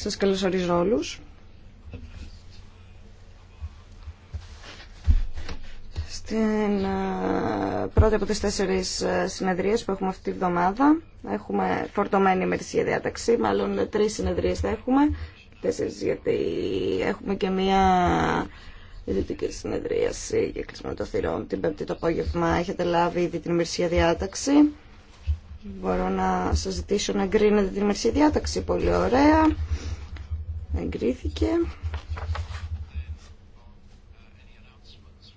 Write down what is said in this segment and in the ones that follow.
Σας καλωσορίζω όλους. Στην ε, πρώτη από τις τέσσερις ε, συνεδρίες που έχουμε αυτή τη βδομάδα έχουμε φορτωμένη ημερησία διάταξη, μάλλον τρεις συνεδρίες θα έχουμε, τέσσερις γιατί έχουμε και μία ειδική συνεδρίαση για κλεισμένο το θυρών την πέμπτη το απόγευμα. Έχετε λάβει ήδη την ημερησία διάταξη. Μπορώ να σας ζητήσω να εγκρίνετε την ημερησία διάταξη. Πολύ ωραία εγκρίθηκε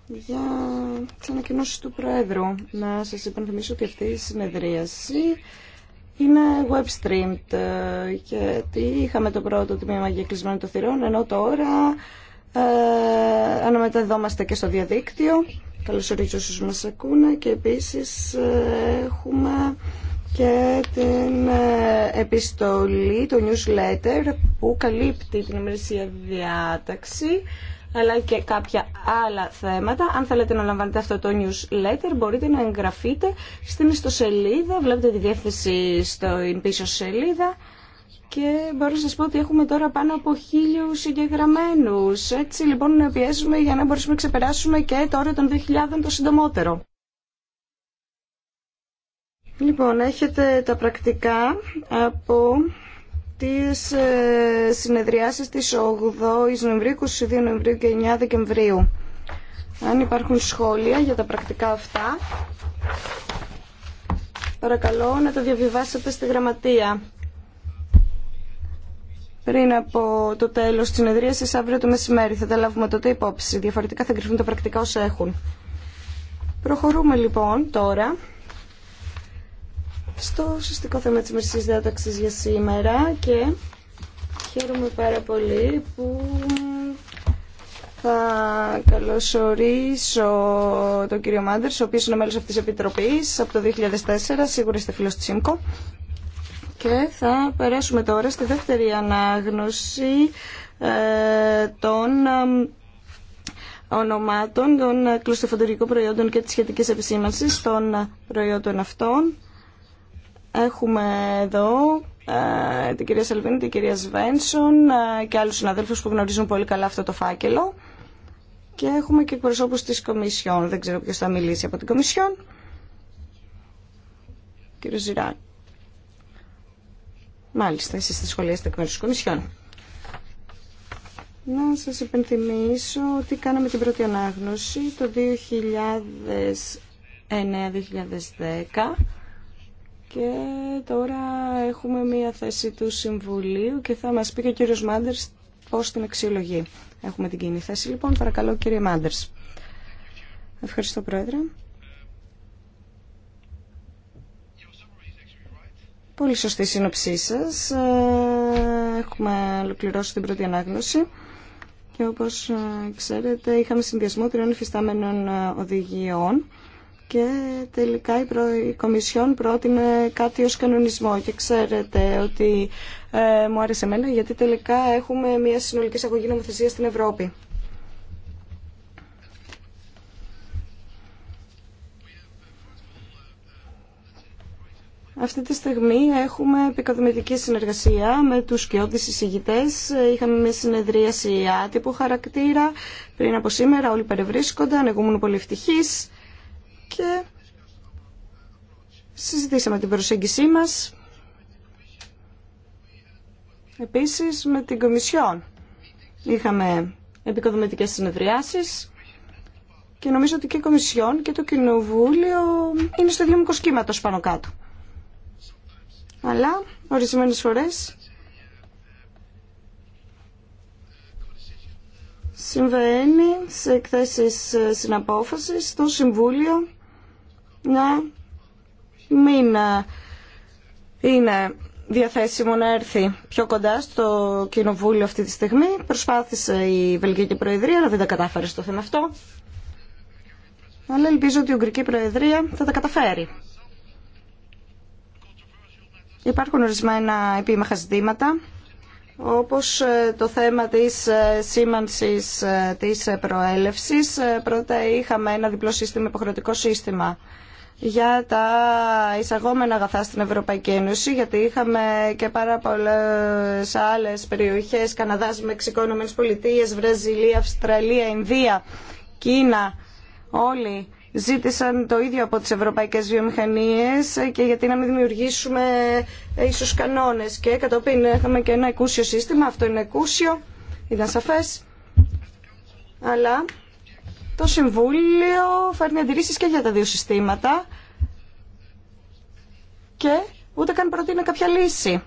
για τι ανακοινώσει του Προέδρου. Να σας υπενθυμίσω ότι αυτή η συνεδρίαση είναι web streamed ε, γιατί είχαμε το πρώτο τμήμα για κλεισμένο των θηρών, ενώ τώρα ε, αναμεταδόμαστε και στο διαδίκτυο. Καλώς ορίζω όσους μας ακούνε και επίσης ε, έχουμε και την ε, επιστολή, το newsletter που καλύπτει την ημερησία διάταξη αλλά και κάποια άλλα θέματα. Αν θέλετε να λαμβάνετε αυτό το newsletter, μπορείτε να εγγραφείτε στην ιστοσελίδα. Βλέπετε τη διεύθυνση στο πίσω σελίδα. Και μπορώ να σας πω ότι έχουμε τώρα πάνω από χίλιου συγγεγραμμένους. Έτσι λοιπόν να πιέσουμε για να μπορέσουμε να ξεπεράσουμε και τώρα των 2.000 το συντομότερο. Λοιπόν, έχετε τα πρακτικά από τις ε, συνεδριάσεις της 8ης Νοεμβρίου, 22 Νοεμβρίου και 9 Δεκεμβρίου. Αν υπάρχουν σχόλια για τα πρακτικά αυτά, παρακαλώ να τα διαβιβάσετε στη γραμματεία. Πριν από το τέλος της συνεδρίασης, αύριο το μεσημέρι θα τα λάβουμε τότε υπόψη. Διαφορετικά θα εγκριθούν τα πρακτικά όσα έχουν. Προχωρούμε λοιπόν τώρα στο ουσιαστικό θέμα της μερικής διάταξης για σήμερα και χαίρομαι πάρα πολύ που θα καλωσορίσω τον κύριο Μάντερς, ο οποίος είναι μέλος αυτής της Επιτροπής από το 2004, σίγουρα είστε φίλος του ΣΥΜΚΟ. Και θα περάσουμε τώρα στη δεύτερη ανάγνωση ε, των ονομάτων των κλωστοφοντουργικών προϊόντων και της σχετικής επισήμανσης των προϊόντων αυτών. Έχουμε εδώ ε, την κυρία Σελβίνη, την κυρία Σβένσον ε, και άλλους συναδέλφους που γνωρίζουν πολύ καλά αυτό το φάκελο. Και έχουμε και εκπροσώπους της Κομισιόν. Δεν ξέρω ποιος θα μιλήσει από την Κομισιόν. Κύριο Ζηράν. Μάλιστα, εσείς θα σχολιάσετε εκ μέρους της Κομισιόν. Να σας υπενθυμίσω ότι κάναμε την πρώτη ανάγνωση το 2009-2010 και τώρα έχουμε μία θέση του Συμβουλίου και θα μας πει και ο κύριος Μάντερς πώς την αξιολογεί. Έχουμε την κοινή θέση λοιπόν. Παρακαλώ κύριε Μάντερς. Ευχαριστώ Πρόεδρε. Πολύ σωστή σύνοψή σας. Ε, έχουμε ολοκληρώσει την πρώτη ανάγνωση και όπως ε, ξέρετε είχαμε συνδυασμό τριών υφιστάμενων ε, οδηγιών και τελικά η, προ... Κομισιόν πρότεινε κάτι ως κανονισμό και ξέρετε ότι ε, μου άρεσε εμένα γιατί τελικά έχουμε μια συνολική εισαγωγή νομοθεσία στην Ευρώπη. Αυτή τη στιγμή έχουμε επικοδομητική συνεργασία με τους κοιόντις εισηγητές. Είχαμε μια συνεδρίαση άτυπου χαρακτήρα πριν από σήμερα. Όλοι περιβρίσκονταν, εγώ ήμουν πολύ ευτυχής και συζητήσαμε την προσέγγισή μας επίσης με την Κομισιόν. Είχαμε επικοδομητικές συνεδριάσεις και νομίζω ότι και η Κομισιόν και το Κοινοβούλιο είναι στο ίδιο μικρό πάνω κάτω. Αλλά ορισμένες φορές συμβαίνει σε εκθέσεις συναπόφασης στο Συμβούλιο ναι, μην ε, είναι διαθέσιμο να έρθει πιο κοντά στο Κοινοβούλιο αυτή τη στιγμή. Προσπάθησε η Βελγική Προεδρία, αλλά δεν τα κατάφερε στο θέμα αυτό. Αλλά ελπίζω ότι η Ουγγρική Προεδρία θα τα καταφέρει. Υπάρχουν ορισμένα επίμαχα ζητήματα, όπως ε, το θέμα της ε, σήμανσης της προέλευσης. Πρώτα είχαμε ένα διπλό σύστημα, υποχρεωτικό σύστημα για τα εισαγόμενα αγαθά στην Ευρωπαϊκή Ένωση, γιατί είχαμε και πάρα πολλές άλλες περιοχές, Καναδάς, Μεξικό, Ηνωμένε Πολιτείες, Βραζιλία, Αυστραλία, Ινδία, Κίνα, όλοι ζήτησαν το ίδιο από τις ευρωπαϊκές βιομηχανίες και γιατί να μην δημιουργήσουμε ίσως κανόνες και κατόπιν είχαμε και ένα εκούσιο σύστημα, αυτό είναι εκούσιο, ήταν σαφές, αλλά το Συμβούλιο φέρνει αντιρρήσεις και για τα δύο συστήματα και ούτε καν προτείνει κάποια λύση.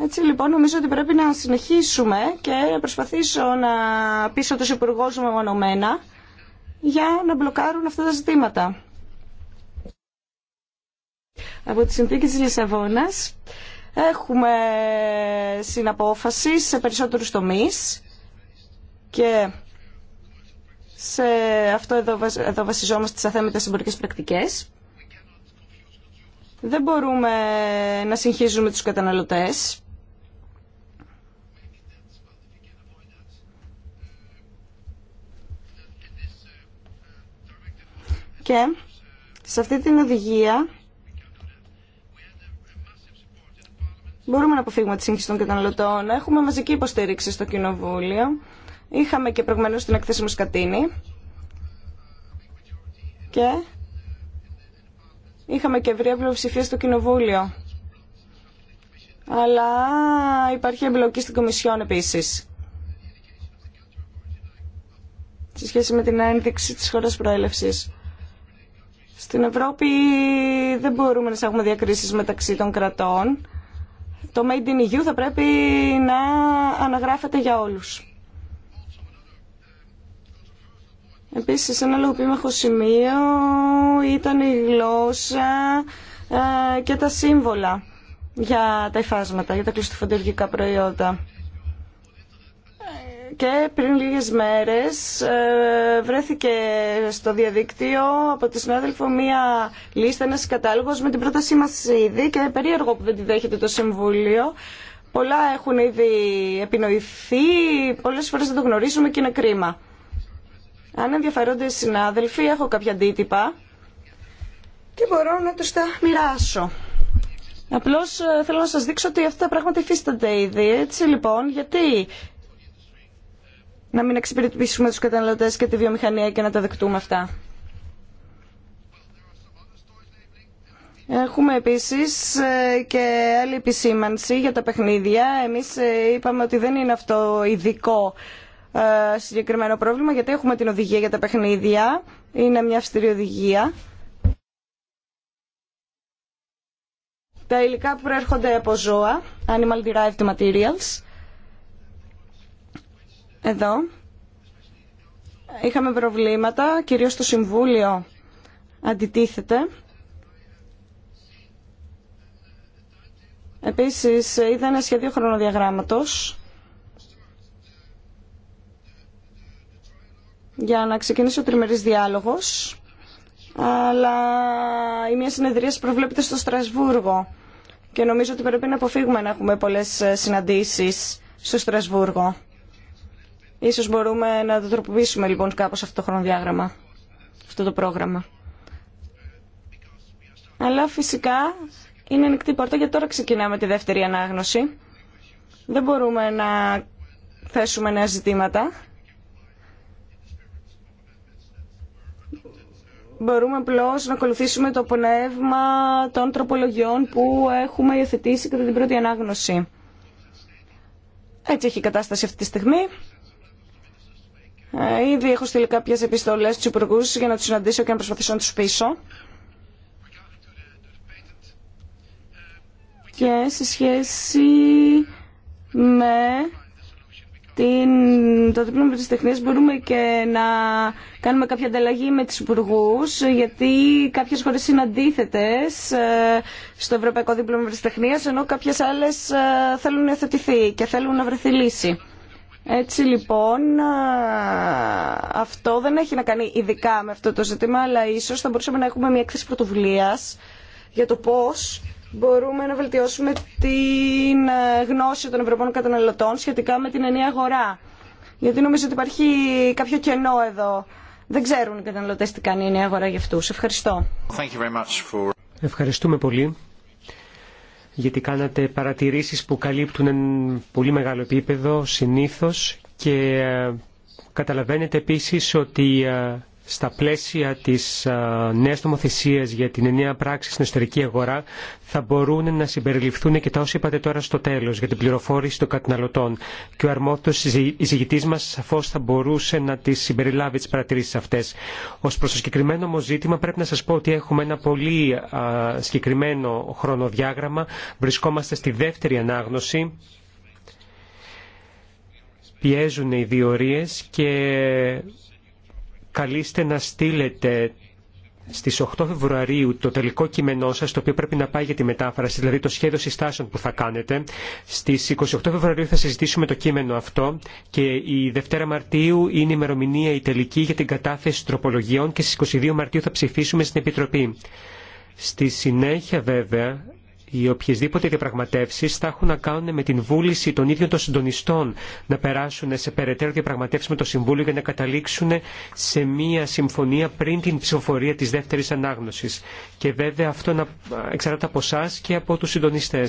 Έτσι λοιπόν νομίζω ότι πρέπει να συνεχίσουμε και να προσπαθήσω να πείσω τους υπουργού μου για να μπλοκάρουν αυτά τα ζητήματα. Από τη συνθήκη της Λισαβόνας έχουμε συναπόφαση σε περισσότερους τομείς και σε αυτό εδώ, εδώ βασιζόμαστε σε αθέμητες εμπορικές πρακτικές. Δεν μπορούμε να συγχύζουμε τους καταναλωτές. Και σε αυτή την οδηγία μπορούμε να αποφύγουμε τη σύγχυση των καταναλωτών. Έχουμε μαζική υποστήριξη στο Κοινοβούλιο. Είχαμε και προηγουμένως την εκθέση μου και είχαμε και ευρία πλειοψηφία στο Κοινοβούλιο. Αλλά υπάρχει εμπλοκή στην Κομισιόν επίσης. Σε σχέση με την ένδειξη της χώρας προέλευσης. Στην Ευρώπη δεν μπορούμε να έχουμε διακρίσεις μεταξύ των κρατών. Το Made in EU θα πρέπει να αναγράφεται για όλους. Επίσης, ένα λογοπήμαχο σημείο ήταν η γλώσσα ε, και τα σύμβολα για τα υφάσματα, για τα κλωστοφαντουργικά προϊόντα. Και πριν λίγες μέρες ε, βρέθηκε στο διαδίκτυο από τη συνάδελφο μία λίστα, ένας κατάλογος με την πρότασή μας ήδη και περίεργο που δεν τη δέχεται το Συμβούλιο. Πολλά έχουν ήδη επινοηθεί, πολλές φορές δεν το γνωρίζουμε και είναι κρίμα. Αν ενδιαφερόνται οι συνάδελφοι, έχω κάποια αντίτυπα και μπορώ να τους τα μοιράσω. Απλώς ε, θέλω να σας δείξω ότι αυτά τα πράγματα υφίστανται ήδη. Έτσι λοιπόν, γιατί να μην εξυπηρετήσουμε τους καταναλωτές και τη βιομηχανία και να τα δεκτούμε αυτά. Έχουμε επίσης ε, και άλλη επισήμανση για τα παιχνίδια. Εμείς ε, είπαμε ότι δεν είναι αυτό ειδικό ε, συγκεκριμένο πρόβλημα γιατί έχουμε την οδηγία για τα παιχνίδια. Είναι μια αυστηρή οδηγία. Τα υλικά που προέρχονται από ζώα, animal derived materials. Εδώ είχαμε προβλήματα, κυρίως το Συμβούλιο αντιτίθεται. Επίσης είδα ένα σχέδιο χρονοδιαγράμματος για να ξεκινήσει ο τριμερής διάλογος, αλλά η μία συνεδρία προβλέπεται στο Στρασβούργο και νομίζω ότι πρέπει να αποφύγουμε να έχουμε πολλές ε, συναντήσεις στο Στρασβούργο. Ίσως μπορούμε να το τροποποιήσουμε λοιπόν κάπως αυτό το χρονοδιάγραμμα, αυτό το πρόγραμμα. Αλλά φυσικά είναι ανοιχτή πόρτα γιατί τώρα ξεκινάμε τη δεύτερη ανάγνωση. Δεν μπορούμε να θέσουμε νέα ζητήματα μπορούμε απλώ να ακολουθήσουμε το πνεύμα των τροπολογιών που έχουμε υιοθετήσει κατά την πρώτη ανάγνωση. Έτσι έχει η κατάσταση αυτή τη στιγμή. Ε, ήδη έχω στείλει κάποιες επιστολές στους υπουργούς για να τους συναντήσω και να προσπαθήσω να τους πείσω. Και σε σχέση με την, το δίπλωμα της μπορούμε και να κάνουμε κάποια ανταλλαγή με τις υπουργού, γιατί κάποιες χώρες είναι αντίθετε ε, στο Ευρωπαϊκό Δίπλωμα της ενώ κάποιες άλλες ε, θέλουν να υιοθετηθεί και θέλουν να βρεθεί λύση. Έτσι λοιπόν, ε, αυτό δεν έχει να κάνει ειδικά με αυτό το ζήτημα, αλλά ίσως θα μπορούσαμε να έχουμε μια έκθεση πρωτοβουλίας για το πώς μπορούμε να βελτιώσουμε την ε, γνώση των Ευρωπαίων καταναλωτών σχετικά με την ενιαία αγορά. Γιατί νομίζω ότι υπάρχει κάποιο κενό εδώ. Δεν ξέρουν οι καταναλωτές τι κάνει η ενιαία αγορά για αυτούς. Ευχαριστώ. Ευχαριστούμε πολύ γιατί κάνατε παρατηρήσεις που καλύπτουν ένα πολύ μεγάλο επίπεδο συνήθως και ε, καταλαβαίνετε επίσης ότι ε, στα πλαίσια της νέας νομοθεσίας για την ενιαία πράξη στην εσωτερική αγορά θα μπορούν να συμπεριληφθούν και τα όσα είπατε τώρα στο τέλος για την πληροφόρηση των καταναλωτών και ο αρμόδιος εισηγητής μας σαφώς θα μπορούσε να τις συμπεριλάβει τις παρατηρήσεις αυτές. Ως προς το συγκεκριμένο μου ζήτημα πρέπει να σας πω ότι έχουμε ένα πολύ συγκεκριμένο χρονοδιάγραμμα. Βρισκόμαστε στη δεύτερη ανάγνωση πιέζουν οι διορίες και καλείστε να στείλετε στις 8 Φεβρουαρίου το τελικό κείμενό σας, το οποίο πρέπει να πάει για τη μετάφραση, δηλαδή το σχέδιο συστάσεων που θα κάνετε. Στις 28 Φεβρουαρίου θα συζητήσουμε το κείμενο αυτό και η Δευτέρα Μαρτίου είναι η ημερομηνία η τελική για την κατάθεση τροπολογιών και στι 22 Μαρτίου θα ψηφίσουμε στην Επιτροπή. Στη συνέχεια βέβαια οι οποιασδήποτε διαπραγματεύσει θα έχουν να κάνουν με την βούληση των ίδιων των συντονιστών να περάσουν σε περαιτέρω διαπραγματεύσει με το Συμβούλιο για να καταλήξουν σε μία συμφωνία πριν την ψηφοφορία τη δεύτερη ανάγνωση. Και βέβαια αυτό να εξαρτάται από εσά και από του συντονιστέ.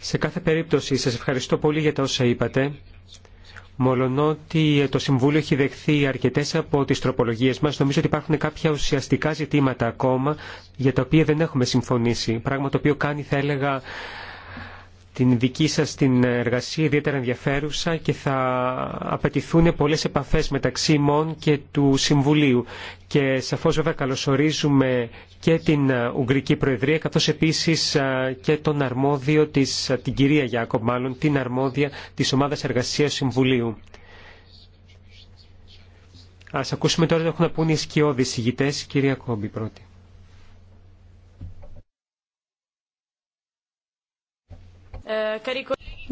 Σε κάθε περίπτωση, σας ευχαριστώ πολύ για τα όσα είπατε. Μολονότι το Συμβούλιο έχει δεχθεί αρκετέ από τι τροπολογίε μα, νομίζω ότι υπάρχουν κάποια ουσιαστικά ζητήματα ακόμα για τα οποία δεν έχουμε συμφωνήσει. Πράγμα το οποίο κάνει, θα έλεγα, την δική σας την εργασία ιδιαίτερα ενδιαφέρουσα και θα απαιτηθούν πολλές επαφές μεταξύ ημών και του Συμβουλίου. Και σαφώς βέβαια καλωσορίζουμε και την Ουγγρική Προεδρία καθώς επίσης και τον αρμόδιο της, την κυρία Γιάκο μάλλον, την αρμόδια της Ομάδας Εργασίας Συμβουλίου. Ας ακούσουμε τώρα τι έχουν να πούνε οι σκιώδεις ηγητές. Κυρία Κόμπη πρώτη.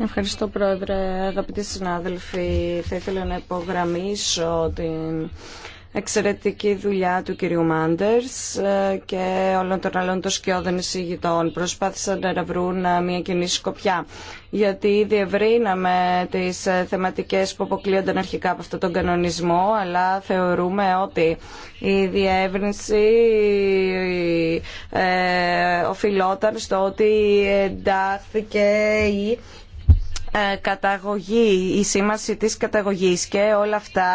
Ευχαριστώ Πρόεδρε, αγαπητοί συνάδελφοι. Θα ήθελα να υπογραμμίσω την εξαιρετική δουλειά του κυρίου Μάντερς ε, και όλων των άλλων των σκιώδων εισηγητών. Προσπάθησαν να βρουν ε, μια κοινή σκοπιά, γιατί ήδη ευρύναμε τις ε, θεματικές που αποκλείονταν αρχικά από αυτόν τον κανονισμό, αλλά θεωρούμε ότι η διεύρυνση οφειλόταν στο ότι εντάχθηκε η ε, καταγωγή, η σήμανση της καταγωγής και όλα αυτά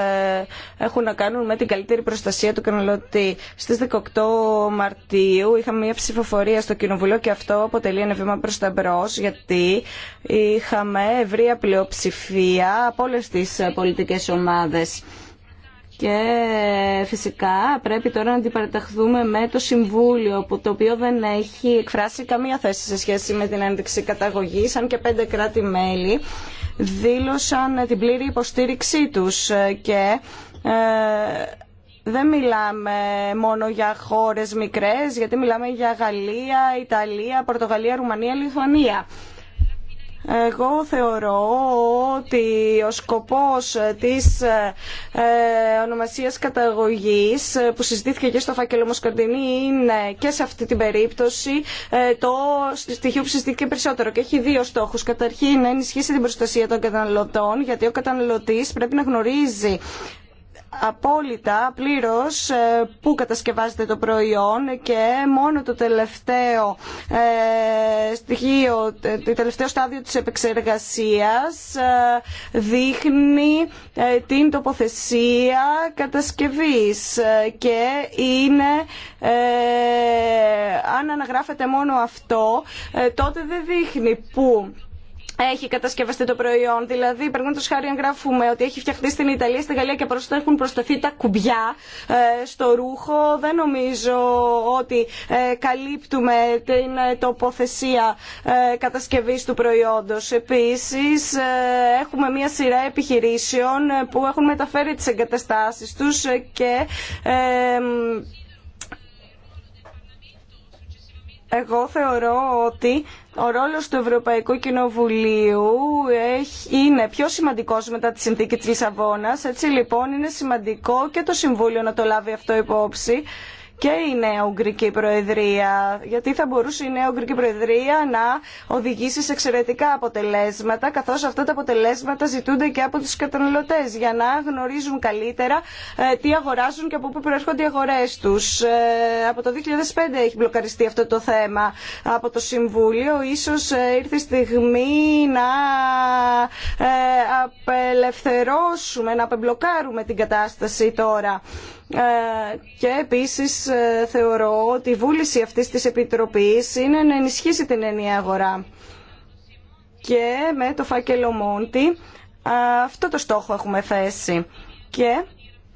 ε, έχουν να κάνουν με την καλύτερη προστασία του καταναλωτή. Στις 18 Μαρτίου είχαμε μια ψηφοφορία στο Κοινοβουλίο και αυτό αποτελεί ένα βήμα προς τα μπρος γιατί είχαμε ευρεία πλειοψηφία από όλες τις πολιτικές ομάδες. Και φυσικά πρέπει τώρα να αντιπαραταχθούμε με το Συμβούλιο, που το οποίο δεν έχει εκφράσει καμία θέση σε σχέση με την ένδειξη καταγωγή. αν και πέντε κράτη-μέλη δήλωσαν την πλήρη υποστήριξή τους και ε, δεν μιλάμε μόνο για χώρες μικρές, γιατί μιλάμε για Γαλλία, Ιταλία, Πορτογαλία, Ρουμανία, Λιθουανία. Εγώ θεωρώ ότι ο σκοπός της ε, ονομασίας καταγωγής ε, που συζητήθηκε και στο φάκελο Μοσκαντινή είναι και σε αυτή την περίπτωση ε, το στοιχείο που συζητήθηκε περισσότερο και έχει δύο στόχους. Καταρχήν να ενισχύσει την προστασία των καταναλωτών γιατί ο καταναλωτής πρέπει να γνωρίζει απόλυτα πλήρως ε, που κατασκευάζεται το προϊόν και μόνο το τελευταίο ε, στοιχείο, το τελευταίο στάδιο της επεξεργασίας ε, δείχνει την τοποθεσία κατασκευής και είναι αν αναγράφεται μόνο αυτό τότε δεν δείχνει που έχει κατασκευαστεί το προϊόν. Δηλαδή, παραδείγματο χάρη, αν γράφουμε ότι έχει φτιαχτεί στην Ιταλία, στη Γαλλία και προσθέτουν έχουν προσθεθεί τα κουμπιά ε, στο ρούχο, δεν νομίζω ότι ε, καλύπτουμε την ε, τοποθεσία κατασκευή του προϊόντο. Επίση, έχουμε μία σειρά επιχειρήσεων που έχουν μεταφέρει τι εγκαταστάσει του και. εγώ θεωρώ ότι ο ρόλο του Ευρωπαϊκού Κοινοβουλίου είναι πιο σημαντικό μετά τη συνθήκη τη Λισαβόνα. Έτσι λοιπόν είναι σημαντικό και το Συμβούλιο να το λάβει αυτό υπόψη και η νέα Ουγγρική Προεδρία. Γιατί θα μπορούσε η νέα Ουγγρική Προεδρία να οδηγήσει σε εξαιρετικά αποτελέσματα, καθώ αυτά τα αποτελέσματα ζητούνται και από του καταναλωτέ για να γνωρίζουν καλύτερα ε, τι αγοράζουν και από πού προέρχονται οι αγορέ του. Ε, από το 2005 έχει μπλοκαριστεί αυτό το θέμα από το Συμβούλιο. Ίσως ε, ήρθε η στιγμή να απελευθερώσουμε, να απεμπλοκάρουμε την κατάσταση τώρα. Ε, και επίσης ε, θεωρώ ότι η βούληση αυτής της Επιτροπής είναι να ενισχύσει την ενιαία αγορά. Και με το φάκελο Μόντι ε, αυτό το στόχο έχουμε θέσει. Και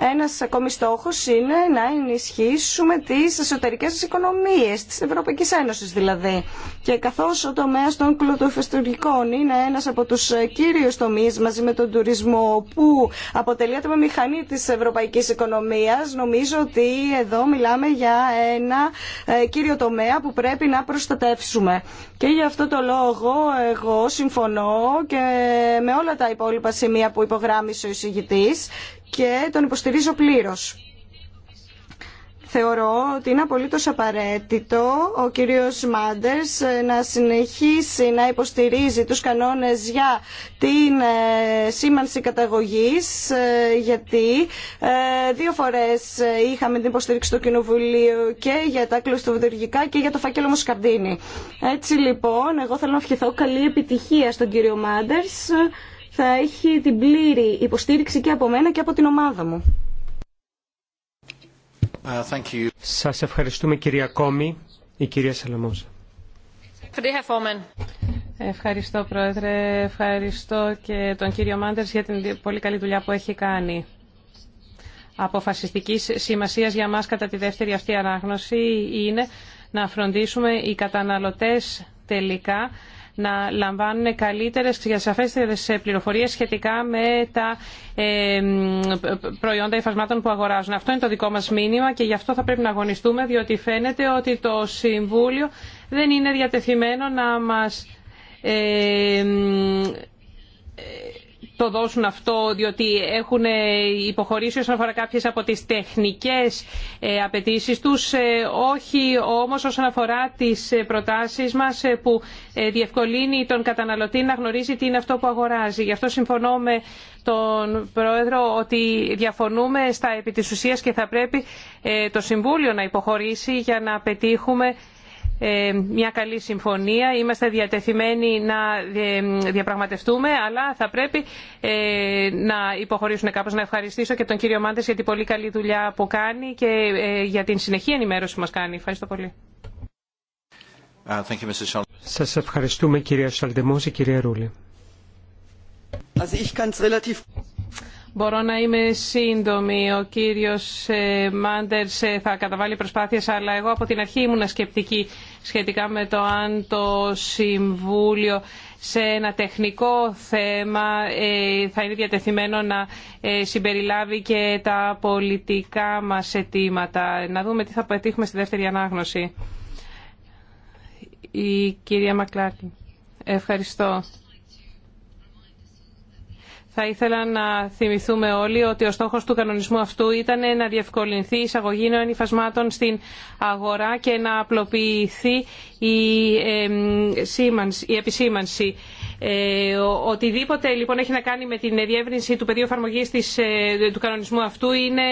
ένας ακόμη στόχος είναι να ενισχύσουμε τις εσωτερικές οικονομίες τη Ευρωπαϊκή Ένωση, δηλαδή. Και καθώς ο τομέας των κλωτοφεστουργικών είναι ένας από τους κύριους τομείς μαζί με τον τουρισμό που αποτελείται με μηχανή της ευρωπαϊκής οικονομίας, νομίζω ότι εδώ μιλάμε για ένα ε, κύριο τομέα που πρέπει να προστατεύσουμε. Και γι' αυτό το λόγο εγώ συμφωνώ και με όλα τα υπόλοιπα σημεία που υπογράμμισε ο εισηγητή και τον υποστηρίζω πλήρως. Θεωρώ ότι είναι απολύτως απαραίτητο ο κύριος Μάντερς ε, να συνεχίσει να υποστηρίζει τους κανόνες για την ε, σήμανση καταγωγής ε, γιατί δύο φορές είχαμε την υποστήριξη του Κοινοβουλίου και για τα κλωστοβδουργικά και για το φάκελο Μοσκαρδίνη. Έτσι λοιπόν, εγώ θέλω να ευχηθώ καλή επιτυχία στον κύριο Μάντερς θα έχει την πλήρη υποστήριξη και από μένα και από την ομάδα μου. Uh, thank Σας ευχαριστούμε κυρία Κόμη, η κυρία Σαλαμόζα. Ευχαριστώ Πρόεδρε, ευχαριστώ και τον κύριο Μάντερς για την πολύ καλή δουλειά που έχει κάνει. αποφασιστική σημασία για μας κατά τη δεύτερη αυτή ανάγνωση είναι να φροντίσουμε οι καταναλωτές τελικά να λαμβάνουν καλύτερες και σαφέστερες ε, πληροφορίες σχετικά με τα ε, προϊόντα υφασμάτων που αγοράζουν. Αυτό είναι το δικό μας μήνυμα και γι' αυτό θα πρέπει να αγωνιστούμε διότι φαίνεται ότι το Συμβούλιο δεν είναι διατεθειμένο να μας ε, το δώσουν αυτό διότι έχουν ε, υποχωρήσει όσον αφορά κάποιες από τις τεχνικές ε, απαιτήσεις τους, ε, όχι όμως όσον αφορά τις προτάσεις μας που διευκολύνει τον καταναλωτή να γνωρίζει τι είναι αυτό που αγοράζει. Γι' αυτό συμφωνώ με τον Πρόεδρο ότι διαφωνούμε στα επί και θα πρέπει το Συμβούλιο να υποχωρήσει για να πετύχουμε ε, μια καλή συμφωνία. Είμαστε διατεθειμένοι να ε, διαπραγματευτούμε, αλλά θα πρέπει ε, να υποχωρήσουν κάπως. Να ευχαριστήσω και τον κύριο Μάντες για την πολύ καλή δουλειά που κάνει και για την συνεχή ενημέρωση που μας κάνει. Ευχαριστώ πολύ. Uh, Σας ευχαριστούμε κυρία Σαλτεμόζη, κυρία Ρούλη. Μπορώ να είμαι σύντομη. Ο κύριος ε, Μάντερς ε, θα καταβάλει προσπάθειες, αλλά εγώ από την αρχή ήμουν σκεπτική σχετικά με το αν το Συμβούλιο σε ένα τεχνικό θέμα ε, θα είναι διατεθειμένο να συμπεριλάβει και τα πολιτικά μας αιτήματα. Να δούμε τι θα πετύχουμε στη δεύτερη ανάγνωση. Η κυρία Μακλάκη. Ευχαριστώ. Θα ήθελα να θυμηθούμε όλοι ότι ο στόχος του κανονισμού αυτού ήταν να διευκολυνθεί η εισαγωγή νέων υφασμάτων στην αγορά και να απλοποιηθεί η, η επισήμανση. Ε, οτιδήποτε λοιπόν έχει να κάνει με την διεύρυνση του πεδίου εφαρμογής ε, του κανονισμού αυτού είναι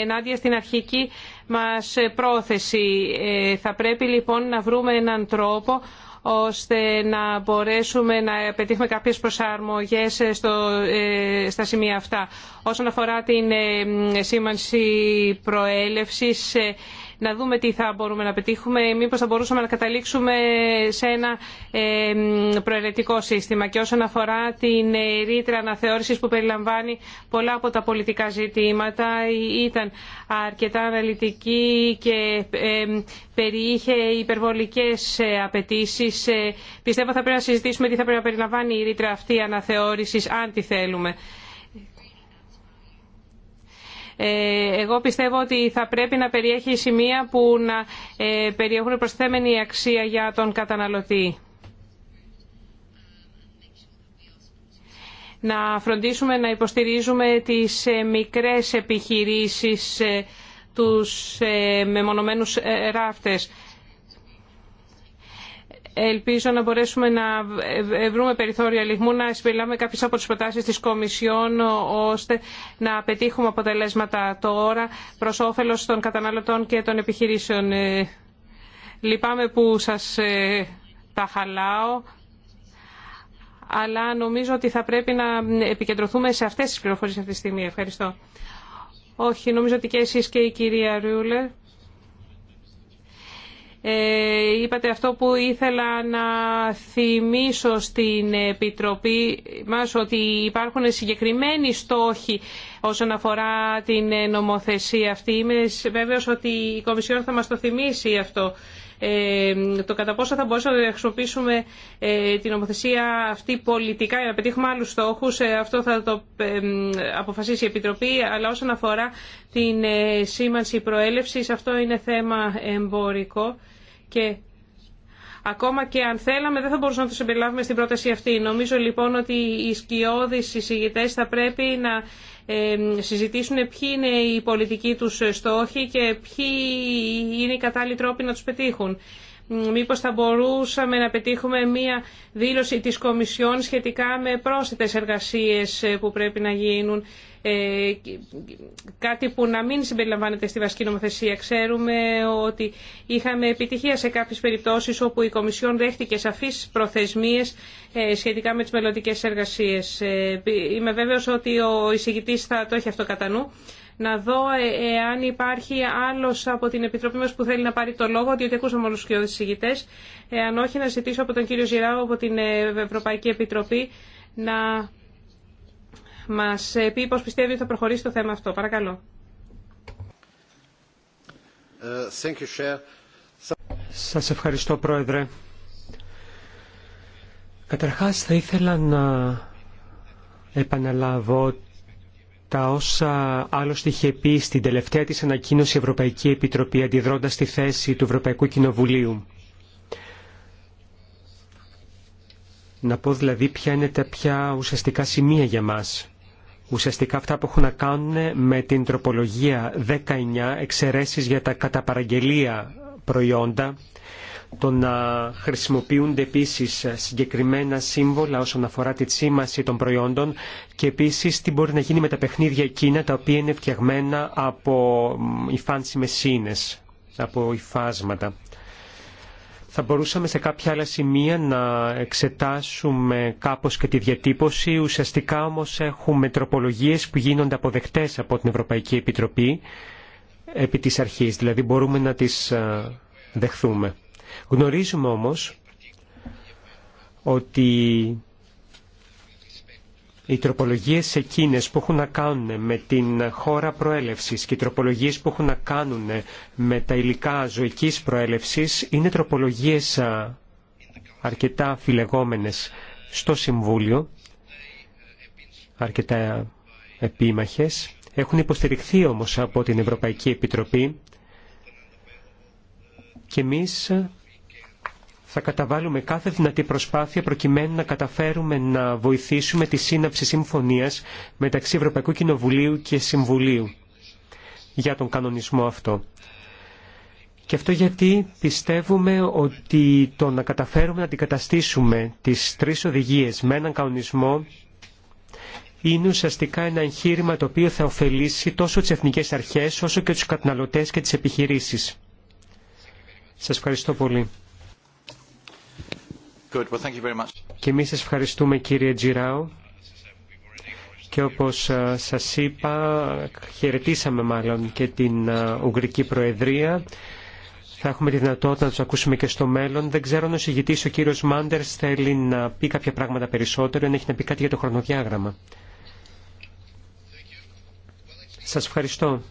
ενάντια στην αρχική μας πρόθεση. Ε, θα πρέπει λοιπόν να βρούμε έναν τρόπο ώστε να μπορέσουμε να πετύχουμε κάποιες προσαρμογές στο, ε, στα σημεία αυτά. Όσον αφορά την ε, σήμανση προέλευσης, ε, να δούμε τι θα μπορούμε να πετύχουμε, μήπως θα μπορούσαμε να καταλήξουμε σε ένα ε, προαιρετικό σύστημα. Και όσον αφορά την ε, ρήτρα αναθεώρησης που περιλαμβάνει πολλά από τα πολιτικά ζητήματα, ήταν αρκετά αναλυτική και ε, περιείχε υπερβολικές απαιτήσει. Πιστεύω θα πρέπει να συζητήσουμε τι θα πρέπει να περιλαμβάνει η ρήτρα αυτή αναθεώρησης, αν τη θέλουμε. Ε, εγώ πιστεύω ότι θα πρέπει να περιέχει σημεία που να ε, περιέχουν προσθέμενη αξία για τον καταναλωτή. Να φροντίσουμε να υποστηρίζουμε τις ε, μικρές επιχειρήσεις, τους μεμονωμένους ράφτες Ελπίζω να μπορέσουμε να βρούμε περιθώρια λιγμού, να συμπεριλάβουμε κάποιες από τις προτάσεις της Κομισιόν, ώστε να πετύχουμε αποτελέσματα τώρα προς όφελος των καταναλωτών και των επιχειρήσεων. Ε, λυπάμαι που σας ε, τα χαλάω, αλλά νομίζω ότι θα πρέπει να επικεντρωθούμε σε αυτές τις πληροφορίες αυτή τη στιγμή. Ευχαριστώ. Όχι, νομίζω ότι και εσείς και η κυρία Ρούλε. Ε, είπατε αυτό που ήθελα να θυμίσω στην Επιτροπή μας ότι υπάρχουν συγκεκριμένοι στόχοι όσον αφορά την νομοθεσία αυτή. Είμαι βέβαιος ότι η Κομισιόν θα μας το θυμίσει αυτό. Ε, το κατά πόσο θα μπορούσαμε να χρησιμοποιήσουμε ε, την νομοθεσία αυτή πολιτικά για να πετύχουμε άλλου στόχου, ε, αυτό θα το αποφασίσει η Επιτροπή. Αλλά όσον αφορά την σήμανση προέλευση, αυτό είναι θέμα εμπορικό. Και ακόμα και αν θέλαμε δεν θα μπορούσαμε να το συμπεριλάβουμε στην πρόταση αυτή. Νομίζω λοιπόν ότι οι σκιώδεις συζητητέ θα πρέπει να συζητήσουν ποιοι είναι οι πολιτικοί τους στόχοι και ποιοι είναι οι κατάλληλοι τρόποι να τους πετύχουν μήπως θα μπορούσαμε να πετύχουμε μία δήλωση της Κομισιόν σχετικά με πρόσθετες εργασίες ε, που πρέπει να γίνουν, ε, κάτι που να μην συμπεριλαμβάνεται στη βασική νομοθεσία. Ξέρουμε ότι είχαμε επιτυχία σε κάποιες περιπτώσεις όπου η Κομισιόν δέχτηκε σαφείς προθεσμίες ε, σχετικά με τις μελλοντικέ εργασίες. Είμαι βέβαιος ότι ο εισηγητής θα το έχει αυτό κατά νου να δω ε, εάν υπάρχει άλλος από την Επιτροπή μας που θέλει να πάρει το λόγο, διότι ακούσαμε όλου του κοιόδες Συγητέ. Εάν όχι, να ζητήσω από τον κύριο Ζηράου από την ε, Ευρωπαϊκή Επιτροπή να μας ε, πει πω πιστεύει ότι θα προχωρήσει το θέμα αυτό. Παρακαλώ. Σα ευχαριστώ, Πρόεδρε. Καταρχάς θα ήθελα να επαναλάβω τα όσα άλλωστε είχε πει στην τελευταία της ανακοίνωση η Ευρωπαϊκή Επιτροπή αντιδρώντας τη θέση του Ευρωπαϊκού Κοινοβουλίου. Να πω δηλαδή ποια είναι τα πια ουσιαστικά σημεία για μας. Ουσιαστικά αυτά που έχουν να κάνουν με την τροπολογία 19 εξαιρέσεις για τα καταπαραγγελία προϊόντα το να χρησιμοποιούνται επίσης συγκεκριμένα σύμβολα όσον αφορά τη σήμαση των προϊόντων και επίσης τι μπορεί να γίνει με τα παιχνίδια εκείνα τα οποία είναι φτιαγμένα από υφάνσιμες σύνες, από υφάσματα. Θα μπορούσαμε σε κάποια άλλα σημεία να εξετάσουμε κάπως και τη διατύπωση. Ουσιαστικά όμως έχουμε τροπολογίες που γίνονται αποδεκτές από την Ευρωπαϊκή Επιτροπή επί της αρχής, δηλαδή μπορούμε να τις ε, δεχθούμε. Γνωρίζουμε όμως ότι οι τροπολογίες εκείνες που έχουν να κάνουν με την χώρα προέλευσης και οι τροπολογίες που έχουν να κάνουν με τα υλικά ζωικής προέλευσης είναι τροπολογίες αρκετά φιλεγόμενες στο Συμβούλιο, αρκετά επίμαχες. Έχουν υποστηριχθεί όμως από την Ευρωπαϊκή Επιτροπή και εμείς θα καταβάλουμε κάθε δυνατή προσπάθεια προκειμένου να καταφέρουμε να βοηθήσουμε τη σύναψη συμφωνίας μεταξύ Ευρωπαϊκού Κοινοβουλίου και Συμβουλίου για τον κανονισμό αυτό. Και αυτό γιατί πιστεύουμε ότι το να καταφέρουμε να αντικαταστήσουμε τις τρεις οδηγίες με έναν κανονισμό είναι ουσιαστικά ένα εγχείρημα το οποίο θα ωφελήσει τόσο τις εθνικές αρχές όσο και τους καταναλωτές και τις επιχειρήσεις. Σας ευχαριστώ πολύ. Και εμείς σας ευχαριστούμε κύριε Τζιράου. Και όπως ε, σας είπα, χαιρετήσαμε μάλλον και την ε, Ουγγρική Προεδρία. Θα έχουμε τη δυνατότητα να του ακούσουμε και στο μέλλον. Δεν ξέρω αν ο συγητή ο κύριος Μάντερ θέλει να πει κάποια πράγματα περισσότερο, αν έχει να πει κάτι για το χρονοδιάγραμμα. Σας ευχαριστώ.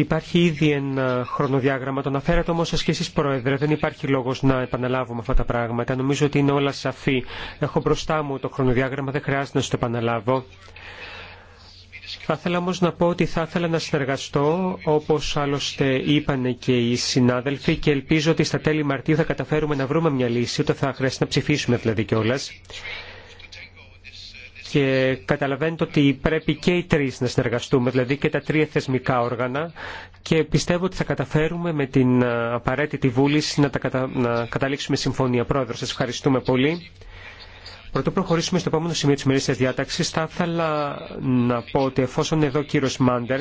Υπάρχει ήδη ένα χρονοδιάγραμμα, το αναφέρατε όμω εσεί εσεί Πρόεδρε, δεν υπάρχει λόγο να επαναλάβουμε αυτά τα πράγματα. Νομίζω ότι είναι όλα σαφή. Έχω μπροστά μου το χρονοδιάγραμμα, δεν χρειάζεται να το επαναλάβω. Θα ήθελα όμω να πω ότι θα ήθελα να συνεργαστώ, όπω άλλωστε είπαν και οι συνάδελφοι, και ελπίζω ότι στα τέλη Μαρτίου θα καταφέρουμε να βρούμε μια λύση, όταν θα χρειαστεί να ψηφίσουμε δηλαδή κιόλα και καταλαβαίνετε ότι πρέπει και οι τρεις να συνεργαστούμε, δηλαδή και τα τρία θεσμικά όργανα και πιστεύω ότι θα καταφέρουμε με την ε, απαραίτητη βούληση να, τα καταλήξουμε συμφωνία. Πρόεδρο, σας ευχαριστούμε πολύ. Πρωτού προχωρήσουμε στο επόμενο σημείο τη ημερήσια διάταξη, θα ήθελα να πω ότι εφόσον εδώ ο κύριο Μάντερ,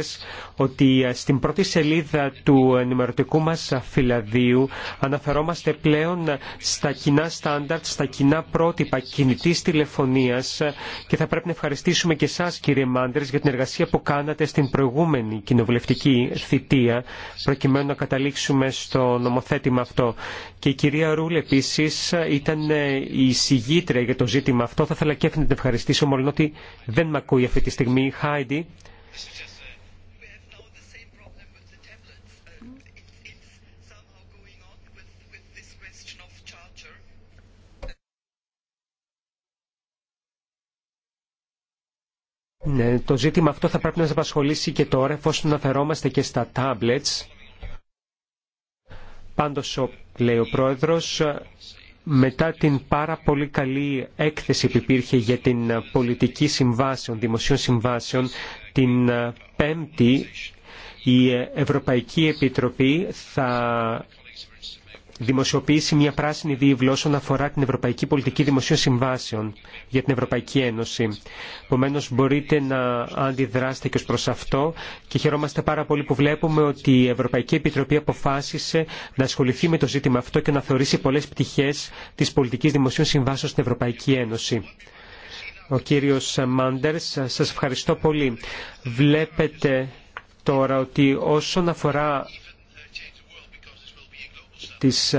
ότι ε, στην πρώτη σελίδα του ενημερωτικού μα φυλαδίου αναφερόμαστε πλέον ε, στα κοινά στάνταρτ, στα κοινά πρότυπα κινητή τηλεφωνία ε, και θα πρέπει να ευχαριστήσουμε και εσά κύριε Μάντερ για την εργασία που κάνατε στην προηγούμενη κοινοβουλευτική θητεία προκειμένου να καταλήξουμε στο νομοθέτημα αυτό. Και η κυρία Ρούλ επίση ήταν η συγγήτρια για το ζήτημα αυτό. Θα ήθελα και να την ευχαριστήσω, μόλι ότι δεν με ακούει αυτή τη στιγμή. Χάιντι. Ναι, το ζήτημα αυτό θα πρέπει να σας απασχολήσει και τώρα, εφόσον αναφερόμαστε και στα tablets. Πάντως, λέει ο Πρόεδρος, μετά την πάρα πολύ καλή έκθεση που υπήρχε για την πολιτική συμβάσεων, δημοσίων συμβάσεων, την Πέμπτη η Ευρωπαϊκή Επιτροπή θα δημοσιοποίηση μια πράσινη δίβλο όσον αφορά την Ευρωπαϊκή Πολιτική Δημοσίων Συμβάσεων για την Ευρωπαϊκή Ένωση. Επομένω, μπορείτε να αντιδράσετε και ω προ αυτό και χαιρόμαστε πάρα πολύ που βλέπουμε ότι η Ευρωπαϊκή Επιτροπή αποφάσισε να ασχοληθεί με το ζήτημα αυτό και να θεωρήσει πολλέ πτυχέ τη πολιτική δημοσίων συμβάσεων στην Ευρωπαϊκή Ένωση ο κύριος Μάντερς. Σας ευχαριστώ πολύ. Βλέπετε τώρα ότι όσον αφορά τις,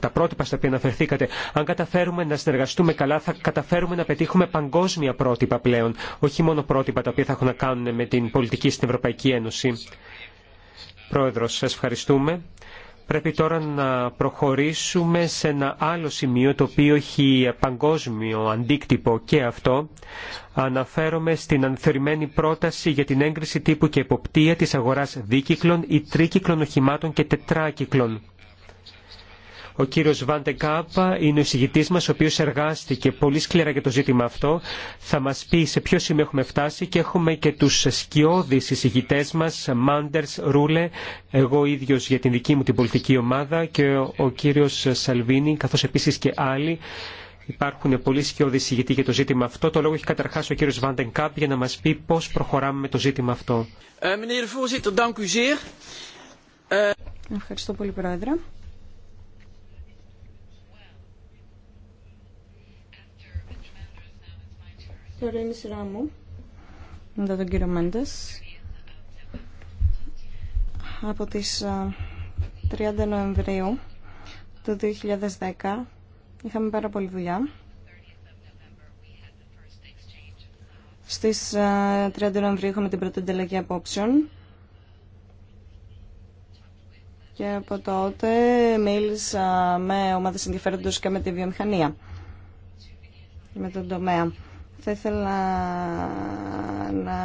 τα πρότυπα στα οποία αναφερθήκατε. Αν καταφέρουμε να συνεργαστούμε καλά, θα καταφέρουμε να πετύχουμε παγκόσμια πρότυπα πλέον, όχι μόνο πρότυπα τα οποία θα έχουν να κάνουν με την πολιτική στην Ευρωπαϊκή Ένωση. Πρόεδρος, σας ευχαριστούμε. Πρέπει τώρα να προχωρήσουμε σε ένα άλλο σημείο το οποίο έχει παγκόσμιο αντίκτυπο και αυτό. Αναφέρομαι στην ανθερημένη πρόταση για την έγκριση τύπου και εποπτεία της αγοράς δίκυκλων ή τρίκυκλων οχημάτων και τετράκυκλων. Ο κύριος Βάντε Κάπα είναι ο συγητής μας, ο οποίος εργάστηκε πολύ σκληρά για το ζήτημα αυτό. Θα μας πει σε ποιο σημείο έχουμε φτάσει και έχουμε και τους σκιώδεις εισηγητές μας, Μάντερς, Ρούλε, εγώ ίδιος για την δική μου την πολιτική ομάδα και ο κύριος Σαλβίνη, καθώς επίσης και άλλοι. Υπάρχουν πολλοί σκιώδη συγητοί για το ζήτημα αυτό. Το λόγο έχει καταρχά ο κύριο Βάντεν Κάπ για να μα πει πώ προχωράμε με το ζήτημα αυτό. Ε, ε, Ευχαριστώ πολύ, Πρόεδρε. Τώρα είναι η σειρά μου. Μετά τον κύριο Μέντες. Από τις 30 Νοεμβρίου του 2010 είχαμε πάρα πολλή δουλειά. Στις 30 Νοεμβρίου είχαμε την πρώτη ανταλλαγή απόψεων. Και από τότε μίλησα με ομάδες ενδιαφέροντος και με τη βιομηχανία και με τον τομέα. Θα ήθελα να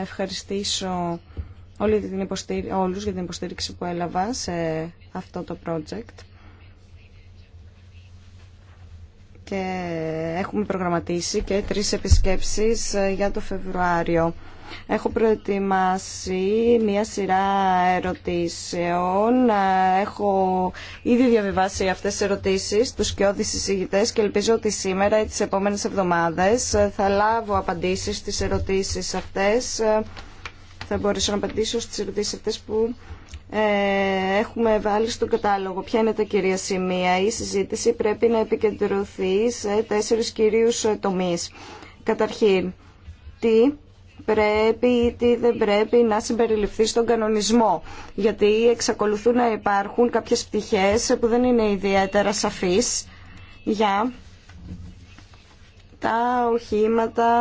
ευχαριστήσω όλη την όλους για την υποστήριξη που έλαβα σε αυτό το project. Και έχουμε προγραμματίσει και τρεις επισκέψεις ε, για το Φεβρουάριο. Έχω προετοιμάσει μία σειρά ερωτήσεων. Έχω ήδη διαβιβάσει αυτές τις ερωτήσεις στους κοιόδης συζητητές και ελπίζω ότι σήμερα ή τις επόμενες εβδομάδες θα λάβω απαντήσεις στις ερωτήσεις αυτές. Θα μπορέσω να απαντήσω στις ερωτήσεις αυτές που ε, έχουμε βάλει στον κατάλογο. Ποια είναι τα κυρία σημεία. Η συζήτηση πρέπει να επικεντρωθεί σε τέσσερις κυρίους τομείς. Καταρχήν, τι πρέπει ή τι δεν πρέπει να συμπεριληφθεί στον κανονισμό. Γιατί εξακολουθούν να υπάρχουν κάποιες πτυχές που δεν είναι ιδιαίτερα σαφείς για τα οχήματα,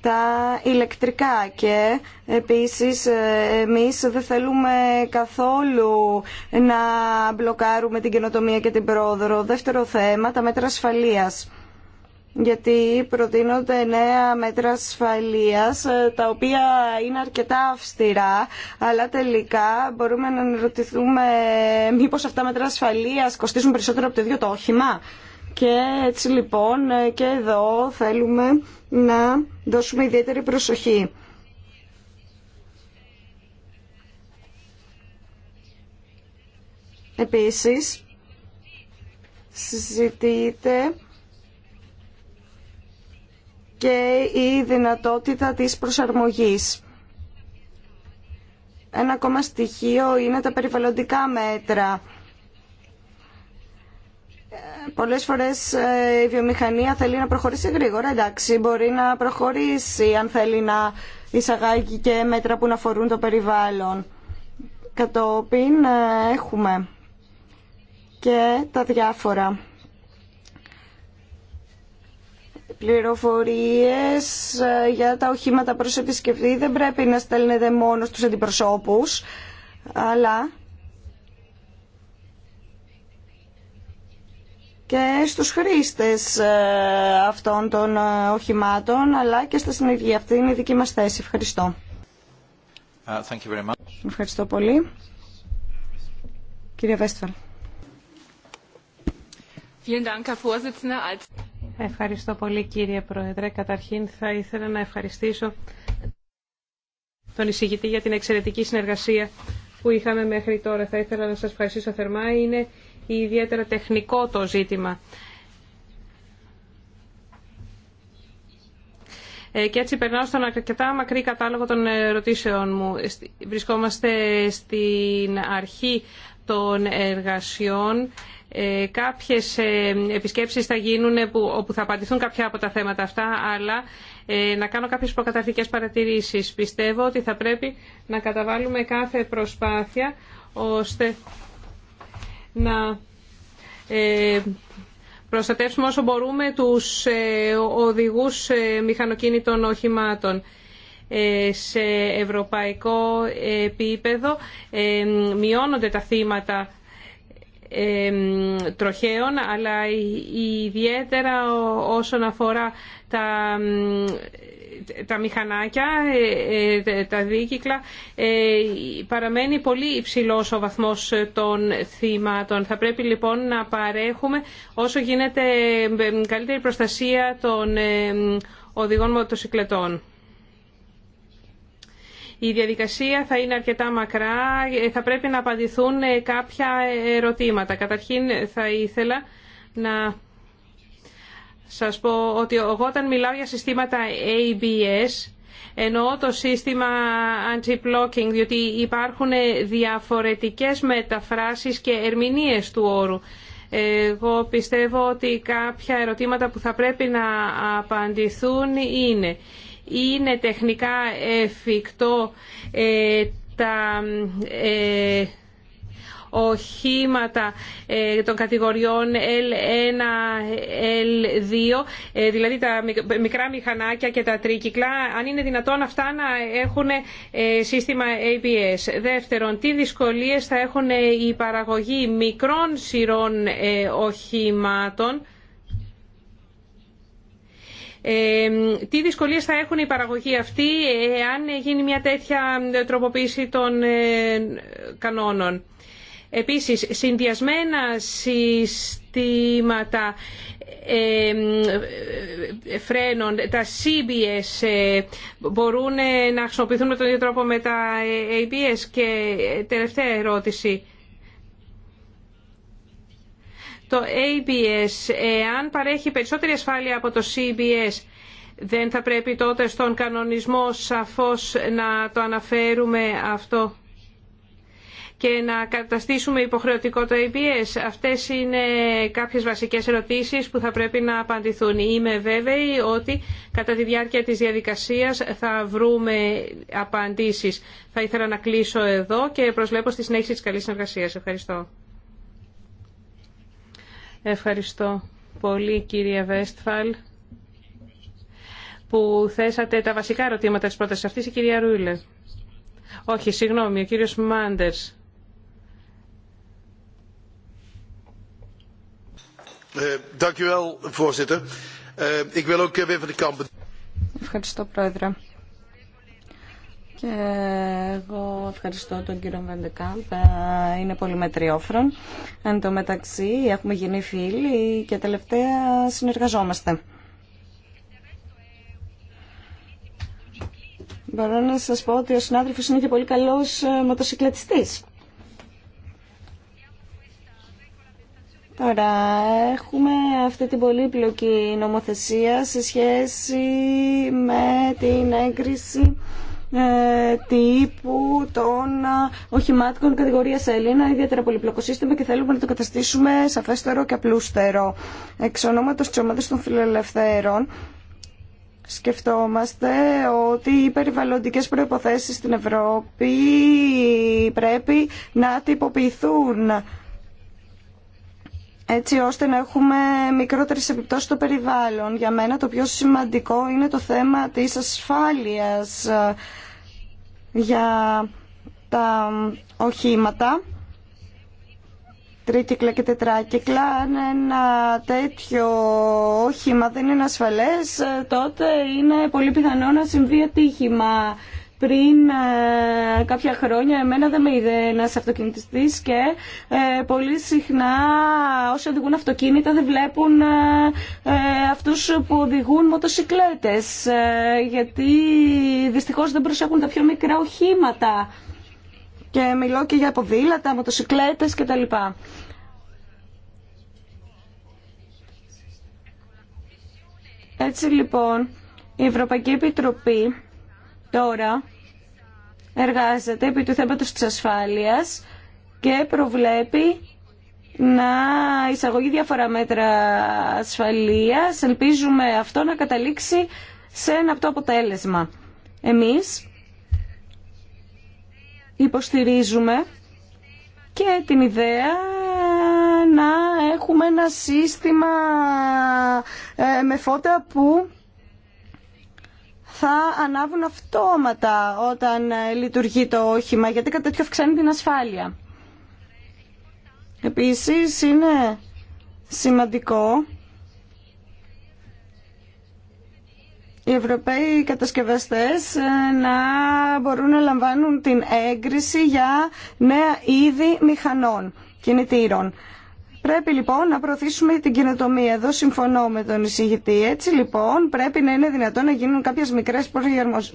τα ηλεκτρικά και επίσης εμείς δεν θέλουμε καθόλου να μπλοκάρουμε την καινοτομία και την πρόοδο. Δεύτερο θέμα, τα μέτρα ασφαλείας γιατί προτείνονται νέα μέτρα ασφαλείας ε, τα οποία είναι αρκετά αυστηρά αλλά τελικά μπορούμε να ρωτηθούμε μήπως αυτά μέτρα ασφαλείας κοστίζουν περισσότερο από το ίδιο το όχημα και έτσι λοιπόν ε, και εδώ θέλουμε να δώσουμε ιδιαίτερη προσοχή. Επίσης, συζητείται και η δυνατότητα της προσαρμογής. Ένα ακόμα στοιχείο είναι τα περιβαλλοντικά μέτρα. Πολλές φορές ε, η βιομηχανία θέλει να προχωρήσει γρήγορα, εντάξει, μπορεί να προχωρήσει αν θέλει να εισαγάγει και μέτρα που να φορούν το περιβάλλον. Κατόπιν ε, έχουμε και τα διάφορα πληροφορίες ε, για τα οχήματα προς επισκεφτή δεν πρέπει να στέλνετε μόνο στους αντιπροσώπους, αλλά και στους χρήστες ε, αυτών των ε, οχημάτων, αλλά και στα συνεργεία. Αυτή είναι η δική μας θέση. Ευχαριστώ. Uh, thank you very much. Ευχαριστώ πολύ. Κύριε Βέστφαλ. Ευχαριστώ πολύ κύριε Πρόεδρε. Καταρχήν θα ήθελα να ευχαριστήσω τον εισηγητή για την εξαιρετική συνεργασία που είχαμε μέχρι τώρα. Θα ήθελα να σας ευχαριστήσω θερμά. Είναι ιδιαίτερα τεχνικό το ζήτημα. Ε, και έτσι περνάω στον αρκετά μακρύ κατάλογο των ερωτήσεων μου. Βρισκόμαστε στην αρχή των εργασιών ε, κάποιες ε, επισκέψεις θα γίνουν όπου θα απαντηθούν κάποια από τα θέματα αυτά, αλλά ε, να κάνω κάποιες προκαταρκτικές παρατηρήσεις. Πιστεύω ότι θα πρέπει να καταβάλουμε κάθε προσπάθεια ώστε να προστατεύσουμε όσο μπορούμε τους οδηγούς μηχανοκίνητων οχημάτων σε ευρωπαϊκό επίπεδο μειώνονται τα θύματα τροχαίων, αλλά ιδιαίτερα όσον αφορά τα τα μηχανάκια, ε, ε, τα δίκυκλα, ε, παραμένει πολύ υψηλός ο βαθμός των θυμάτων. Θα πρέπει λοιπόν να παρέχουμε όσο γίνεται καλύτερη προστασία των οδηγών μοτοσυκλετών. Η διαδικασία θα είναι αρκετά μακρά. Θα πρέπει να απαντηθούν ε, κάποια ερωτήματα. Καταρχήν θα ήθελα να σας πω ότι εγώ όταν μιλάω για συστήματα ABS εννοώ το σύστημα anti-blocking διότι υπάρχουν ε, διαφορετικές μεταφράσεις και ερμηνείες του όρου. Εγώ πιστεύω ότι κάποια ερωτήματα που θα πρέπει να απαντηθούν είναι είναι τεχνικά εφικτό ε, τα ε, οχήματα ε, των κατηγοριών L1, L2, δηλαδή τα μικρά μηχανάκια και τα τρίκυκλα, αν είναι δυνατόν αυτά να έχουν σύστημα ABS. Δεύτερον, τι δυσκολίες θα έχουν η παραγωγή μικρών σειρών οχήματων, τι δυσκολίε θα έχουν οι παραγωγοί αυτοί εάν γίνει μια τέτοια τροποποίηση των ε, κανόνων. Επίσης, συνδυασμένα συστήματα φρένων, τα CBS ε, μπορούν να χρησιμοποιηθούν με τον ίδιο τρόπο με τα ε, ABS. Και τελευταία ερώτηση. Το ABS, εάν παρέχει περισσότερη ασφάλεια από το CBS, δεν θα πρέπει τότε στον κανονισμό σαφώς να το αναφέρουμε αυτό και να καταστήσουμε υποχρεωτικό το ABS. Αυτές είναι κάποιες βασικές ερωτήσεις που θα πρέπει να απαντηθούν. Είμαι βέβαιη ότι κατά τη διάρκεια της διαδικασίας θα βρούμε απαντήσεις. Θα ήθελα να κλείσω εδώ και προσβλέπω στη συνέχιση της καλής συνεργασίας. Ευχαριστώ. Ευχαριστώ πολύ κυρία Βέστφαλ που θέσατε τα βασικά ερωτήματα της πρότασης αυτής η κυρία Ρούιλε. Όχι, συγγνώμη, ο κύριος Μάντερς. Ε, ε, Ευχαριστώ, Πρόεδρε. Και εγώ ευχαριστώ τον κύριο Βεντεκάμπ. Ε, είναι πολύ μετριόφρον. Εν τω μεταξύ έχουμε γίνει φίλοι και τελευταία συνεργαζόμαστε. Μπορώ να σας πω ότι ο συνάδελφος είναι και πολύ καλός ε, μοτοσυκλετιστής. Τώρα έχουμε αυτή την πολύπλοκη νομοθεσία σε σχέση με την έγκριση ε, τύπου των ε, οχημάτων κατηγορία Ελλήνα, ιδιαίτερα πολύπλοκο σύστημα και θέλουμε να το καταστήσουμε σαφέστερο και απλούστερο. Εξ ονόματο τη ομάδα των φιλελευθέρων, σκεφτόμαστε ότι οι περιβαλλοντικές προϋποθέσεις στην Ευρώπη πρέπει να τυποποιηθούν έτσι ώστε να έχουμε μικρότερες επιπτώσεις στο περιβάλλον. Για μένα το πιο σημαντικό είναι το θέμα της ασφάλειας για τα οχήματα τρίκυκλα και τετράκυκλα αν ένα τέτοιο όχημα δεν είναι ασφαλές τότε είναι πολύ πιθανό να συμβεί ατύχημα πριν ε, κάποια χρόνια εμένα δεν με είδε ένα αυτοκινητιστής και ε, πολύ συχνά όσοι οδηγούν αυτοκίνητα δεν βλέπουν ε, αυτούς που οδηγούν μοτοσικλέτες γιατί δυστυχώς δεν προσέχουν τα πιο μικρά οχήματα και μιλώ και για ποδήλατα, μοτοσικλέτες κτλ. Έτσι λοιπόν η Ευρωπαϊκή Επιτροπή τώρα εργάζεται επί του θέματος της ασφάλειας και προβλέπει να εισαγωγεί διάφορα μέτρα ασφαλείας. Ελπίζουμε αυτό να καταλήξει σε ένα αυτό αποτέλεσμα. Εμείς υποστηρίζουμε και την ιδέα να έχουμε ένα σύστημα ε, με φώτα που θα ανάβουν αυτόματα όταν ε, λειτουργεί το όχημα, γιατί κατά τέτοιο αυξάνει την ασφάλεια. Επίσης είναι σημαντικό οι Ευρωπαίοι κατασκευαστές ε, να μπορούν να λαμβάνουν την έγκριση για νέα είδη μηχανών κινητήρων. Πρέπει λοιπόν να προωθήσουμε την κοινοτομία. Εδώ συμφωνώ με τον εισηγητή. Έτσι λοιπόν πρέπει να είναι δυνατόν να γίνουν κάποιε μικρέ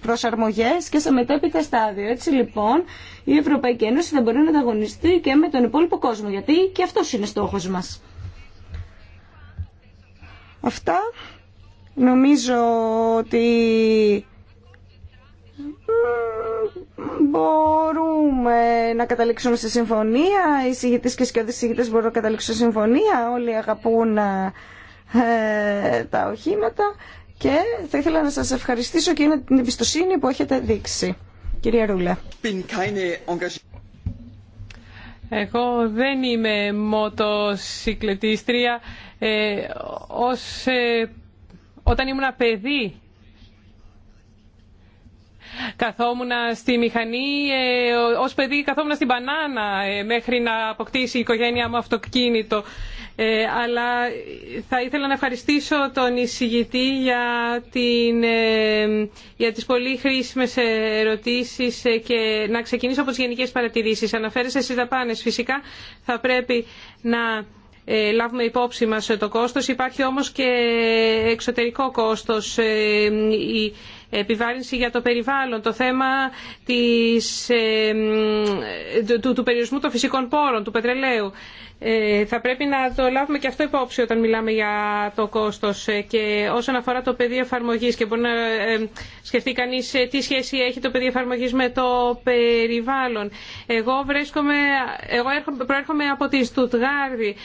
προσαρμογέ και σε μετέπειτα στάδιο. Έτσι λοιπόν η Ευρωπαϊκή Ένωση θα μπορεί να ανταγωνιστεί και με τον υπόλοιπο κόσμο. Γιατί και αυτό είναι στόχο μα. Αυτά. Νομίζω ότι μπορούμε να καταλήξουμε σε συμφωνία, οι συγητές και οι συγητές μπορούν να καταλήξουν σε συμφωνία, όλοι αγαπούν ε, τα οχήματα και θα ήθελα να σας ευχαριστήσω και είναι την εμπιστοσύνη που έχετε δείξει. Κυρία Ρούλα. Εγώ δεν είμαι μοτοσυκλετίστρια. Ε, ως, ε, όταν ήμουν παιδί Καθόμουν στη μηχανή, ε, ω παιδί καθόμουν στην μπανάνα ε, μέχρι να αποκτήσει η οικογένειά μου αυτοκίνητο. Ε, αλλά θα ήθελα να ευχαριστήσω τον εισηγητή για, την, για τις πολύ χρήσιμες ερωτήσεις και να ξεκινήσω από τις γενικές παρατηρήσεις. Αναφέρεσαι στις δαπάνες. Φυσικά θα πρέπει να λάβουμε υπόψη μας το κόστος. Υπάρχει όμως και εξωτερικό κόστος επιβάρυνση για το περιβάλλον, το θέμα της, ε, του, του περιορισμού των φυσικών πόρων, του πετρελαίου. Ε, θα πρέπει να το λάβουμε και αυτό υπόψη όταν μιλάμε για το κόστος ε, και όσον αφορά το πεδίο εφαρμογής και μπορεί να σκεφτεί κανείς τι σχέση έχει το πεδίο εφαρμογής με το περιβάλλον. Εγώ, βρίσκομαι, εγώ προέρχομαι από τη Στουτγάρδη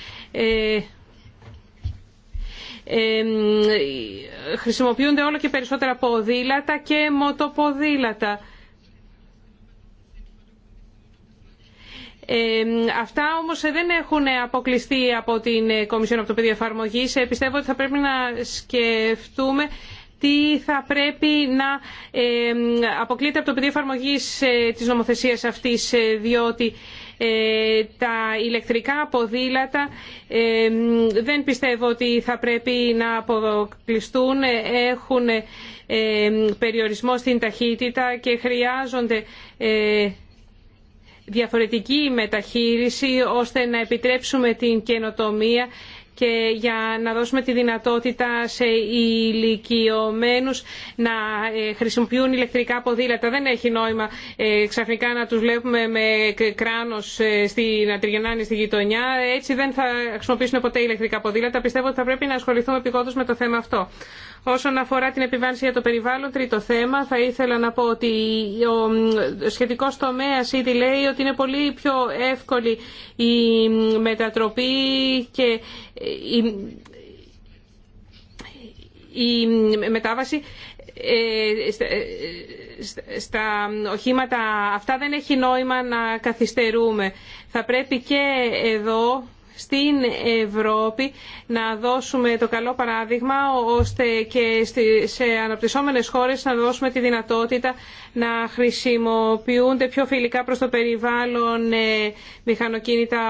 χρησιμοποιούνται όλο και περισσότερα ποδήλατα και μοτοποδήλατα. αυτά όμως δεν έχουν αποκλειστεί από την Κομισιόν από το πεδίο εφαρμογή. Ε, πιστεύω ότι θα πρέπει να σκεφτούμε τι θα πρέπει να ε, αποκλείται από το πεδίο εφαρμογή ε, της νομοθεσίας αυτής, ε, διότι ε, τα ηλεκτρικά ποδήλατα ε, δεν πιστεύω ότι θα πρέπει να αποκλειστούν. Έχουν ε, περιορισμό στην ταχύτητα και χρειάζονται διαφορετική μεταχείριση ώστε να επιτρέψουμε την καινοτομία και για να δώσουμε τη δυνατότητα σε ηλικιωμένους να ε, χρησιμοποιούν ηλεκτρικά ποδήλατα. Δεν έχει νόημα ε, ξαφνικά να τους βλέπουμε με κράνος ε, να τριγενάνει στη γειτονιά. Έτσι δεν θα χρησιμοποιήσουν ποτέ ηλεκτρικά ποδήλατα. Πιστεύω ότι θα πρέπει να ασχοληθούμε επικόντως με το θέμα αυτό. Όσον αφορά την επιβάρυνση για το περιβάλλον, τρίτο θέμα, θα ήθελα να πω ότι ο σχετικός τομέα ήδη λέει ότι είναι πολύ πιο εύκολη η μετατροπή και η μετάβαση ε, ε, στα οχήματα αυτά δεν έχει νόημα να καθυστερούμε. Θα πρέπει και εδώ στην Ευρώπη να δώσουμε το καλό παράδειγμα ώστε και σε αναπτυσσόμενες χώρες να δώσουμε τη δυνατότητα να χρησιμοποιούνται πιο φιλικά προς το περιβάλλον ε, μηχανοκίνητα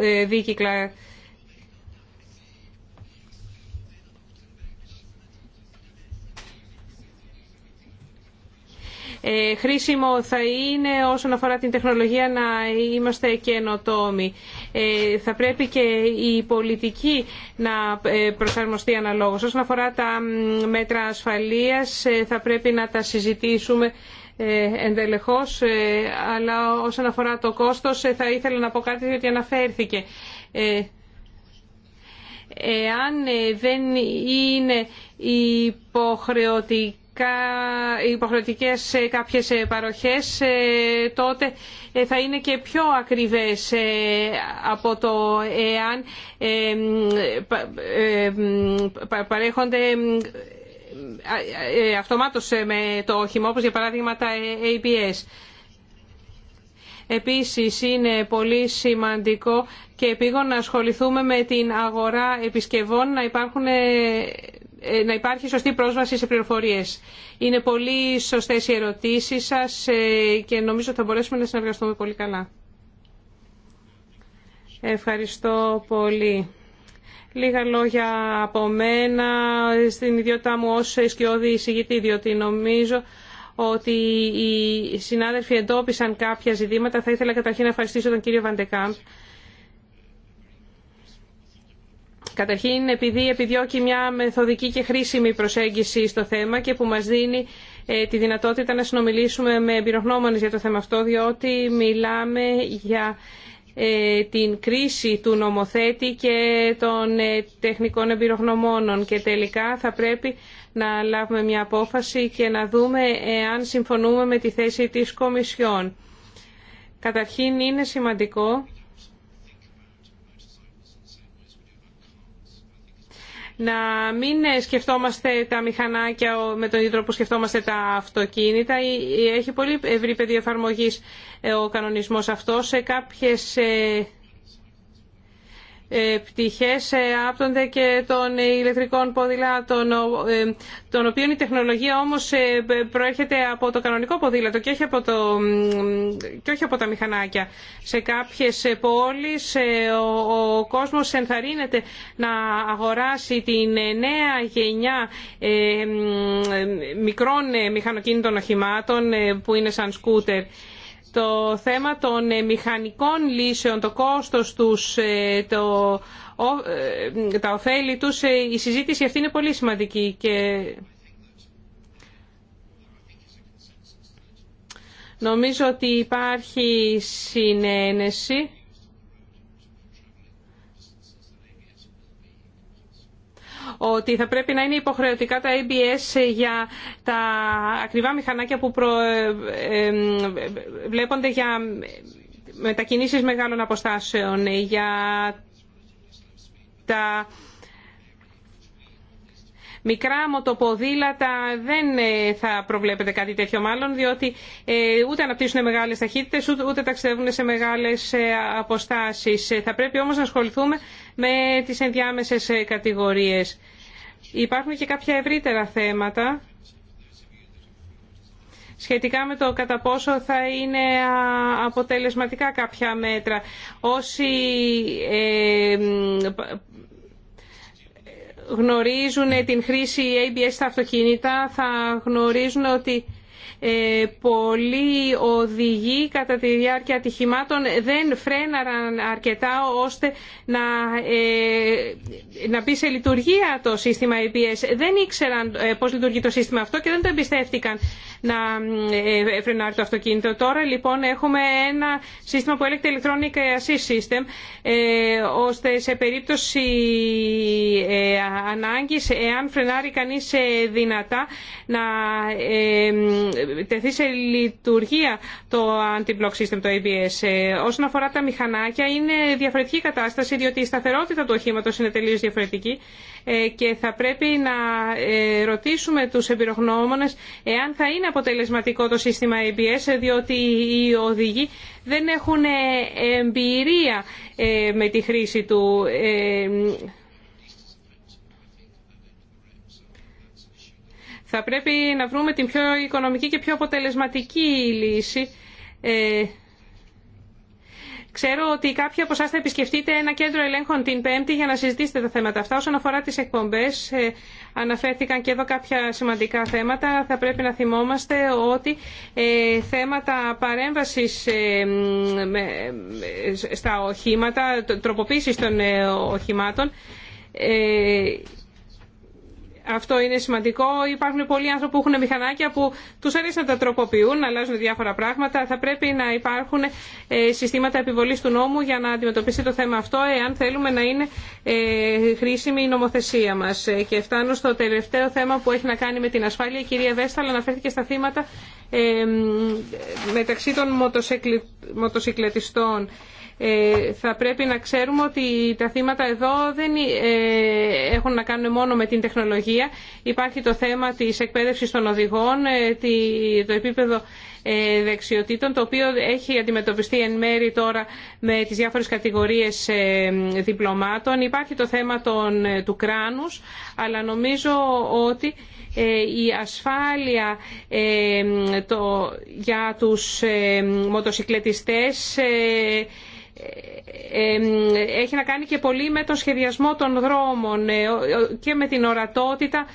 ε, δίκυκλα Ε, χρήσιμο θα είναι όσον αφορά την τεχνολογία να είμαστε καινοτόμοι. Ε, θα πρέπει και η πολιτική να ε, προσαρμοστεί αναλόγως. Όσον αφορά τα μέτρα ασφαλείας θα πρέπει να τα συζητήσουμε εντελεχώς, αλλά όσον αφορά το κόστος θα ήθελα να πω κάτι γιατί αναφέρθηκε. Εάν δεν είναι υποχρεωτικό υποχρεωτικές ε, κάποιες ε, παροχές ε, τότε θα είναι και πιο ακριβές από το εάν παρέχονται αυτομάτως με το όχημα όπως για παράδειγμα τα ABS. Επίσης είναι πολύ σημαντικό και επίγον να ασχοληθούμε με την αγορά επισκευών να υπάρχουν ε, να υπάρχει σωστή πρόσβαση σε πληροφορίες. Είναι πολύ σωστές οι ερωτήσεις σας ε, και νομίζω ότι θα μπορέσουμε να συνεργαστούμε πολύ καλά. Ευχαριστώ πολύ. Λίγα λόγια από μένα στην ιδιότητά μου ως σκιώδη εισηγητή, διότι νομίζω ότι οι συνάδελφοι εντόπισαν κάποια ζητήματα. Θα ήθελα καταρχήν να ευχαριστήσω τον κύριο Βαντεκάμπ Καταρχήν επειδή επιδιώκει μια μεθοδική και χρήσιμη προσέγγιση στο θέμα και που μας δίνει ε, τη δυνατότητα να συνομιλήσουμε με εμπειρογνώμονες για το θέμα αυτό, διότι μιλάμε για ε, την κρίση του νομοθέτη και των ε, τεχνικών εμπειρογνωμόνων και τελικά θα πρέπει να λάβουμε μια απόφαση και να δούμε αν συμφωνούμε με τη θέση της Κομισιόν. Καταρχήν είναι σημαντικό να μην σκεφτόμαστε τα μηχανάκια με τον ίδιο τρόπο που σκεφτόμαστε τα αυτοκίνητα. Έχει πολύ ευρύ πεδίο εφαρμογή ε, ο κανονισμός αυτό. Σε κάποιες... Ε, ε, πτυχές ε, άπτονται και των ηλεκτρικών ποδηλάτων, ε, των οποίων η τεχνολογία όμως προέρχεται από το κανονικό ποδήλατο και όχι από, το, και όχι από τα μηχανάκια. Σε κάποιες πόλεις ο, ο κόσμος ενθαρρύνεται να αγοράσει την νέα γενιά μικρών μηχανοκίνητων οχημάτων που είναι σαν σκούτερ. Το θέμα των ε, μηχανικών λύσεων, το κόστος τους, ε, το, ε, τα ωφέλη τους, η συζήτηση αυτή είναι πολύ σημαντική και νομίζω ότι υπάρχει συνένεση ότι θα πρέπει να είναι υποχρεωτικά τα ABS για τα ακριβά μηχανάκια που ε, ε, βλέπονται για μετακινήσεις μεγάλων αποστάσεων, για τα μικρά μοτοποδήλατα δεν ε, θα προβλέπετε κάτι τέτοιο μάλλον, διότι ε, ούτε αναπτύσσουν μεγάλες ταχύτητες, ούτε ταξιδεύουν σε μεγάλες ε, αποστάσεις. Θα πρέπει όμως να ασχοληθούμε με τις ενδιάμεσες κατηγορίες. Υπάρχουν και κάποια ευρύτερα θέματα σχετικά με το κατά πόσο θα είναι αποτελεσματικά κάποια μέτρα. Όσοι γνωρίζουν την χρήση ABS στα αυτοκίνητα θα γνωρίζουν ότι ε, πολλοί οδηγοί κατά τη διάρκεια ατυχημάτων δεν φρέναραν αρκετά ώστε να, ε, να μπει σε λειτουργία το σύστημα EPS. Δεν ήξεραν ε, πώς λειτουργεί το σύστημα αυτό και δεν το εμπιστεύτηκαν να φρενάρει το αυτοκίνητο. Τώρα λοιπόν έχουμε ένα σύστημα που έλεγχε Electronic Assist System ώστε σε περίπτωση ανάγκης εάν φρενάρει κανείς δυνατά να τεθεί σε λειτουργία το anti-block system, το ABS. Ε, όσον αφορά τα μηχανάκια, είναι διαφορετική κατάσταση, διότι η σταθερότητα του οχήματο είναι τελείω διαφορετική ε, και θα πρέπει να ε, ρωτήσουμε του εμπειρογνώμονε εάν θα είναι αποτελεσματικό το σύστημα ABS, διότι οι οδηγοί δεν έχουν εμπειρία με τη χρήση του Θα πρέπει να βρούμε την πιο οικονομική και πιο αποτελεσματική λύση. Ε, ξέρω ότι κάποιοι από εσά θα επισκεφτείτε ένα κέντρο ελέγχων την Πέμπτη για να συζητήσετε τα θέματα αυτά. Όσον αφορά τι εκπομπέ, ε, αναφέρθηκαν και εδώ κάποια σημαντικά θέματα. Θα πρέπει να θυμόμαστε ότι ε, θέματα παρέμβαση ε, στα οχήματα, τροποποίηση των οχημάτων, αυτό είναι σημαντικό. Υπάρχουν πολλοί άνθρωποι που έχουν μηχανάκια που τους αρέσει να τα τροποποιούν, να αλλάζουν διάφορα πράγματα. Θα πρέπει να υπάρχουν ε, συστήματα επιβολής του νόμου για να αντιμετωπίσει το θέμα αυτό, εάν θέλουμε να είναι ε, χρήσιμη η νομοθεσία μας. Ε, και φτάνω στο τελευταίο θέμα που έχει να κάνει με την ασφάλεια. Η κυρία Βέσταλ αναφέρθηκε στα θύματα μεταξύ των μοτοσυκλετιστών. Ε, θα πρέπει να ξέρουμε ότι τα θύματα εδώ δεν ε, έχουν να κάνουν μόνο με την τεχνολογία. Υπάρχει το θέμα της εκπαίδευσης των οδηγών, ε, το επίπεδο δεξιοτήτων, το οποίο έχει αντιμετωπιστεί εν μέρη τώρα με τις διάφορες κατηγορίες διπλωμάτων. Υπάρχει το θέμα των, του κράνους, αλλά νομίζω ότι η ασφάλεια το, για τους μοτοσυκλετιστές ε, ε, ε, έχει να κάνει και πολύ με τον σχεδιασμό των δρόμων και με την ορατότητα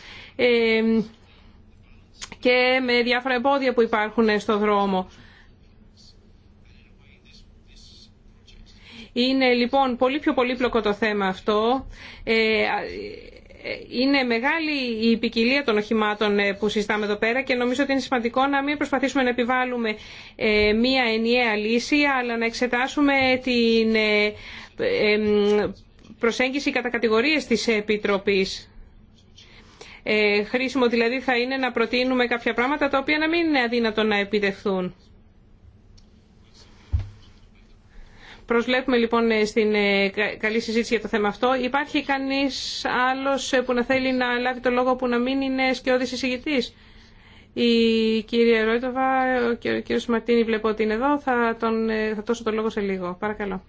και με διάφορα εμπόδια που υπάρχουν στο δρόμο. Είναι λοιπόν πολύ πιο πολύπλοκο το θέμα αυτό είναι μεγάλη η ποικιλία των οχημάτων ε, που συζητάμε εδώ πέρα και νομίζω ότι είναι σημαντικό να μην προσπαθήσουμε να επιβάλλουμε ε, μία ενιαία λύση αλλά να εξετάσουμε την ε, προσέγγιση κατά κατηγορίες της Επιτροπής. Χρήσιμο δηλαδή θα είναι να προτείνουμε κάποια πράγματα τα οποία να μην είναι αδύνατο να επιτευχθούν. Προσβλέπουμε λοιπόν στην ε, καλή συζήτηση για το θέμα αυτό. Υπάρχει κανείς άλλος ε, που να θέλει να λάβει το λόγο που να μην είναι σκιώδης εισηγητής. Η κυρία Ρόιτοβα, ο κύριος Μαρτίνη βλέπω ότι είναι εδώ, θα, τον, ε, θα δώσω το λόγο σε λίγο. Παρακαλώ.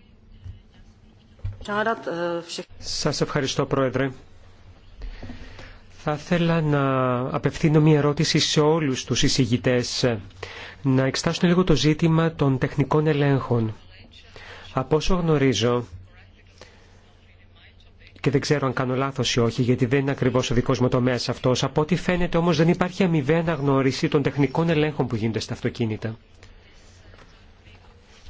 Σας ευχαριστώ Πρόεδρε. Θα ήθελα να απευθύνω μια ερώτηση σε όλους τους εισηγητές. Να εξτάσουν λίγο το ζήτημα των τεχνικών ελέγχων. Από όσο γνωρίζω, και δεν ξέρω αν κάνω λάθος ή όχι, γιατί δεν είναι ακριβώς ο δικός μου τομέας αυτός, από ό,τι φαίνεται όμως δεν υπάρχει αμοιβαία αναγνώριση των τεχνικών ελέγχων που γίνονται στα αυτοκίνητα.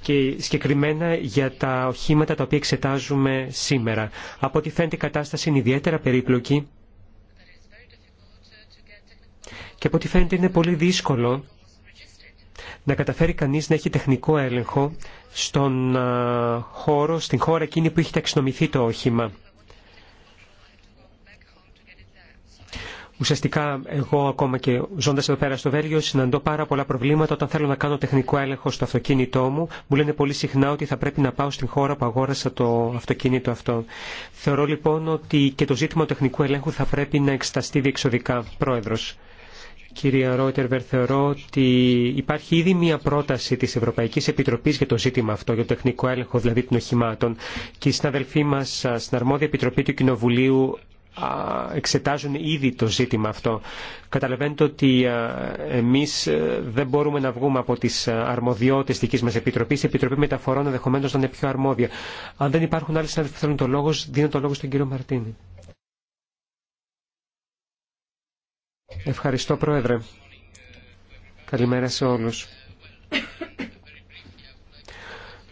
Και συγκεκριμένα για τα οχήματα τα οποία εξετάζουμε σήμερα. Από ό,τι φαίνεται η κατάσταση είναι ιδιαίτερα περίπλοκη και από ό,τι φαίνεται είναι πολύ δύσκολο να καταφέρει κανείς να έχει τεχνικό έλεγχο στον ε, χώρο, στην χώρα εκείνη που είχε ταξινομηθεί το όχημα. Ουσιαστικά εγώ ακόμα και ζώντας εδώ πέρα στο Βέλγιο συναντώ πάρα πολλά προβλήματα όταν θέλω να κάνω τεχνικό έλεγχο στο αυτοκίνητό μου. Μου λένε πολύ συχνά ότι θα πρέπει να πάω στην χώρα που αγόρασα το αυτοκίνητο αυτό. Θεωρώ λοιπόν ότι και το ζήτημα τεχνικού ελέγχου θα πρέπει να εξεταστεί διεξοδικά. Πρόεδρος. Κύριε Ρόιτερβερ, θεωρώ ότι υπάρχει ήδη μία πρόταση της Ευρωπαϊκής Επιτροπής για το ζήτημα αυτό, για το τεχνικό έλεγχο δηλαδή των οχημάτων και οι συναδελφοί μας στην αρμόδια Επιτροπή του Κοινοβουλίου εξετάζουν ήδη το ζήτημα αυτό. Καταλαβαίνετε ότι εμείς ε, δεν μπορούμε να βγούμε από τις αρμοδιότητες δικής μας Επιτροπής. Η Επιτροπή Μεταφορών ενδεχομένω να είναι πιο αρμόδια. Αν δεν υπάρχουν άλλοι συνάδελφοι που θέλουν το λόγο, δίνω το λόγο στον κύριο Μαρτίνη. Ευχαριστώ Πρόεδρε. Καλημέρα σε όλους.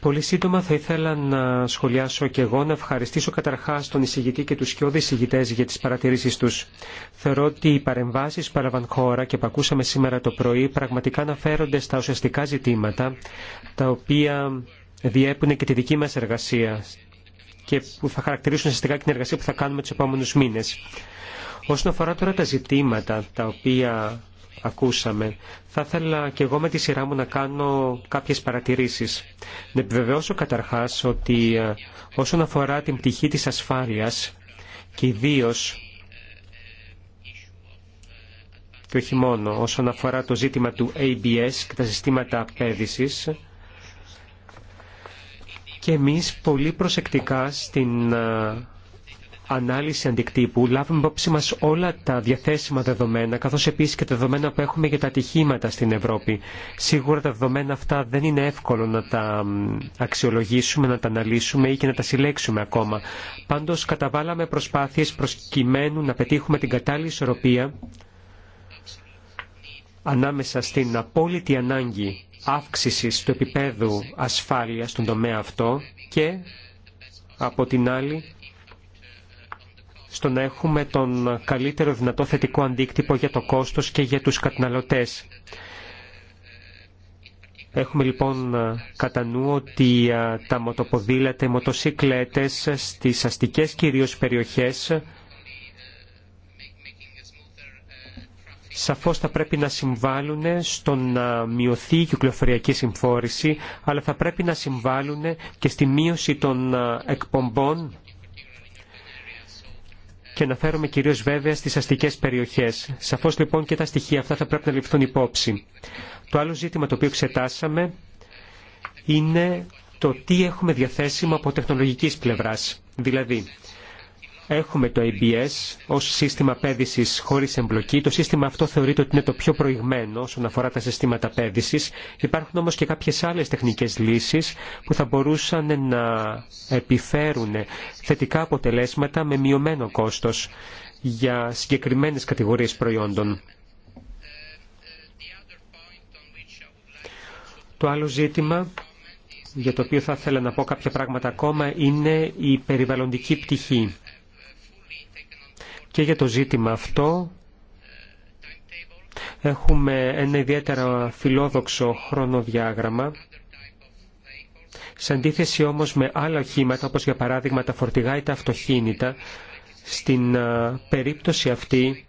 Πολύ σύντομα θα ήθελα να σχολιάσω και εγώ να ευχαριστήσω καταρχάς τον εισηγητή και τους σκιώδη εισηγητές για τις παρατηρήσεις τους. Θεωρώ ότι οι παρεμβάσεις παραβαν χώρα και που ακούσαμε σήμερα το πρωί πραγματικά αναφέρονται στα ουσιαστικά ζητήματα τα οποία διέπουν και τη δική μας εργασία και που θα χαρακτηρίσουν ουσιαστικά την εργασία που θα κάνουμε τους επόμενους μήνες. Όσον αφορά τώρα τα ζητήματα τα οποία ακούσαμε, θα ήθελα και εγώ με τη σειρά μου να κάνω κάποιες παρατηρήσεις. Να επιβεβαιώσω καταρχάς ότι ε, όσον αφορά την πτυχή της ασφάλειας και ιδίω και όχι μόνο όσον αφορά το ζήτημα του ABS και τα συστήματα απέδησης, και εμείς πολύ προσεκτικά στην ε, ανάλυση αντικτύπου λάβουμε υπόψη μας όλα τα διαθέσιμα δεδομένα, καθώς επίσης και τα δεδομένα που έχουμε για τα ατυχήματα στην Ευρώπη. Σίγουρα τα δεδομένα αυτά δεν είναι εύκολο να τα αξιολογήσουμε, να τα αναλύσουμε ή και να τα συλλέξουμε ακόμα. Πάντως καταβάλαμε προσπάθειες προκειμένου να πετύχουμε την κατάλληλη ισορροπία ανάμεσα στην απόλυτη ανάγκη αύξησης του επίπεδου ασφάλειας στον τομέα αυτό και από την άλλη στο να έχουμε τον καλύτερο δυνατό θετικό αντίκτυπο για το κόστος και για τους καταναλωτές. Έχουμε λοιπόν κατά νου ότι τα μοτοποδήλατα, οι μοτοσυκλέτες στις αστικές κυρίως περιοχές σαφώς θα πρέπει να συμβάλλουν στο να μειωθεί η κυκλοφοριακή συμφόρηση, αλλά θα πρέπει να συμβάλλουν και στη μείωση των εκπομπών και αναφέρομαι κυρίως βέβαια στις αστικές περιοχές. Σαφώς λοιπόν και τα στοιχεία αυτά θα πρέπει να ληφθούν υπόψη. Το άλλο ζήτημα το οποίο εξετάσαμε είναι το τι έχουμε διαθέσιμο από τεχνολογικής πλευράς. Δηλαδή, Έχουμε το ABS ως σύστημα πέδησης χωρί εμπλοκή. Το σύστημα αυτό θεωρείται ότι είναι το πιο προηγμένο όσον αφορά τα συστήματα πέδησης. Υπάρχουν όμως και κάποιες άλλες τεχνικές λύσεις που θα μπορούσαν να επιφέρουν θετικά αποτελέσματα με μειωμένο κόστος για συγκεκριμένες κατηγορίες προϊόντων. Το άλλο ζήτημα για το οποίο θα ήθελα να πω κάποια πράγματα ακόμα είναι η περιβαλλοντική πτυχή και για το ζήτημα αυτό έχουμε ένα ιδιαίτερα φιλόδοξο χρονοδιάγραμμα. Σε αντίθεση όμως με άλλα οχήματα, όπως για παράδειγμα τα φορτηγά ή τα αυτοκίνητα, στην περίπτωση αυτή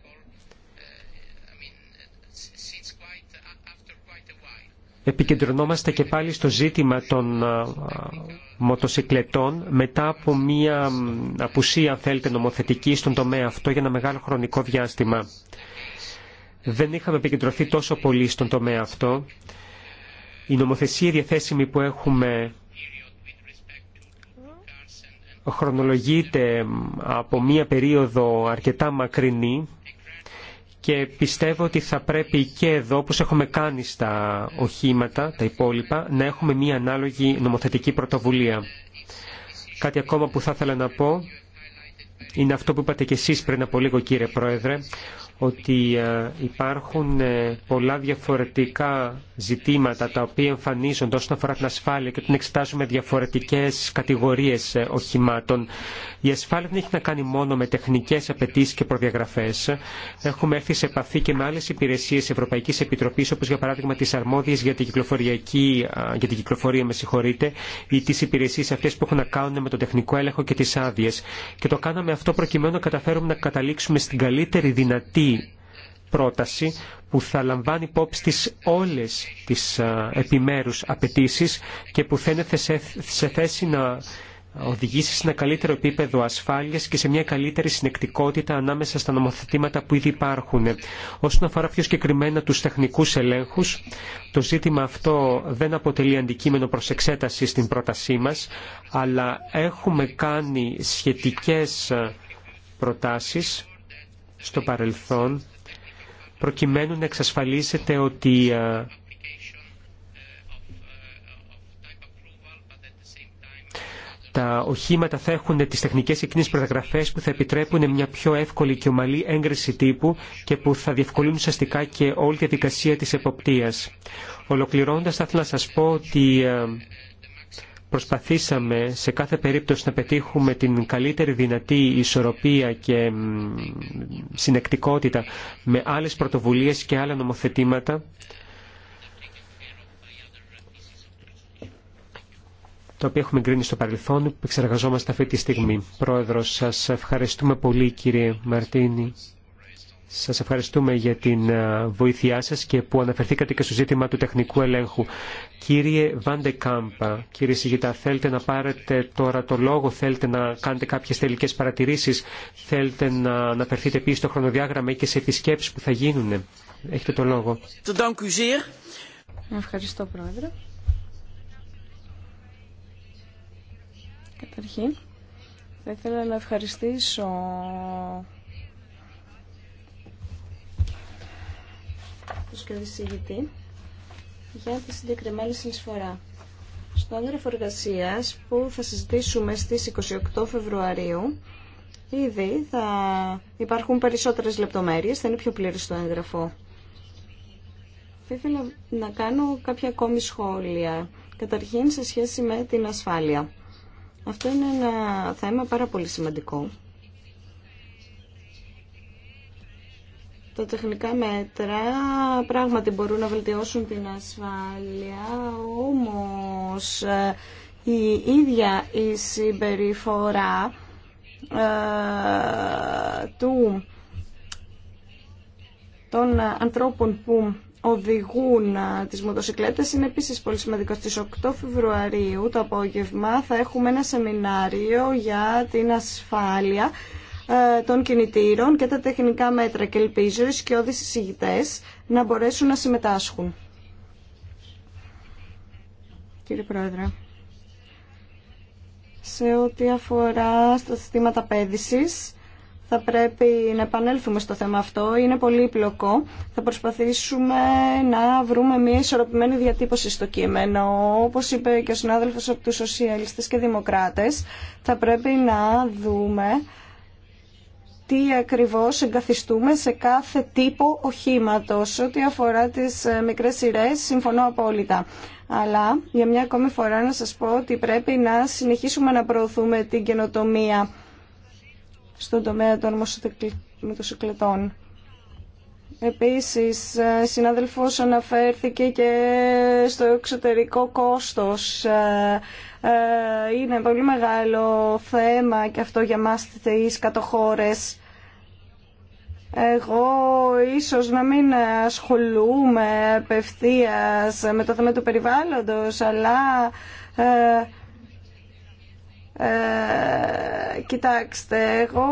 επικεντρωνόμαστε και πάλι στο ζήτημα των μοτοσυκλετών μετά από μια απουσία, αν θέλετε, νομοθετική στον τομέα αυτό για ένα μεγάλο χρονικό διάστημα. Δεν είχαμε επικεντρωθεί τόσο πολύ στον τομέα αυτό. Η νομοθεσία διαθέσιμη που έχουμε χρονολογείται από μία περίοδο αρκετά μακρινή και πιστεύω ότι θα πρέπει και εδώ, όπως έχουμε κάνει στα οχήματα, τα υπόλοιπα, να έχουμε μία ανάλογη νομοθετική πρωτοβουλία. Κάτι ακόμα που θα ήθελα να πω είναι αυτό που είπατε και εσείς πριν από λίγο κύριε Πρόεδρε, ότι ε, υπάρχουν ε, πολλά διαφορετικά ζητήματα τα οποία εμφανίζονται όσον αφορά την ασφάλεια και την εξετάζουμε διαφορετικές κατηγορίες ε, οχημάτων. Η ασφάλεια δεν έχει να κάνει μόνο με τεχνικές απαιτήσει και προδιαγραφές. Έχουμε έρθει σε επαφή και με άλλες υπηρεσίες Ευρωπαϊκής Επιτροπής όπως για παράδειγμα τις αρμόδιες για την, για την κυκλοφορία με συγχωρείτε, ή τις υπηρεσίες αυτές που έχουν να κάνουν με το τεχνικό έλεγχο και τις άδειες Και το κάναμε αυτό προκειμένου να καταφέρουμε να καταλήξουμε στην καλύτερη δυνατή πρόταση που θα λαμβάνει υπόψη τις όλες τις επιμέρους απαιτήσει και που θα είναι ε, σε θέση να οδηγήσει σε ένα καλύτερο επίπεδο ασφάλειας και σε μια καλύτερη συνεκτικότητα ανάμεσα στα νομοθετήματα που ήδη υπάρχουν. Όσον αφορά πιο συγκεκριμένα τους τεχνικούς ελέγχους, το ζήτημα αυτό δεν αποτελεί αντικείμενο προς εξέταση στην πρότασή μας, αλλά έχουμε κάνει σχετικές ε, προτάσεις στο παρελθόν προκειμένου να εξασφαλίσετε ότι ε, τα οχήματα θα έχουν τις τεχνικές εκείνες προδιαγραφές που θα επιτρέπουν μια πιο εύκολη και ομαλή έγκριση τύπου και που θα διευκολύνουν ουσιαστικά και όλη τη διαδικασία της εποπτείας. Ολοκληρώνοντας θα ήθελα να σας πω ότι ε, προσπαθήσαμε σε κάθε περίπτωση να πετύχουμε την καλύτερη δυνατή ισορροπία και συνεκτικότητα με άλλες πρωτοβουλίες και άλλα νομοθετήματα τα οποία έχουμε γκρίνει στο παρελθόν που εξεργαζόμαστε αυτή τη στιγμή. Πρόεδρος, σας ευχαριστούμε πολύ κύριε Μαρτίνη. Σας ευχαριστούμε για την ε, βοήθειά σας και που αναφερθήκατε και στο ζήτημα του τεχνικού ελέγχου. Κύριε Κάμπα, κύριε Σιγητά, θέλετε να πάρετε τώρα το λόγο, θέλετε να κάνετε κάποιες τελικές παρατηρήσεις, θέλετε να αναφερθείτε επίσης στο χρονοδιάγραμμα και σε επισκέψεις που θα γίνουν. Έχετε το λόγο. Ευχαριστώ, Πρόεδρε. Καταρχήν, θα ήθελα να ευχαριστήσω του για τη συγκεκριμένη συνεισφορά. Στο έγγραφο εργασία που θα συζητήσουμε στι 28 Φεβρουαρίου, ήδη θα υπάρχουν περισσότερε λεπτομέρειε, θα είναι πιο πλήρη το έγγραφο. Θα ήθελα να κάνω κάποια ακόμη σχόλια. Καταρχήν σε σχέση με την ασφάλεια. Αυτό είναι ένα θέμα πάρα πολύ σημαντικό. τεχνικά μέτρα πράγματι μπορούν να βελτιώσουν την ασφάλεια, όμως ε, η ίδια η συμπεριφορά ε, του, των ανθρώπων που οδηγούν ε, τις μοτοσυκλέτες είναι επίσης πολύ σημαντικό. Στις 8 Φεβρουαρίου το απόγευμα θα έχουμε ένα σεμινάριο για την ασφάλεια ε, των κινητήρων και τα τεχνικά μέτρα και ελπίζω οι σκιώδεις εισηγητές να μπορέσουν να συμμετάσχουν. Κύριε Πρόεδρε, σε ό,τι αφορά στα συστήματα πέδησης, θα πρέπει να επανέλθουμε στο θέμα αυτό. Είναι πολύ πλοκό. Θα προσπαθήσουμε να βρούμε μια ισορροπημένη διατύπωση στο κείμενο. Όπως είπε και ο συνάδελφος από τους σοσιαλιστές και δημοκράτες, θα πρέπει να δούμε τι ακριβώς εγκαθιστούμε σε κάθε τύπο οχήματος. Ό,τι αφορά τις ε, μικρές σειρές, συμφωνώ απόλυτα. Αλλά για μια ακόμη φορά να σας πω ότι πρέπει να συνεχίσουμε να προωθούμε την καινοτομία στον τομέα των μοτοσυκλετών. Επίσης, ε, συνάδελφος αναφέρθηκε και στο εξωτερικό κόστος. Ε, είναι πολύ μεγάλο θέμα και αυτό για μας τις κατοχώρες. Εγώ ίσως να μην ασχολούμαι απευθεία με το θέμα του περιβάλλοντος, αλλά ε, ε, κοιτάξτε, εγώ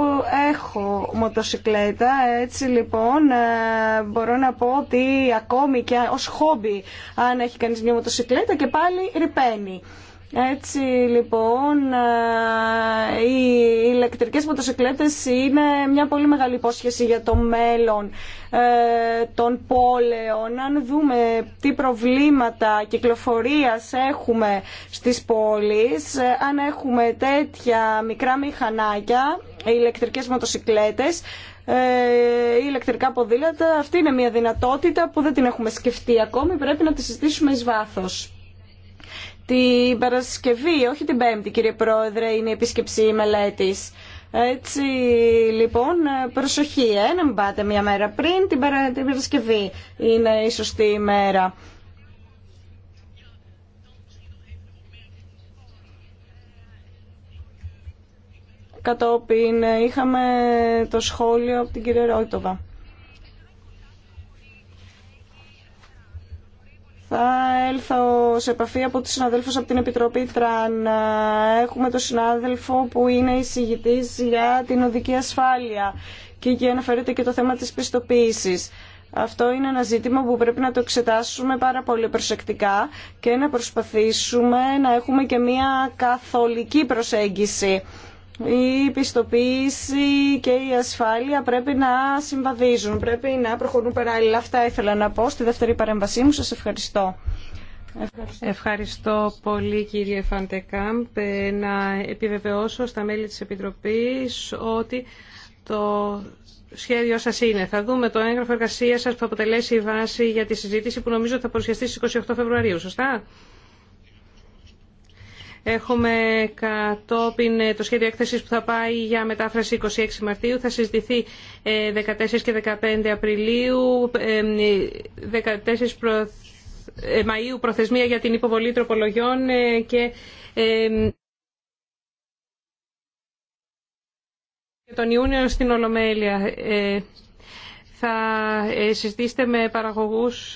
έχω μοτοσικλέτα, έτσι λοιπόν ε, μπορώ να πω ότι ακόμη και ως χόμπι αν έχει κανείς μια μοτοσικλέτα και πάλι ρηπαίνει. Έτσι λοιπόν ε, οι ηλεκτρικές μοτοσυκλέτες είναι μια πολύ μεγάλη υπόσχεση για το μέλλον ε, των πόλεων. Αν δούμε τι προβλήματα κυκλοφορίας έχουμε στις πόλεις, ε, αν έχουμε τέτοια μικρά μηχανάκια, ηλεκτρικές μοτοσυκλέτες, η ηλεκτρικά ποδήλατα, αυτή είναι μια δυνατότητα που δεν την έχουμε σκεφτεί ακόμη, πρέπει να τη συζητήσουμε εις βάθος. Την Παρασκευή, όχι την Πέμπτη κύριε Πρόεδρε, είναι η επίσκεψη μελέτης. Έτσι λοιπόν προσοχή, ε, να μην πάτε μια μέρα πριν την, την Παρασκευή είναι η σωστή ημέρα. Κατόπιν ε, είχαμε το σχόλιο από την κυρία Ρόιτοβα. σε επαφή από τους συναδέλφους από την Επιτροπή Τραν. Έχουμε τον συνάδελφο που είναι εισηγητής για την οδική ασφάλεια και εκεί αναφέρεται και το θέμα της πιστοποίησης. Αυτό είναι ένα ζήτημα που πρέπει να το εξετάσουμε πάρα πολύ προσεκτικά και να προσπαθήσουμε να έχουμε και μια καθολική προσέγγιση. Η πιστοποίηση και η ασφάλεια πρέπει να συμβαδίζουν, πρέπει να προχωρούν παράλληλα. Αυτά ήθελα να πω στη δεύτερη παρέμβασή μου. Σας ευχαριστώ. Ευχαριστώ. πολύ κύριε Φαντεκάμπ. Ε, να επιβεβαιώσω στα μέλη της Επιτροπής ότι το σχέδιό σας είναι. Θα δούμε το έγγραφο εργασία σας που αποτελέσει η βάση για τη συζήτηση που νομίζω θα παρουσιαστεί στις 28 Φεβρουαρίου, σωστά? Έχουμε κατόπιν ε, το σχέδιο έκθεση που θα πάει για μετάφραση 26 Μαρτίου. Θα συζητηθεί 14 ε, και 15 Απριλίου. 14 Μαΐου προθεσμία για την υποβολή τροπολογιών ε, ε, και τον Ιούνιο στην Ολομέλεια. Ε, θα συζητήσετε με παραγωγούς,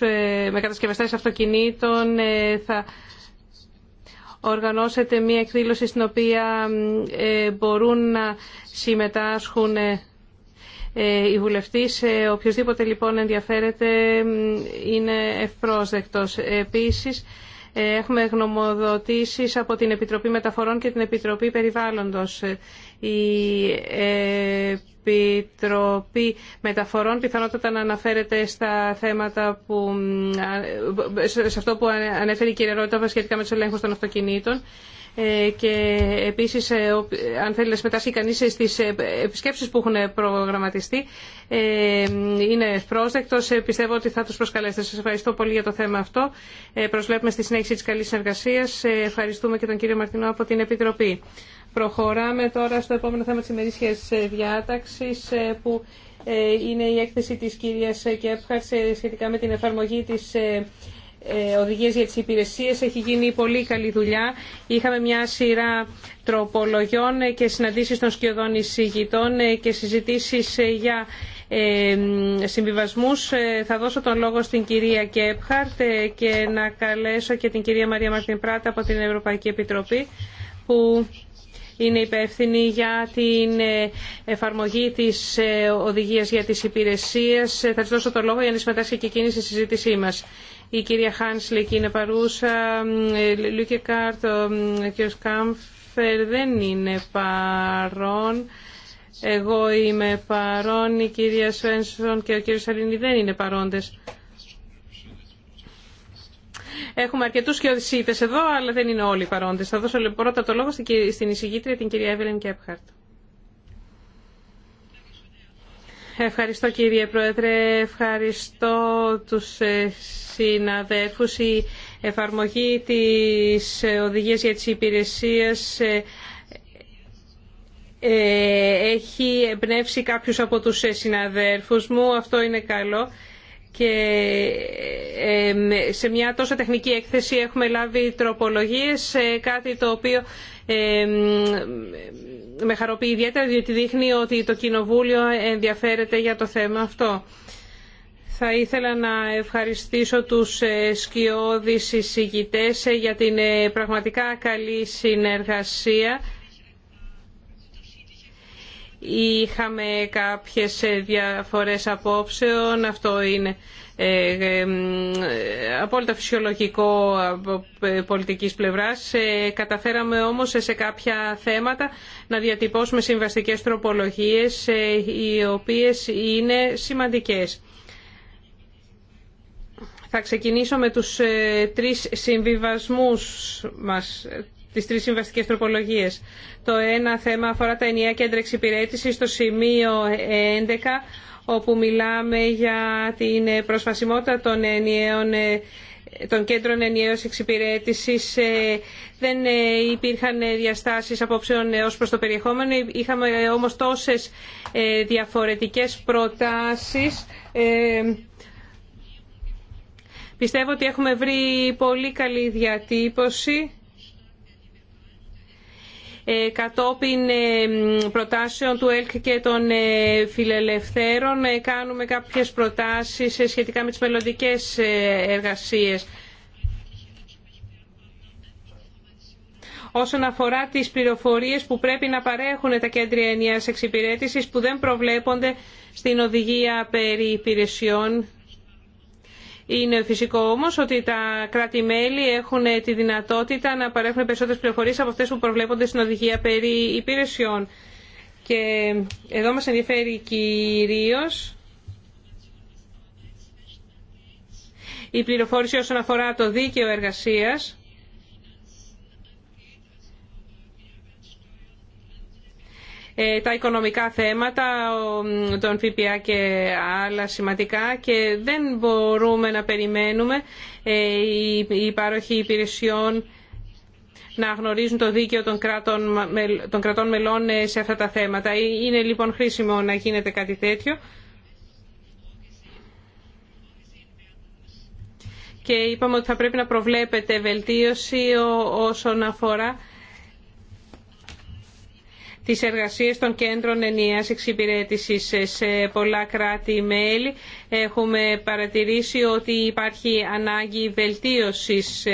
με κατασκευαστές αυτοκινήτων, θα οργανώσετε μία εκδήλωση στην οποία μπορούν να συμμετάσχουν ε, η βουλευτής, ε, οποιοδήποτε λοιπόν ενδιαφέρεται, είναι ευπρόσδεκτος. Επίσης, ε, έχουμε γνωμοδοτήσεις από την Επιτροπή Μεταφορών και την Επιτροπή Περιβάλλοντος. Η Επιτροπή Μεταφορών πιθανότατα να αναφέρεται στα θέματα που, σε αυτό που ανέφερε η κυρία ρότα σχετικά με τους ελέγχους των αυτοκινήτων ε, και επίσης ε, αν θέλει να συμμετάσχει κανείς στις ε, επισκέψεις που έχουν προγραμματιστεί είναι ε, Πιστεύω ότι θα τους προσκαλέσετε. Σας ευχαριστώ πολύ για το θέμα αυτό. Προσβλέπουμε στη συνέχιση της καλής συνεργασίας. Ευχαριστούμε και τον κύριο Μαρτινό από την Επιτροπή. Προχωράμε τώρα στο επόμενο θέμα της ημερήσιας διάταξης που είναι η έκθεση της κυρίας Κέπχαρτ σχετικά με την εφαρμογή της ε, οδηγίες για τις υπηρεσίε Έχει γίνει πολύ καλή δουλειά. Είχαμε μια σειρά τροπολογιών ε, και συναντήσεις των σκιωδών εισηγητών ε, και συζητήσεις για συμβιβασμούς. Θα δώσω τον λόγο στην κυρία Κέπχαρτ και να καλέσω και την κυρία Μαρία Μαρτιν Πράτα από την Ευρωπαϊκή Επιτροπή που είναι υπεύθυνη για την εφαρμογή της οδηγίας για τις υπηρεσίες. Θα της δώσω το λόγο για να συμμετάσχει και εκείνη στη συζήτησή μας η κυρία Χάνσλεκ είναι παρούσα, Λούκε Κάρτ, ο κύριο Κάμφερ δεν είναι παρόν. Εγώ είμαι παρόν, η κυρία Σουένσον και ο κύριος Σαλίνη δεν είναι παρόντες. Έχουμε αρκετούς κοιοδησίτες εδώ, αλλά δεν είναι όλοι παρόντες. Θα δώσω λοιπόν, πρώτα το λόγο στην εισηγήτρια, την κυρία Εύελεν Κέπχαρτ. Ευχαριστώ κύριε Πρόεδρε, ευχαριστώ τους ε, συναδέλφους. Η εφαρμογή της οδηγίας για τις υπηρεσίες ε, ε, έχει εμπνεύσει κάποιους από τους συναδέλφους μου. Αυτό είναι καλό. Και σε μια τόσο τεχνική έκθεση έχουμε λάβει τροπολογίες, κάτι το οποίο με χαροποιεί ιδιαίτερα διότι δείχνει ότι το Κοινοβούλιο ενδιαφέρεται για το θέμα αυτό. Θα ήθελα να ευχαριστήσω τους ε, σκιώδεις εισηγητές ε, για την ε, πραγματικά καλή συνεργασία. Είχαμε κάποιες διαφορές απόψεων, αυτό είναι ε, ε, απόλυτα φυσιολογικό από ε, πολιτικής πλευράς. Καταφέραμε όμως σε κάποια θέματα να διατυπώσουμε συμβαστικές τροπολογίες οι οποίες είναι σημαντικές. Θα ξεκινήσω με τους τρεις συμβιβασμούς μας, τις τρεις συμβαστικές τροπολογίες. Το ένα θέμα αφορά τα ενιαία κέντρα εξυπηρέτηση στο σημείο 11 όπου μιλάμε για την προσβασιμότητα των κέντρων ενιαίως εξυπηρέτησης ε, δεν ε, υπήρχαν διαστάσεις απόψεων ως προς το περιεχόμενο. Είχαμε όμως τόσες ε, διαφορετικές προτάσεις. Πιστεύω ότι έχουμε βρει πολύ καλή διατύπωση ε, κατόπιν ε, προτάσεων του ΕΛΚ και των ε, φιλελευθέρων κάνουμε κάποιες προτάσεις σχετικά με τις μελλοντικέ εργασίες. όσον αφορά τις πληροφορίες που πρέπει να παρέχουν τα κέντρια ενιαίας εξυπηρέτησης που δεν προβλέπονται στην οδηγία περί υπηρεσιών είναι φυσικό όμω ότι τα κράτη-μέλη έχουν τη δυνατότητα να παρέχουν περισσότερε πληροφορίε από αυτέ που προβλέπονται στην οδηγία περί υπηρεσιών. Και εδώ μα ενδιαφέρει κυρίω η πληροφόρηση όσον αφορά το δίκαιο εργασίας Ε, τα οικονομικά θέματα, τον ΦΠΑ και άλλα σημαντικά και δεν μπορούμε να περιμένουμε ε, οι παροχοί υπηρεσιών να γνωρίζουν το δίκαιο των, κράτων, των κρατών μελών ε, σε αυτά τα θέματα. Είναι λοιπόν χρήσιμο να γίνεται κάτι τέτοιο. Και είπαμε ότι θα πρέπει να προβλέπεται βελτίωση όσον αφορά τις εργασίες των κέντρων ενιαίας εξυπηρέτησης σε πολλά κράτη-μέλη. Έχουμε παρατηρήσει ότι υπάρχει ανάγκη βελτίωσης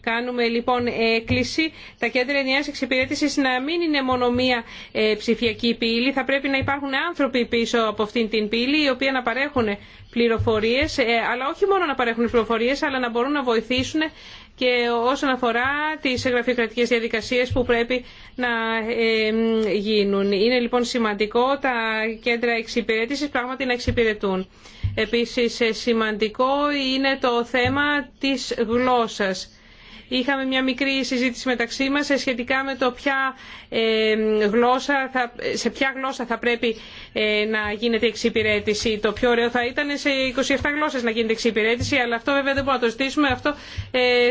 Κάνουμε λοιπόν έκκληση τα κέντρα ενιαίας εξυπηρέτηση να μην είναι μόνο μία ε, ψηφιακή πύλη. Θα πρέπει να υπάρχουν άνθρωποι πίσω από αυτήν την πύλη οι οποίοι να παρέχουν πληροφορίες, ε, αλλά όχι μόνο να παρέχουν πληροφορίες, αλλά να μπορούν να βοηθήσουν και όσον αφορά τις εγγραφείοκρατικές διαδικασίες που πρέπει να ε, γίνουν. Είναι λοιπόν σημαντικό τα κέντρα εξυπηρέτησης πράγματι να εξυπηρετούν. Επίσης ε, σημαντικό είναι το θέμα της γλώσσας. Είχαμε μια μικρή συζήτηση μεταξύ μας ε, σχετικά με το ποια, ε, γλώσσα θα, σε ποια γλώσσα θα πρέπει ε, να γίνεται εξυπηρέτηση. Το πιο ωραίο θα ήταν σε 27 γλώσσες να γίνεται εξυπηρέτηση, αλλά αυτό βέβαια δεν μπορούμε να το ζητήσουμε, Αυτό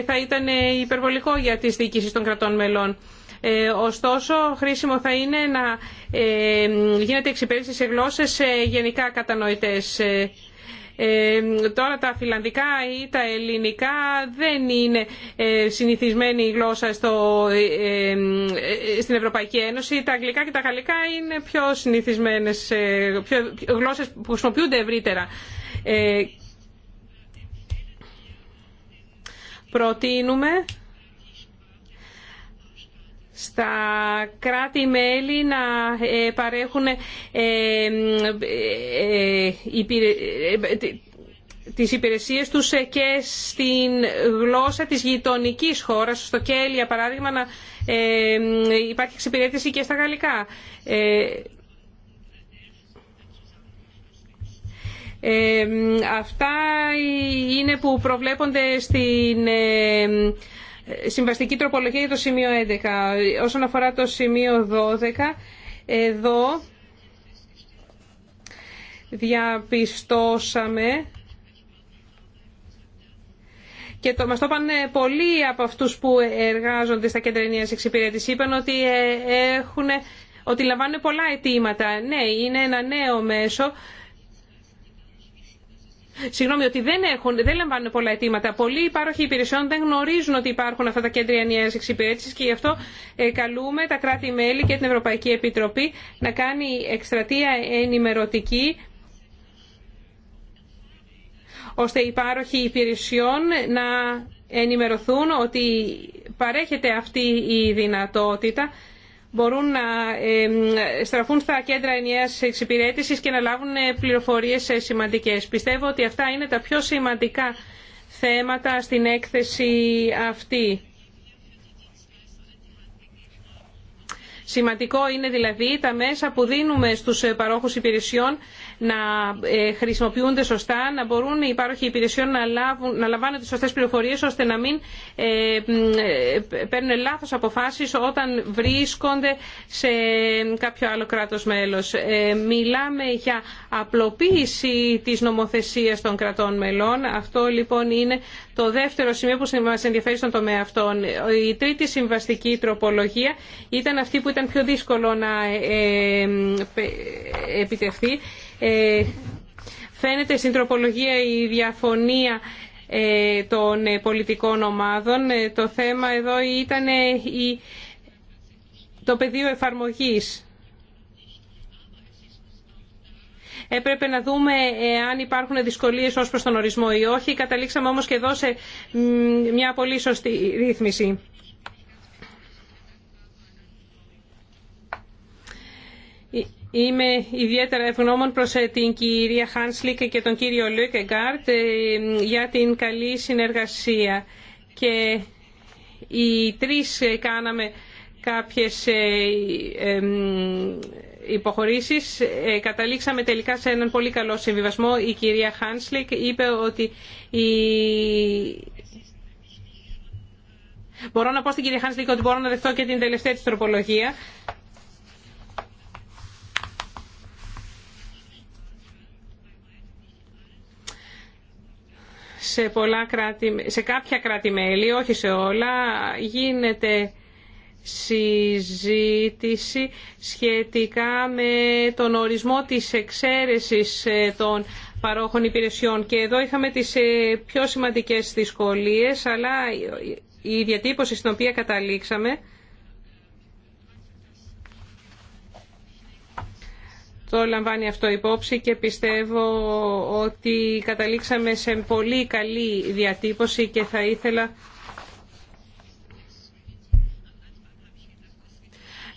θα ήταν υπερβολικό για τις διοικήσεις των κρατών μελών. Ωστόσο, χρήσιμο θα είναι να γίνεται εξυπηρέτηση σε γλώσσες γενικά κατανοητές. Ε, τώρα τα φιλανδικά ή τα ελληνικά δεν είναι ε, συνηθισμένη η τα ελληνικα δεν ειναι συνηθισμενη γλωσσα στο, ε, στην Ευρωπαϊκή Ένωση. Τα αγγλικά και τα γαλλικά είναι πιο συνηθισμένες πιο, γλώσσες που χρησιμοποιούνται ευρύτερα. προτείνουμε στα κράτη-μέλη να ε, παρέχουν ε, ε, τις υπηρεσίες τους και στην γλώσσα της γειτονικής χώρας. Στο ΚΕΛ, για παράδειγμα, να υπάρχει εξυπηρέτηση και στα γαλλικά. Αυτά είναι που προβλέπονται στην ε, συμβαστική τροπολογία για το σημείο 11. Όσον αφορά το σημείο 12, εδώ διαπιστώσαμε και το, μας το είπαν ε, πολλοί από αυτούς που εργάζονται στα κέντρα ενίας εξυπηρέτησης. Είπαν ότι, ε, έχουν, ότι λαμβάνουν πολλά αιτήματα. Ναι, είναι ένα νέο μέσο Συγγνώμη, ότι δεν, έχουν, δεν λαμβάνουν πολλά αιτήματα. Πολλοί υπάροχοι υπηρεσιών δεν γνωρίζουν ότι υπάρχουν αυτά τα κέντρα ενιαία εξυπηρέτηση και γι' αυτό ε, καλούμε τα κράτη-μέλη και την Ευρωπαϊκή Επιτροπή να κάνει εκστρατεία ενημερωτική ώστε οι υπάροχοι υπηρεσιών να ενημερωθούν ότι παρέχεται αυτή η δυνατότητα μπορούν να στραφούν στα κέντρα ενιαίας εξυπηρέτησης και να λάβουν ε, πληροφορίες ε, σημαντικές. Πιστεύω ότι αυτά είναι τα πιο σημαντικά θέματα στην έκθεση αυτή. Σημαντικό είναι δηλαδή τα μέσα που δίνουμε στους ε, παρόχους υπηρεσιών να ε, χρησιμοποιούνται σωστά, να μπορούν οι υπάρχοι υπηρεσιών να, λάβουν, να λαμβάνουν τι σωστές πληροφορίες ώστε να μην ε, ε, παίρνουν λάθος αποφάσεις όταν βρίσκονται σε κάποιο άλλο κράτος μέλος. Ε, μιλάμε για απλοποίηση της νομοθεσίας των κρατών μελών. Αυτό λοιπόν είναι το δεύτερο σημείο που μα ενδιαφέρει στον τομέα αυτών. Η τρίτη συμβαστική τροπολογία ήταν αυτή που ήταν πιο δύσκολο να επιτευχθεί ε, φαίνεται στην τροπολογία η διαφωνία ε, των ε, πολιτικών ομάδων. Το θέμα εδώ ήταν η... το πεδίο εφαρμογής. Έπρεπε να δούμε αν υπάρχουν δυσκολίες ως προς τον ορισμό ή όχι. Καταλήξαμε όμως και εδώ σε μια πολύ σωστή ρύθμιση. Είμαι ιδιαίτερα ευγνώμων προς ε, την κυρία Χάνσλικ και τον κύριο Λουκεγκάρτ ε, για την καλή συνεργασία. Και οι τρεις ε, κάναμε κάποιες υποχωρήσεις. Καταλήξαμε τελικά σε έναν πολύ καλό συμβιβασμό. Η κυρία Χάνσλικ είπε ότι η... Μπορώ να πω στην κυρία Χάνσλικ ότι μπορώ να δεχτώ και την τελευταία της τροπολογία σε, κάποια κράτη-μέλη, όχι σε όλα, γίνεται συζήτηση σχετικά με τον ορισμό της εξαίρεσης ε, των παρόχων υπηρεσιών. Και εδώ είχαμε τις ε, πιο σημαντικές δυσκολίες, αλλά η διατύπωση στην οποία καταλήξαμε το λαμβάνει αυτό υπόψη και πιστεύω ότι καταλήξαμε σε πολύ καλή διατύπωση και θα ήθελα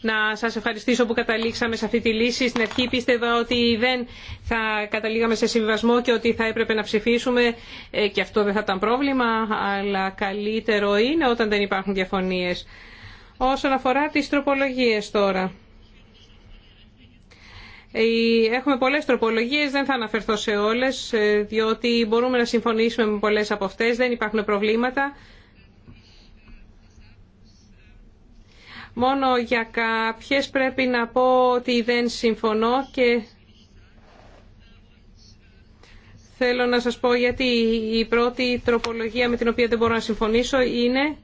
να σας ευχαριστήσω που καταλήξαμε σε αυτή τη λύση. Στην αρχή πίστευα ότι δεν θα καταλήγαμε σε συμβιβασμό και ότι θα έπρεπε να ψηφίσουμε ε, και αυτό δεν θα ήταν πρόβλημα, αλλά καλύτερο είναι όταν δεν υπάρχουν διαφωνίες. Όσον αφορά τις τροπολογίες τώρα. Ε, έχουμε πολλές τροπολογίες, δεν θα αναφερθώ σε όλες, ε, διότι μπορούμε να συμφωνήσουμε με πολλές από αυτές, δεν υπάρχουν προβλήματα. Μόνο για κάποιες πρέπει να πω ότι δεν συμφωνώ και θέλω να σας πω γιατί η πρώτη τροπολογία με την οποία δεν μπορώ να συμφωνήσω είναι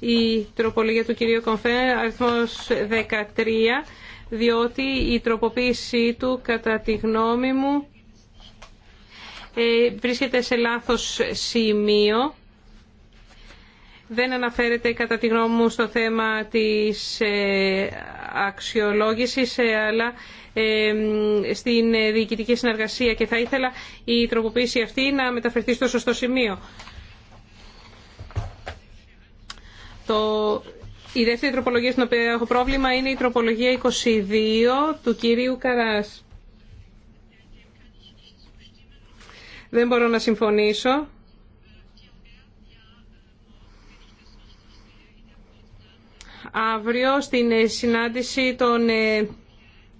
η τροπολογία του κυρίου Κομφέ, αριθμός 13, διότι η τροποποίησή του, κατά τη γνώμη μου, ε, βρίσκεται σε λάθος σημείο. Δεν αναφέρεται κατά τη γνώμη μου στο θέμα της ε, αξιολόγησης ε, αλλά στην διοικητική συνεργασία και θα ήθελα η τροποποίηση αυτή να μεταφερθεί στο σωστό σημείο. Το η δεύτερη τροπολογία στην οποία έχω πρόβλημα είναι η τροπολογία 22 του κυρίου Καράς. Δεν μπορώ να συμφωνήσω. Αύριο στην ε, συνάντηση των ε,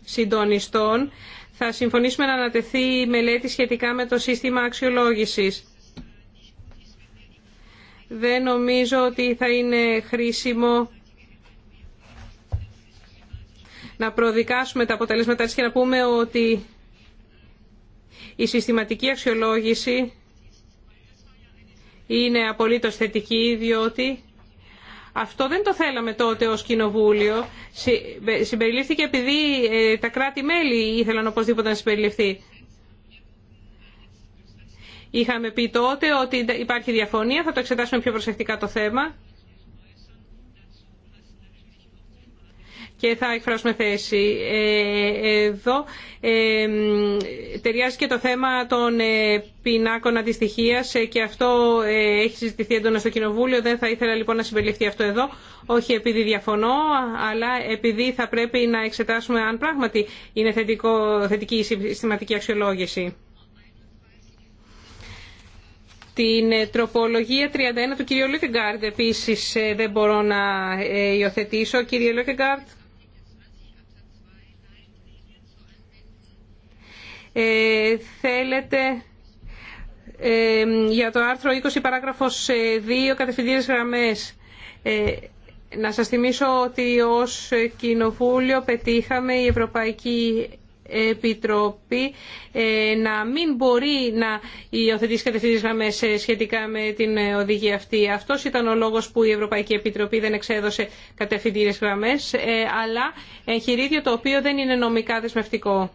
συντονιστών θα συμφωνήσουμε να ανατεθεί η μελέτη σχετικά με το σύστημα αξιολόγησης. Δεν νομίζω ότι θα είναι χρήσιμο να προδικάσουμε τα αποτελέσματά της και να πούμε ότι η συστηματική αξιολόγηση είναι απολύτως θετική διότι αυτό δεν το θέλαμε τότε ως κοινοβούλιο. Συμπεριλήφθηκε επειδή ε, τα κράτη-μέλη ήθελαν οπωσδήποτε να συμπεριληφθεί. Είχαμε πει τότε ότι υπάρχει διαφωνία, θα το εξετάσουμε πιο προσεκτικά το θέμα. και θα εκφράσουμε θέση. Ε, εδώ ε, ταιριάζει και το θέμα των ε, πινάκων αντιστοιχία και αυτό έχει συζητηθεί έντονα στο Κοινοβούλιο. Δεν θα ήθελα λοιπόν να συμπεριληφθεί αυτό εδώ, όχι επειδή διαφωνώ, αλλά επειδή θα πρέπει να εξετάσουμε αν πράγματι είναι θετικό, θετική η συστηματική αξιολόγηση. Την τροπολογία 31 του κ. Λούκεγκάρντ επίσης δεν μπορώ να υιοθετήσω. Κύριε Λούκεγκάρντ. Ε, θέλετε ε, για το άρθρο 20 παράγραφος 2 ε, κατευθυντήρες γραμμές. Να σας θυμίσω ότι ως Κοινοβούλιο πετύχαμε η Ευρωπαϊκή Επιτροπή να μην μπορεί να υιοθετήσει κατευθυντήρες γραμμές σχετικά με την οδηγία αυτή. Αυτός ήταν ο λόγος που η Ευρωπαϊκή Επιτροπή δεν εξέδωσε κατευθυντήρες γραμμές, αλλά εγχειρίδιο το οποίο δεν είναι νομικά δεσμευτικό.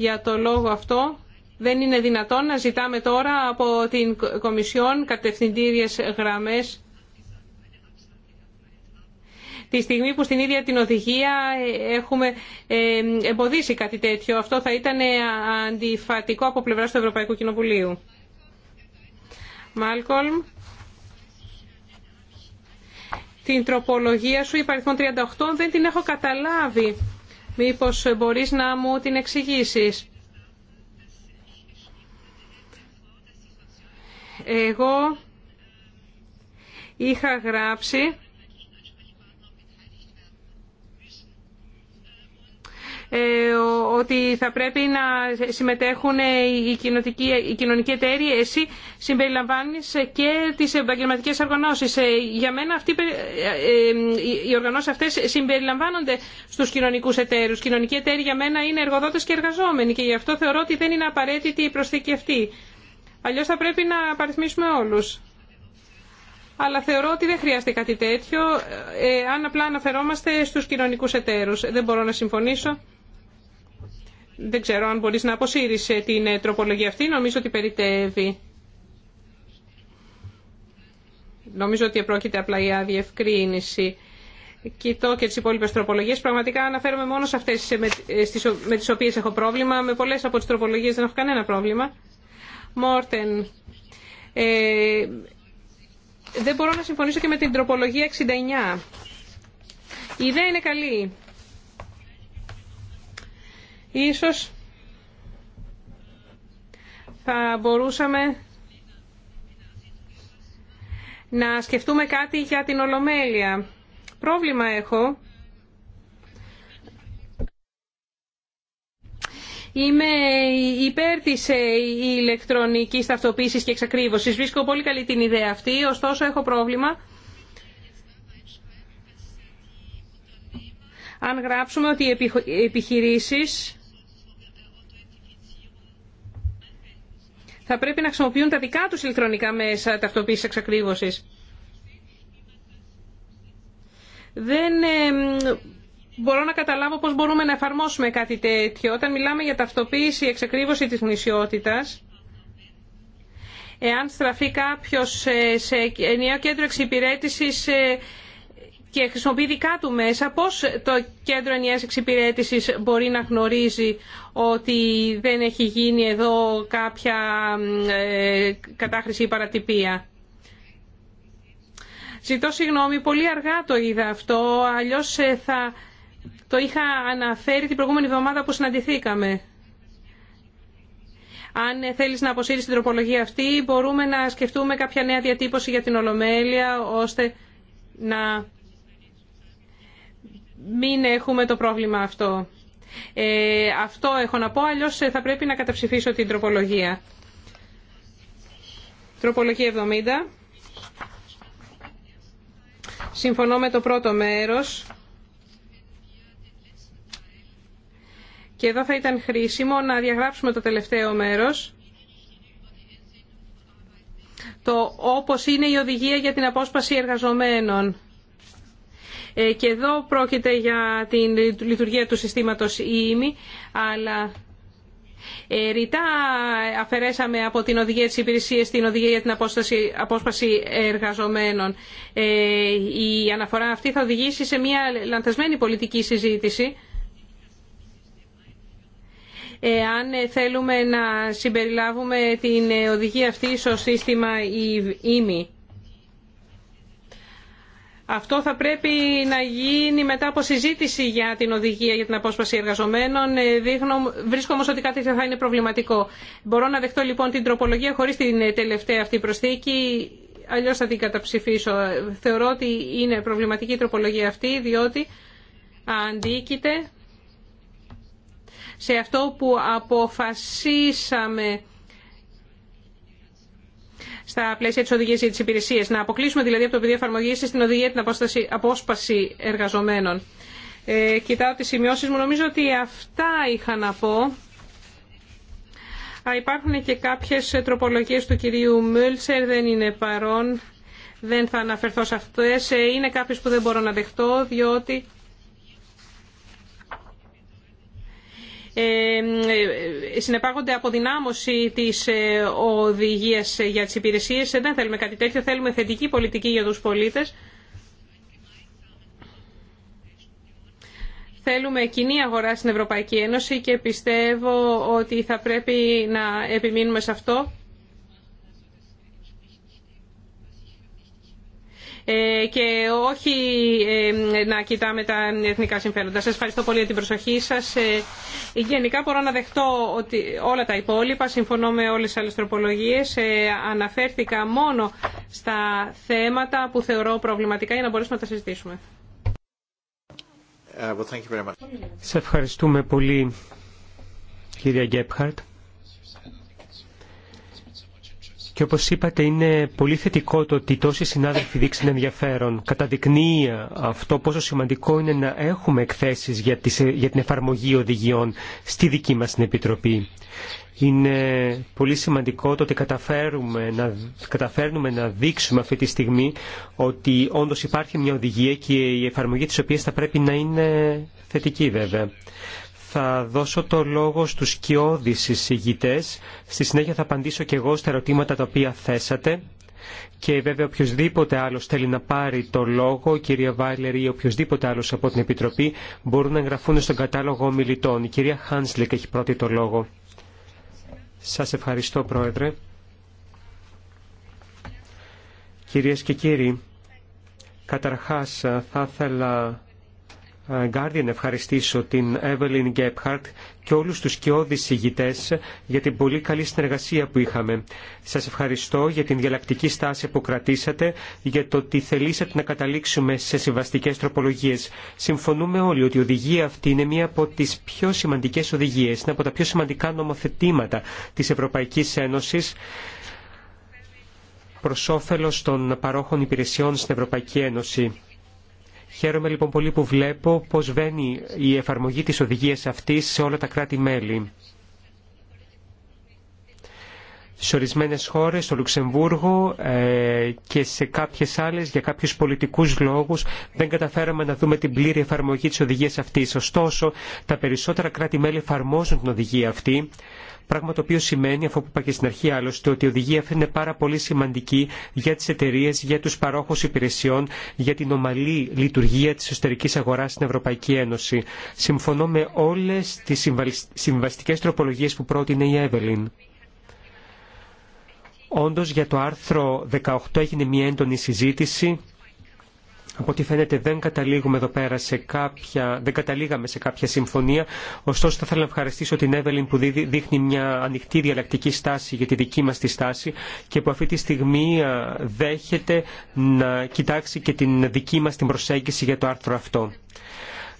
Για το λόγο αυτό δεν είναι δυνατόν να ζητάμε τώρα από την Κομισιόν κατευθυντήριες γραμμές τη στιγμή που στην ίδια την οδηγία ε, έχουμε ε, εμποδίσει κάτι τέτοιο. Αυτό θα ήταν ε, αντιφατικό από πλευρά του Ευρωπαϊκού Κοινοβουλίου. Μάλκολμ, την τροπολογία σου υπαριθμών 38 δεν την έχω καταλάβει. Μήπως μπορείς να μου την εξηγήσεις. Εγώ είχα γράψει Ε, ότι θα πρέπει να συμμετέχουν οι, κοινωνικοί, οι κοινωνικοί εταίροι. Εσύ συμπεριλαμβάνει και τις επαγγελματικές Ε, Για μένα αυτοί, ε, ε, οι οργανώσει αυτέ συμπεριλαμβάνονται στους κοινωνικού εταίρους. Κοινωνικοί εταίροι για μένα είναι εργοδότες και εργαζόμενοι και γι' αυτό θεωρώ ότι δεν είναι απαραίτητη η προσθήκη αυτή. Αλλιώ θα πρέπει να απαριθμίσουμε όλου. αλλά θεωρώ ότι δεν χρειάζεται κάτι τέτοιο ε, αν απλά αναφερόμαστε στους κοινωνικούς εταίρους. Δεν μπορώ να συμφωνήσω δεν ξέρω αν μπορείς να αποσύρεις ε, την ε, τροπολογία αυτή. Νομίζω ότι περιτεύει. Νομίζω ότι επρόκειται απλά για διευκρίνηση. Κοιτώ και τι υπόλοιπε τροπολογίε. Πραγματικά αναφέρομαι μόνο σε αυτέ ε, με τι οποίε έχω πρόβλημα. Με πολλέ από τι τροπολογίε δεν έχω κανένα πρόβλημα. Μόρτεν. Ε, δεν μπορώ να συμφωνήσω και με την τροπολογία 69. Η ιδέα είναι καλή. Ίσως θα μπορούσαμε να σκεφτούμε κάτι για την Ολομέλεια. Πρόβλημα έχω. Είμαι υπέρ της ηλεκτρονική ταυτοποίηση και εξακρίβωσης. Βρίσκω πολύ καλή την ιδέα αυτή, ωστόσο έχω πρόβλημα. Αν γράψουμε ότι οι επιχειρήσεις θα πρέπει να χρησιμοποιούν τα δικά τους ηλεκτρονικά μέσα ταυτοποίησης εξακρίβωσης. Δεν ε, μπορώ να καταλάβω πώς μπορούμε να εφαρμόσουμε κάτι τέτοιο. Όταν μιλάμε για ταυτοποίηση, εξακρίβωση της γνησιότητας, εάν στραφεί κάποιος ε, σε ενιαίο κέντρο εξυπηρέτησης ε, και χρησιμοποιεί δικά του μέσα, πώς το κέντρο ενιαίας εξυπηρέτησης μπορεί να γνωρίζει ότι δεν έχει γίνει εδώ κάποια ε, κατάχρηση ή παρατυπία. Ζητώ συγγνώμη, πολύ αργά το είδα αυτό, αλλιώς ε, θα το είχα αναφέρει την προηγούμενη εβδομάδα που συναντηθήκαμε. Αν ε, θέλεις να αποσύρεις την τροπολογία αυτή, μπορούμε να σκεφτούμε κάποια νέα διατύπωση για την Ολομέλεια, ώστε να μην έχουμε το πρόβλημα αυτό. Ε, αυτό έχω να πω, αλλιώς ε, θα πρέπει να καταψηφίσω την τροπολογία. Τροπολογία 70. Συμφωνώ με το πρώτο μέρος. Και εδώ θα ήταν χρήσιμο να διαγράψουμε το τελευταίο μέρος. Το όπως είναι η οδηγία για την απόσπαση εργαζομένων. Ε, και εδώ πρόκειται για την λειτουργία του συστήματος ΙΜΗ, αλλά ε, ρητά αφαιρέσαμε από την οδηγία της υπηρεσίας την οδηγία για την απόσπαση εργαζομένων. Ε, η αναφορά αυτή θα οδηγήσει σε μια λανθασμένη πολιτική συζήτηση αν θέλουμε να συμπεριλάβουμε την οδηγία αυτή στο σύστημα ΙΜΗ. Αυτό θα πρέπει να γίνει μετά από συζήτηση για την οδηγία για την απόσπαση εργαζομένων. Ε, δείχνω, βρίσκω όμω ότι κάτι θα είναι προβληματικό. Μπορώ να δεχτώ λοιπόν την τροπολογία χωρί την ε, τελευταία αυτή προσθήκη. Αλλιώ θα την καταψηφίσω. Ε, θεωρώ ότι είναι προβληματική η τροπολογία αυτή, διότι αντίκειται σε αυτό που αποφασίσαμε στα πλαίσια τη οδηγία για τι υπηρεσίε. Να αποκλείσουμε δηλαδή από το πεδίο εφαρμογή στην οδηγία την απόσταση, απόσπαση εργαζομένων. Ε, κοιτάω τι σημειώσει μου. Νομίζω ότι αυτά είχα να πω. Α, υπάρχουν και κάποιες τροπολογίε του κυρίου Μούλτσερ, δεν είναι παρόν. Δεν θα αναφερθώ σε αυτές. Ε, είναι κάποιε που δεν μπορώ να δεχτώ, διότι Ε, ε, συνεπάγονται αποδυνάμωση της ε, οδηγίας για τις υπηρεσίες. Δεν θέλουμε κάτι τέτοιο, θέλουμε θετική πολιτική για τους πολίτες. Θέλουμε κοινή αγορά στην Ευρωπαϊκή Ένωση και πιστεύω ότι θα πρέπει να επιμείνουμε σε αυτό Ε, και όχι ε, να κοιτάμε τα εθνικά συμφέροντα. Σας ευχαριστώ πολύ για την προσοχή σας. Ε, γενικά μπορώ να δεχτώ ότι όλα τα υπόλοιπα, συμφωνώ με όλες τις άλλες τροπολογίες, αναφέρθηκα μόνο στα θέματα που θεωρώ προβληματικά για να μπορέσουμε να τα συζητήσουμε. Σας Σε ευχαριστούμε πολύ, κυρία Γκέπχαρτ. Και όπως είπατε είναι πολύ θετικό το ότι τόσοι συνάδελφοι δείξαν ενδιαφέρον. Καταδεικνύει αυτό πόσο σημαντικό είναι να έχουμε εκθέσεις για, για την εφαρμογή οδηγιών στη δική μας την Επιτροπή. Είναι πολύ σημαντικό το ότι καταφέρουμε να, καταφέρνουμε να δείξουμε αυτή τη στιγμή ότι όντως υπάρχει μια οδηγία και η εφαρμογή της οποίας θα πρέπει να είναι θετική βέβαια θα δώσω το λόγο στους κοιόδης εισηγητές. Στη συνέχεια θα απαντήσω και εγώ στα ερωτήματα τα οποία θέσατε. Και βέβαια οποιοδήποτε άλλος θέλει να πάρει το λόγο, η κυρία Βάιλερ ή οποιοδήποτε άλλος από την Επιτροπή, μπορούν να εγγραφούν στον κατάλογο ομιλητών. Η κυρία Χάνσλικ έχει πρώτη το λόγο. Σας ευχαριστώ Πρόεδρε. Κυρίες και κύριοι, καταρχάς θα ήθελα Guardian ευχαριστήσω την Evelyn Gebhardt και όλους τους σκιώδεις ηγητές για την πολύ καλή συνεργασία που είχαμε. Σας ευχαριστώ για την διαλλακτική στάση που κρατήσατε, για το ότι θελήσατε να καταλήξουμε σε συμβαστικές τροπολογίες. Συμφωνούμε όλοι ότι η οδηγία αυτή είναι μία από τις πιο σημαντικές οδηγίες, είναι από τα πιο σημαντικά νομοθετήματα της Ευρωπαϊκής Ένωσης προς όφελος των παρόχων υπηρεσιών στην Ευρωπαϊκή Ένωση Χαίρομαι λοιπόν πολύ που βλέπω πώς βαίνει η εφαρμογή της οδηγίας αυτής σε όλα τα κράτη-μέλη. Σε ορισμένε χώρες, στο Λουξεμβούργο ε, και σε κάποιες άλλες, για κάποιους πολιτικούς λόγους, δεν καταφέραμε να δούμε την πλήρη εφαρμογή της οδηγίας αυτής. Ωστόσο, τα περισσότερα κράτη-μέλη εφαρμόζουν την οδηγία αυτή Πράγμα το οποίο σημαίνει, αφού είπα και στην αρχή άλλωστε, ότι η οδηγία αυτή είναι πάρα πολύ σημαντική για τι εταιρείε, για του παρόχου υπηρεσιών, για την ομαλή λειτουργία τη εσωτερική αγορά στην Ευρωπαϊκή Ένωση. Συμφωνώ με όλε τι συμβαστικέ τροπολογίε που πρότεινε η Εύελιν. Όντω για το άρθρο 18 έγινε μια έντονη συζήτηση από ό,τι φαίνεται δεν καταλήγουμε εδώ πέρα σε κάποια, δεν καταλήγαμε σε κάποια συμφωνία. Ωστόσο θα ήθελα να ευχαριστήσω την Εύελιν που δείχνει μια ανοιχτή διαλλακτική στάση για τη δική μας τη στάση και που αυτή τη στιγμή δέχεται να κοιτάξει και την δική μας την προσέγγιση για το άρθρο αυτό.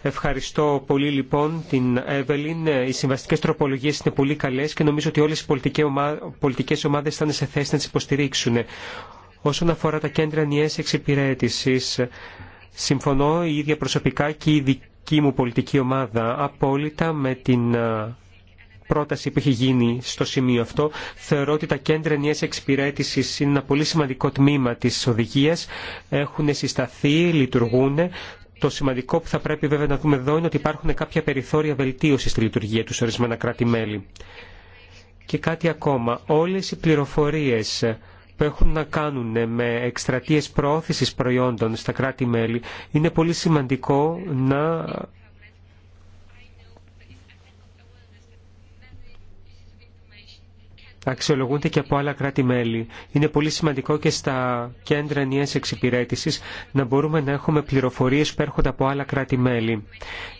Ευχαριστώ πολύ λοιπόν την Εύελιν. Ε, οι συμβαστικέ τροπολογίε είναι πολύ καλέ και νομίζω ότι όλε οι πολιτικέ ομάδε θα είναι σε θέση να τι υποστηρίξουν. Όσον αφορά τα κέντρα νιές εξυπηρέτησης, συμφωνώ η ίδια προσωπικά και η δική μου πολιτική ομάδα απόλυτα με την πρόταση που έχει γίνει στο σημείο αυτό. Θεωρώ ότι τα κέντρα ενιαία εξυπηρέτηση είναι ένα πολύ σημαντικό τμήμα τη οδηγία. Έχουν συσταθεί, λειτουργούν. Το σημαντικό που θα πρέπει βέβαια να δούμε εδώ είναι ότι υπάρχουν κάποια περιθώρια βελτίωση στη λειτουργία του ορισμένα κράτη-μέλη. Και κάτι ακόμα. Όλε οι πληροφορίε που έχουν να κάνουν ε, με εκστρατείες προώθησης προϊόντων στα κράτη-μέλη, είναι πολύ σημαντικό να αξιολογούνται και από άλλα κράτη-μέλη. Είναι πολύ σημαντικό και στα κέντρα ενιαίας εξυπηρέτησης να μπορούμε να έχουμε πληροφορίες που έρχονται από άλλα κράτη-μέλη.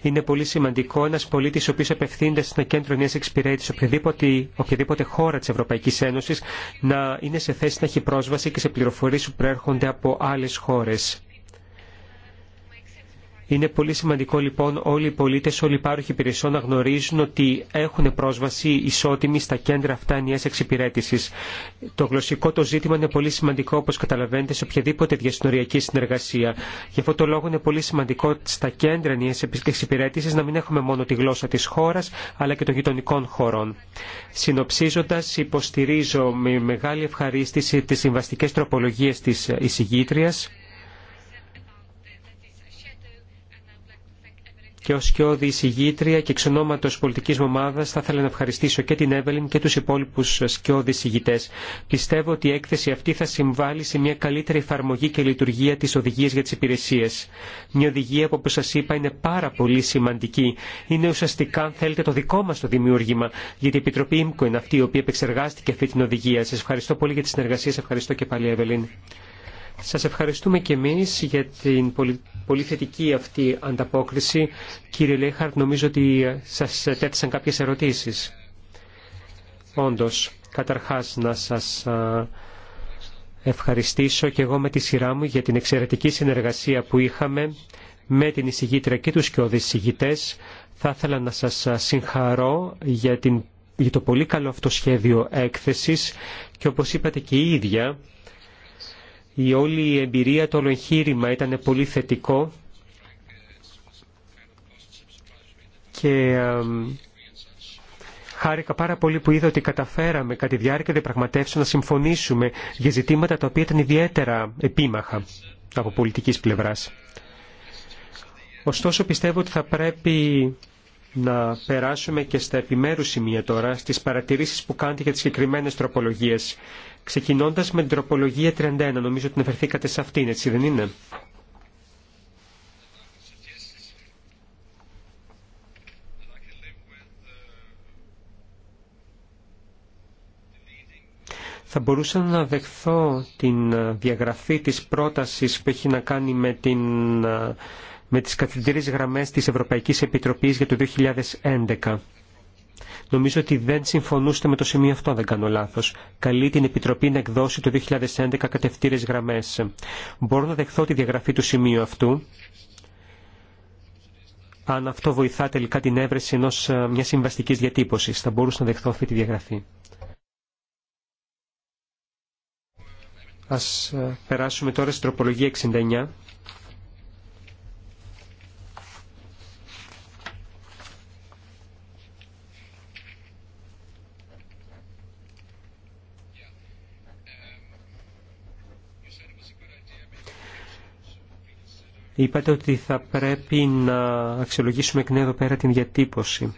Είναι πολύ σημαντικό ένας πολίτης ο οποίος απευθύνεται στο κέντρο ενιαίας εξυπηρέτησης οποιαδήποτε, οποιαδήποτε χώρα της Ευρωπαϊκής Ένωσης να είναι σε θέση να έχει πρόσβαση και σε πληροφορίες που προέρχονται από άλλες χώρες. Είναι πολύ σημαντικό λοιπόν όλοι οι πολίτες, όλοι οι πάροχοι υπηρεσιών να γνωρίζουν ότι έχουν πρόσβαση ισότιμη στα κέντρα αυτά ενιαίας εξυπηρέτησης. Το γλωσσικό το ζήτημα είναι πολύ σημαντικό όπως καταλαβαίνετε σε οποιαδήποτε διασυνοριακή συνεργασία. Γι' αυτό το λόγο είναι πολύ σημαντικό στα κέντρα ενιαίας εξυπηρέτησης να μην έχουμε μόνο τη γλώσσα της χώρας αλλά και των γειτονικών χωρών. Συνοψίζοντας υποστηρίζω με μεγάλη ευχαρίστηση τις συμβαστικές τροπολογίες της ε, εισηγήτριας και ως σκιώδη εισηγήτρια και εξ ονόματος πολιτικής μου ομάδας θα ήθελα να ευχαριστήσω και την Εύελιν και τους υπόλοιπους σκιώδη εισηγητές. Πιστεύω ότι η έκθεση αυτή θα συμβάλλει σε μια καλύτερη εφαρμογή και λειτουργία της οδηγίας για τις υπηρεσίες. Μια οδηγία που όπως σας είπα είναι πάρα πολύ σημαντική. Είναι ουσιαστικά αν θέλετε το δικό μας το δημιούργημα γιατί η Επιτροπή ΙΜΚΟ είναι αυτή η οποία επεξεργάστηκε αυτή την οδηγία. Σα ευχαριστώ πολύ για τη συνεργασία. ευχαριστώ και πάλι Εύελιν. Σας ευχαριστούμε και εμείς για την πολύ θετική αυτή ανταπόκριση. Κύριε Λέχαρτ, νομίζω ότι σας τέτησαν κάποιες ερωτήσεις. Όντως, καταρχάς να σας ευχαριστήσω και εγώ με τη σειρά μου για την εξαιρετική συνεργασία που είχαμε με την εισηγήτρια και τους και οδησηγητές. Θα ήθελα να σας συγχαρώ για, την, για το πολύ καλό αυτό σχέδιο έκθεσης και όπως είπατε και η ίδια, η όλη η εμπειρία, το όλο εγχείρημα ήταν πολύ θετικό και χάρηκα πάρα πολύ που είδα ότι καταφέραμε κατά τη διάρκεια διαπραγματεύσεων να συμφωνήσουμε για ζητήματα τα οποία ήταν ιδιαίτερα επίμαχα από πολιτικής πλευράς. Ωστόσο πιστεύω ότι θα πρέπει να περάσουμε και στα επιμέρους σημεία τώρα, στις παρατηρήσεις που κάνετε για τις συγκεκριμένες τροπολογίες ξεκινώντας με την τροπολογία 31. Νομίζω ότι αναφερθήκατε σε αυτήν, έτσι δεν είναι. θα μπορούσα να δεχθώ την ε, διαγραφή της πρότασης που έχει να κάνει με, την, ε, με τις τη γραμμές της Ευρωπαϊκής Επιτροπής για το 2011. Νομίζω ότι δεν συμφωνούσατε με το σημείο αυτό, δεν κάνω λάθο. Καλεί την Επιτροπή να εκδώσει το 2011 κατευθύνε γραμμές. Μπορώ να δεχθώ τη διαγραφή του σημείου αυτού, αν αυτό βοηθά τελικά την έβρεση ενός ε, μιας συμβαστική διατύπωσης. Θα μπορούσα να δεχθώ αυτή τη διαγραφή. Ας ε, περάσουμε τώρα στην τροπολογία 69. Είπατε ότι θα πρέπει να αξιολογήσουμε εκ νέου εδώ πέρα την διατύπωση.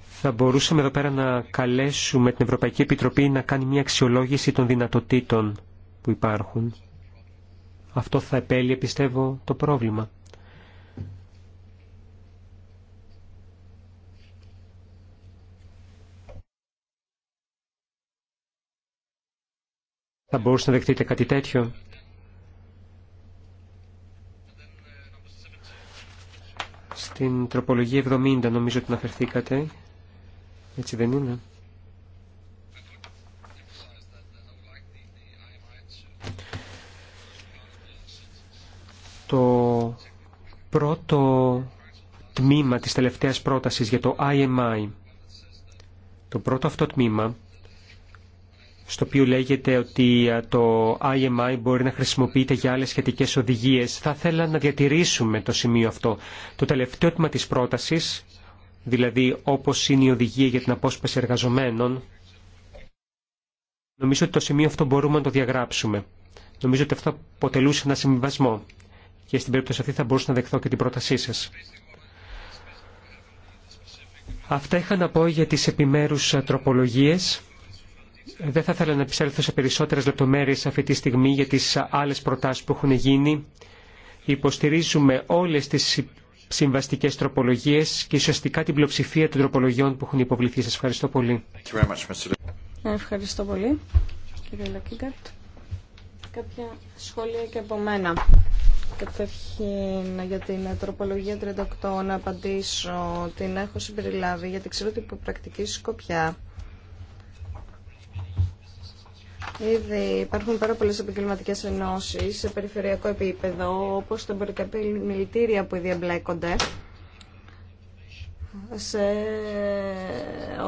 Θα μπορούσαμε εδώ πέρα να καλέσουμε την Ευρωπαϊκή Επιτροπή να κάνει μια αξιολόγηση των δυνατοτήτων που υπάρχουν. Αυτό θα επέλυε, πιστεύω, το πρόβλημα. Θα μπορούσατε να δεχτείτε κάτι τέτοιο. Στην τροπολογία 70 νομίζω ότι αναφερθήκατε. Έτσι δεν είναι. Το πρώτο τμήμα της τελευταίας πρότασης για το IMI. Το πρώτο αυτό τμήμα στο οποίο λέγεται ότι ε, το IMI μπορεί να χρησιμοποιείται για άλλες σχετικές οδηγίες. Θα ήθελα να διατηρήσουμε το σημείο αυτό. Το τελευταίο τμήμα της πρότασης, δηλαδή όπως είναι η οδηγία για την απόσπαση εργαζομένων, νομίζω ότι το σημείο αυτό μπορούμε να το διαγράψουμε. Νομίζω ότι αυτό αποτελούσε ένα συμβιβασμό και στην περίπτωση αυτή θα μπορούσα να δεχθώ και την πρότασή σας. Αυτά είχα να πω για τις επιμέρους ε, τροπολογίες. Δεν θα ήθελα να επισέλθω σε περισσότερες λεπτομέρειες αυτή τη στιγμή για τις άλλες προτάσεις που έχουν γίνει. Υποστηρίζουμε όλες τις συμβαστικές τροπολογίες και ουσιαστικά την πλειοψηφία των τροπολογιών που έχουν υποβληθεί. Σας ευχαριστώ πολύ. Ευχαριστώ πολύ. Κύριε Λακίγκαρτ, κάποια σχόλια και από μένα. Καταρχήν για την τροπολογία 38 να απαντήσω, την έχω συμπεριλάβει γιατί ξέρω ότι η πρακτική σκοπιά Ήδη υπάρχουν πάρα πολλέ επικοινωνικέ ενώσει σε περιφερειακό επίπεδο, όπω τα εμπορικά μιλητήρια που ήδη εμπλέκονται σε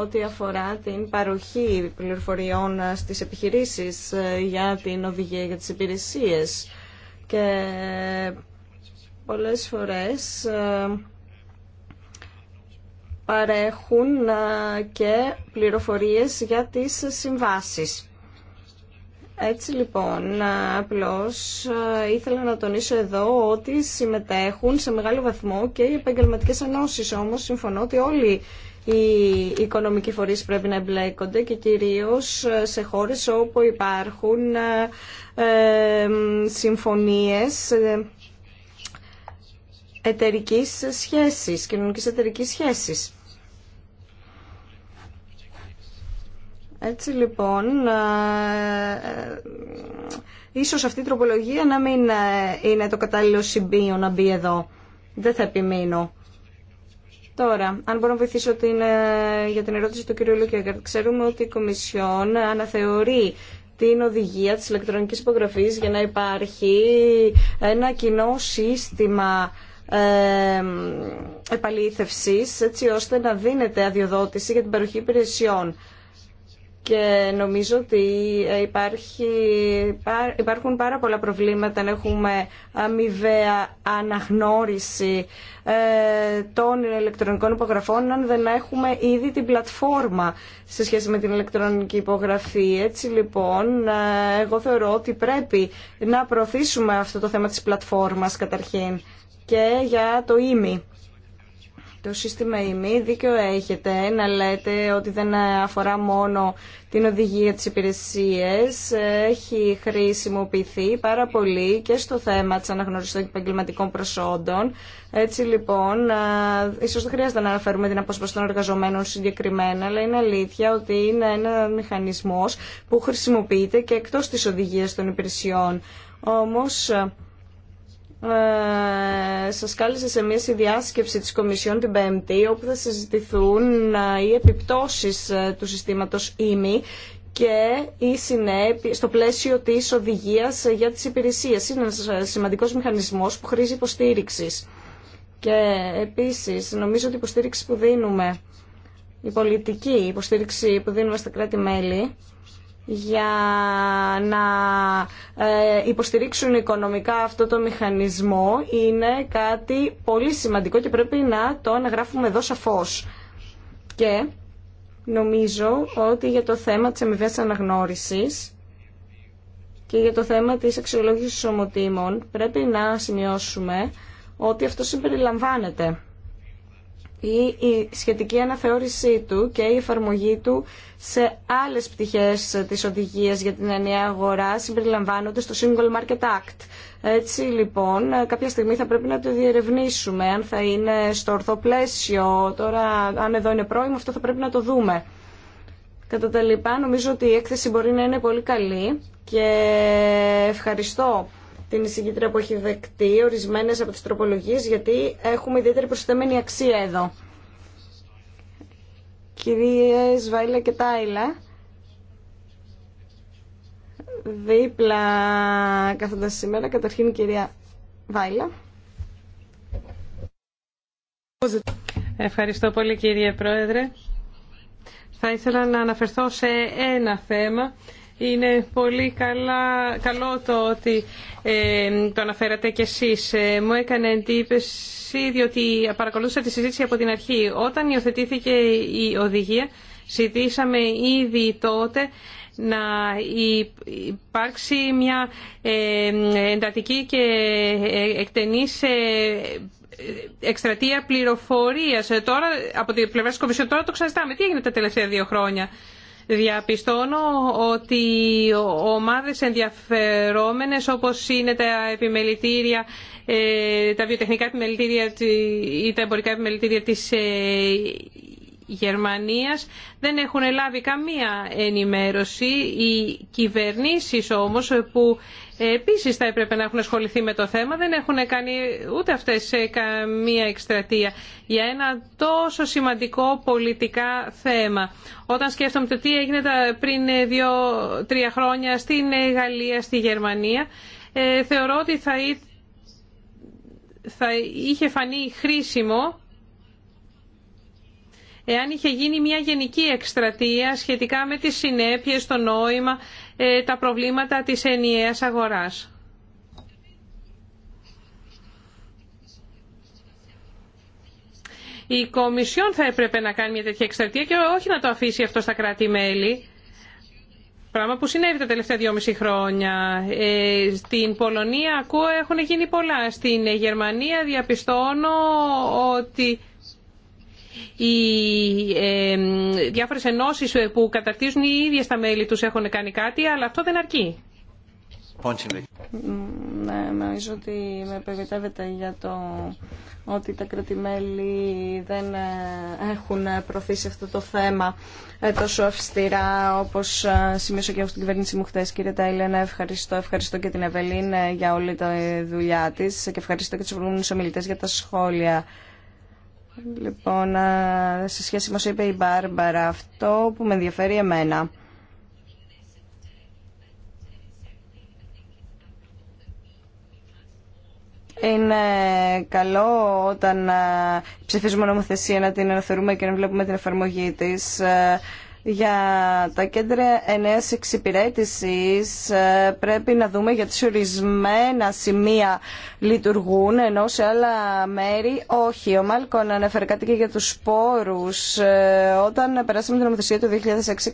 ό,τι αφορά την παροχή πληροφοριών στις επιχειρήσεις ε, για την οδηγία για τις υπηρεσίες και πολλές φορές ε, παρέχουν ε, και πληροφορίες για τις συμβάσεις. Έτσι λοιπόν, απλώς ε, ήθελα να τονίσω εδώ ότι συμμετέχουν σε μεγάλο βαθμό και οι επαγγελματικές ενώσεις. Όμως συμφωνώ ότι όλοι οι οικονομικοί φορείς πρέπει να εμπλέκονται και κυρίως ε, σε χώρες όπου υπάρχουν ε, συμφωνίες εταιρικής σχέσης, κοινωνικής εταιρικής σχέσης. Έτσι λοιπόν, ε, ε, ίσως αυτή η τροπολογία να μην ε, είναι το κατάλληλο συμπείο να μπει εδώ. Δεν θα επιμείνω. Τώρα, αν μπορώ να βοηθήσω την, για την ερώτηση του κ. Λουκέγκαρτ, ξέρουμε ότι η Κομισιόν αναθεωρεί την οδηγία της ηλεκτρονικής υπογραφής για να υπάρχει ένα κοινό σύστημα ε, επαλήθευσης έτσι ώστε να δίνεται αδειοδότηση για την παροχή υπηρεσιών και νομίζω ότι υπάρχει, υπάρχουν πάρα πολλά προβλήματα να έχουμε αμοιβαία αναγνώριση ε, των ηλεκτρονικών υπογραφών αν δεν έχουμε ήδη την πλατφόρμα σε σχέση με την ηλεκτρονική υπογραφή. Έτσι λοιπόν ε, εγώ θεωρώ ότι πρέπει να προωθήσουμε αυτό το θέμα της πλατφόρμας καταρχήν και για το ίμι το σύστημα ΙΜΗ δίκιο έχετε να λέτε ότι δεν αφορά μόνο την οδηγία της υπηρεσίας. Έχει χρησιμοποιηθεί πάρα πολύ και στο θέμα της αναγνώρισης των επαγγελματικών προσόντων. Έτσι λοιπόν, ίσως δεν χρειάζεται να αναφέρουμε την απόσπαση των εργαζομένων συγκεκριμένα, αλλά είναι αλήθεια ότι είναι ένα μηχανισμός που χρησιμοποιείται και εκτός της οδηγίας των υπηρεσιών. Όμως, ε, σας κάλεσε σε μια συνδιάσκεψη της Κομισιόν την Πέμπτη όπου θα συζητηθούν ε, οι επιπτώσεις ε, του συστήματος ΙΜΗ και η συνέπεια στο πλαίσιο της οδηγίας για τις υπηρεσίες. Είναι ένας ε, σημαντικός μηχανισμός που χρήζει υποστήριξη. Και επίσης νομίζω ότι η υποστήριξη που δίνουμε, η πολιτική υποστήριξη που δίνουμε στα κράτη-μέλη, για να ε, υποστηρίξουν οικονομικά αυτό το μηχανισμό είναι κάτι πολύ σημαντικό και πρέπει να το αναγράφουμε εδώ σαφώς. Και νομίζω ότι για το θέμα της αμοιβές αναγνώρισης και για το θέμα της αξιολόγησης ομοτήμων πρέπει να σημειώσουμε ότι αυτό συμπεριλαμβάνεται η σχετική αναθεώρησή του και η εφαρμογή του σε άλλες πτυχές της οδηγίας για την ενιαία αγορά συμπεριλαμβάνονται στο Single Market Act. Έτσι λοιπόν κάποια στιγμή θα πρέπει να το διερευνήσουμε αν θα είναι στο ορθό πλαίσιο, τώρα αν εδώ είναι πρώιμο αυτό θα πρέπει να το δούμε. Κατά τα λοιπά νομίζω ότι η έκθεση μπορεί να είναι πολύ καλή και ευχαριστώ την εισηγήτρια που έχει δεκτεί ορισμένες από τις τροπολογίες γιατί έχουμε ιδιαίτερη προσθεμένη αξία εδώ. Κυρίες Βάιλα και Τάιλα, δίπλα κάθοντα σήμερα, καταρχήν κυρία Βάιλα. Ευχαριστώ πολύ κύριε Πρόεδρε. Θα ήθελα να αναφερθώ σε ένα θέμα είναι πολύ καλά, καλό το ότι ε, το αναφέρατε κι εσείς. Ε, μου έκανε εντύπωση διότι παρακολούθησα τη συζήτηση από την αρχή. Όταν υιοθετήθηκε η οδηγία, ζητήσαμε ήδη τότε να υπάρξει μια ε, εντατική και εκτενής εκστρατεία πληροφορίας. Τώρα, από την πλευρά της Κομισιόν, τώρα το ξαναζητάμε. Τι έγινε τα τελευταία δύο χρόνια. Διαπιστώνω ότι ομάδες ενδιαφερόμενες όπως είναι τα επιμελητήρια, ε, τα βιοτεχνικά επιμελητήρια ε, ή τα εμπορικά επιμελητήρια της ε, Γερμανίας δεν έχουν λάβει καμία ενημέρωση. Οι κυβερνήσει όμως που επίσης θα έπρεπε να έχουν ασχοληθεί με το θέμα δεν έχουν κάνει ούτε αυτές ε, καμία εκστρατεία για ένα τόσο σημαντικό πολιτικά θέμα. Όταν σκέφτομαι το τι έγινε πριν ε, δύο-τρία χρόνια στην ε, Γαλλία, στη Γερμανία, θεωρώ ότι θα, θα είχε φανεί χρήσιμο εάν είχε γίνει μια γενική εκστρατεία σχετικά με τις συνέπειες, το νόημα, ε, τα προβλήματα της ενιαίας αγοράς. Η Κομισιόν θα έπρεπε να κάνει μια τέτοια εκστρατεία και όχι να το αφήσει αυτό στα κράτη-μέλη. Πράγμα που συνέβη τα τελευταία δυόμιση χρόνια. Ε, στην Πολωνία ακούω έχουν γίνει πολλά. Στην Γερμανία διαπιστώνω ότι οι διάφορε ενώσει ε, που καταρτίζουν οι ίδιες τα μέλη του έχουν κάνει κάτι, αλλά αυτό δεν αρκεί. Ναι, νομίζω ότι με επεκτεύεται για το ότι τα κρατημέλη δεν ε, έχουν προωθήσει αυτό το θέμα ε, τόσο αυστηρά όπως σημείωσα και εγώ στην κυβέρνηση μου χθες κύριε Τάιλεν ευχαριστώ, ευχαριστώ και την Ευελίν για όλη τη δουλειά της και ευχαριστώ και τους προηγούμενους ομιλητές για τα σχόλια Λοιπόν, σε σχέση με όσο είπε η Μπάρμπαρα, αυτό που με ενδιαφέρει εμένα Είναι καλό όταν ψηφίζουμε νομοθεσία να την αναφερούμε και να βλέπουμε την εφαρμογή της για τα κέντρα ενέας εξυπηρέτησης ε, πρέπει να δούμε γιατί σε ορισμένα σημεία λειτουργούν ενώ σε άλλα μέρη όχι. Ο Μάλκον ανέφερε κάτι και για τους σπόρους. Ε, όταν περάσαμε την νομοθεσία του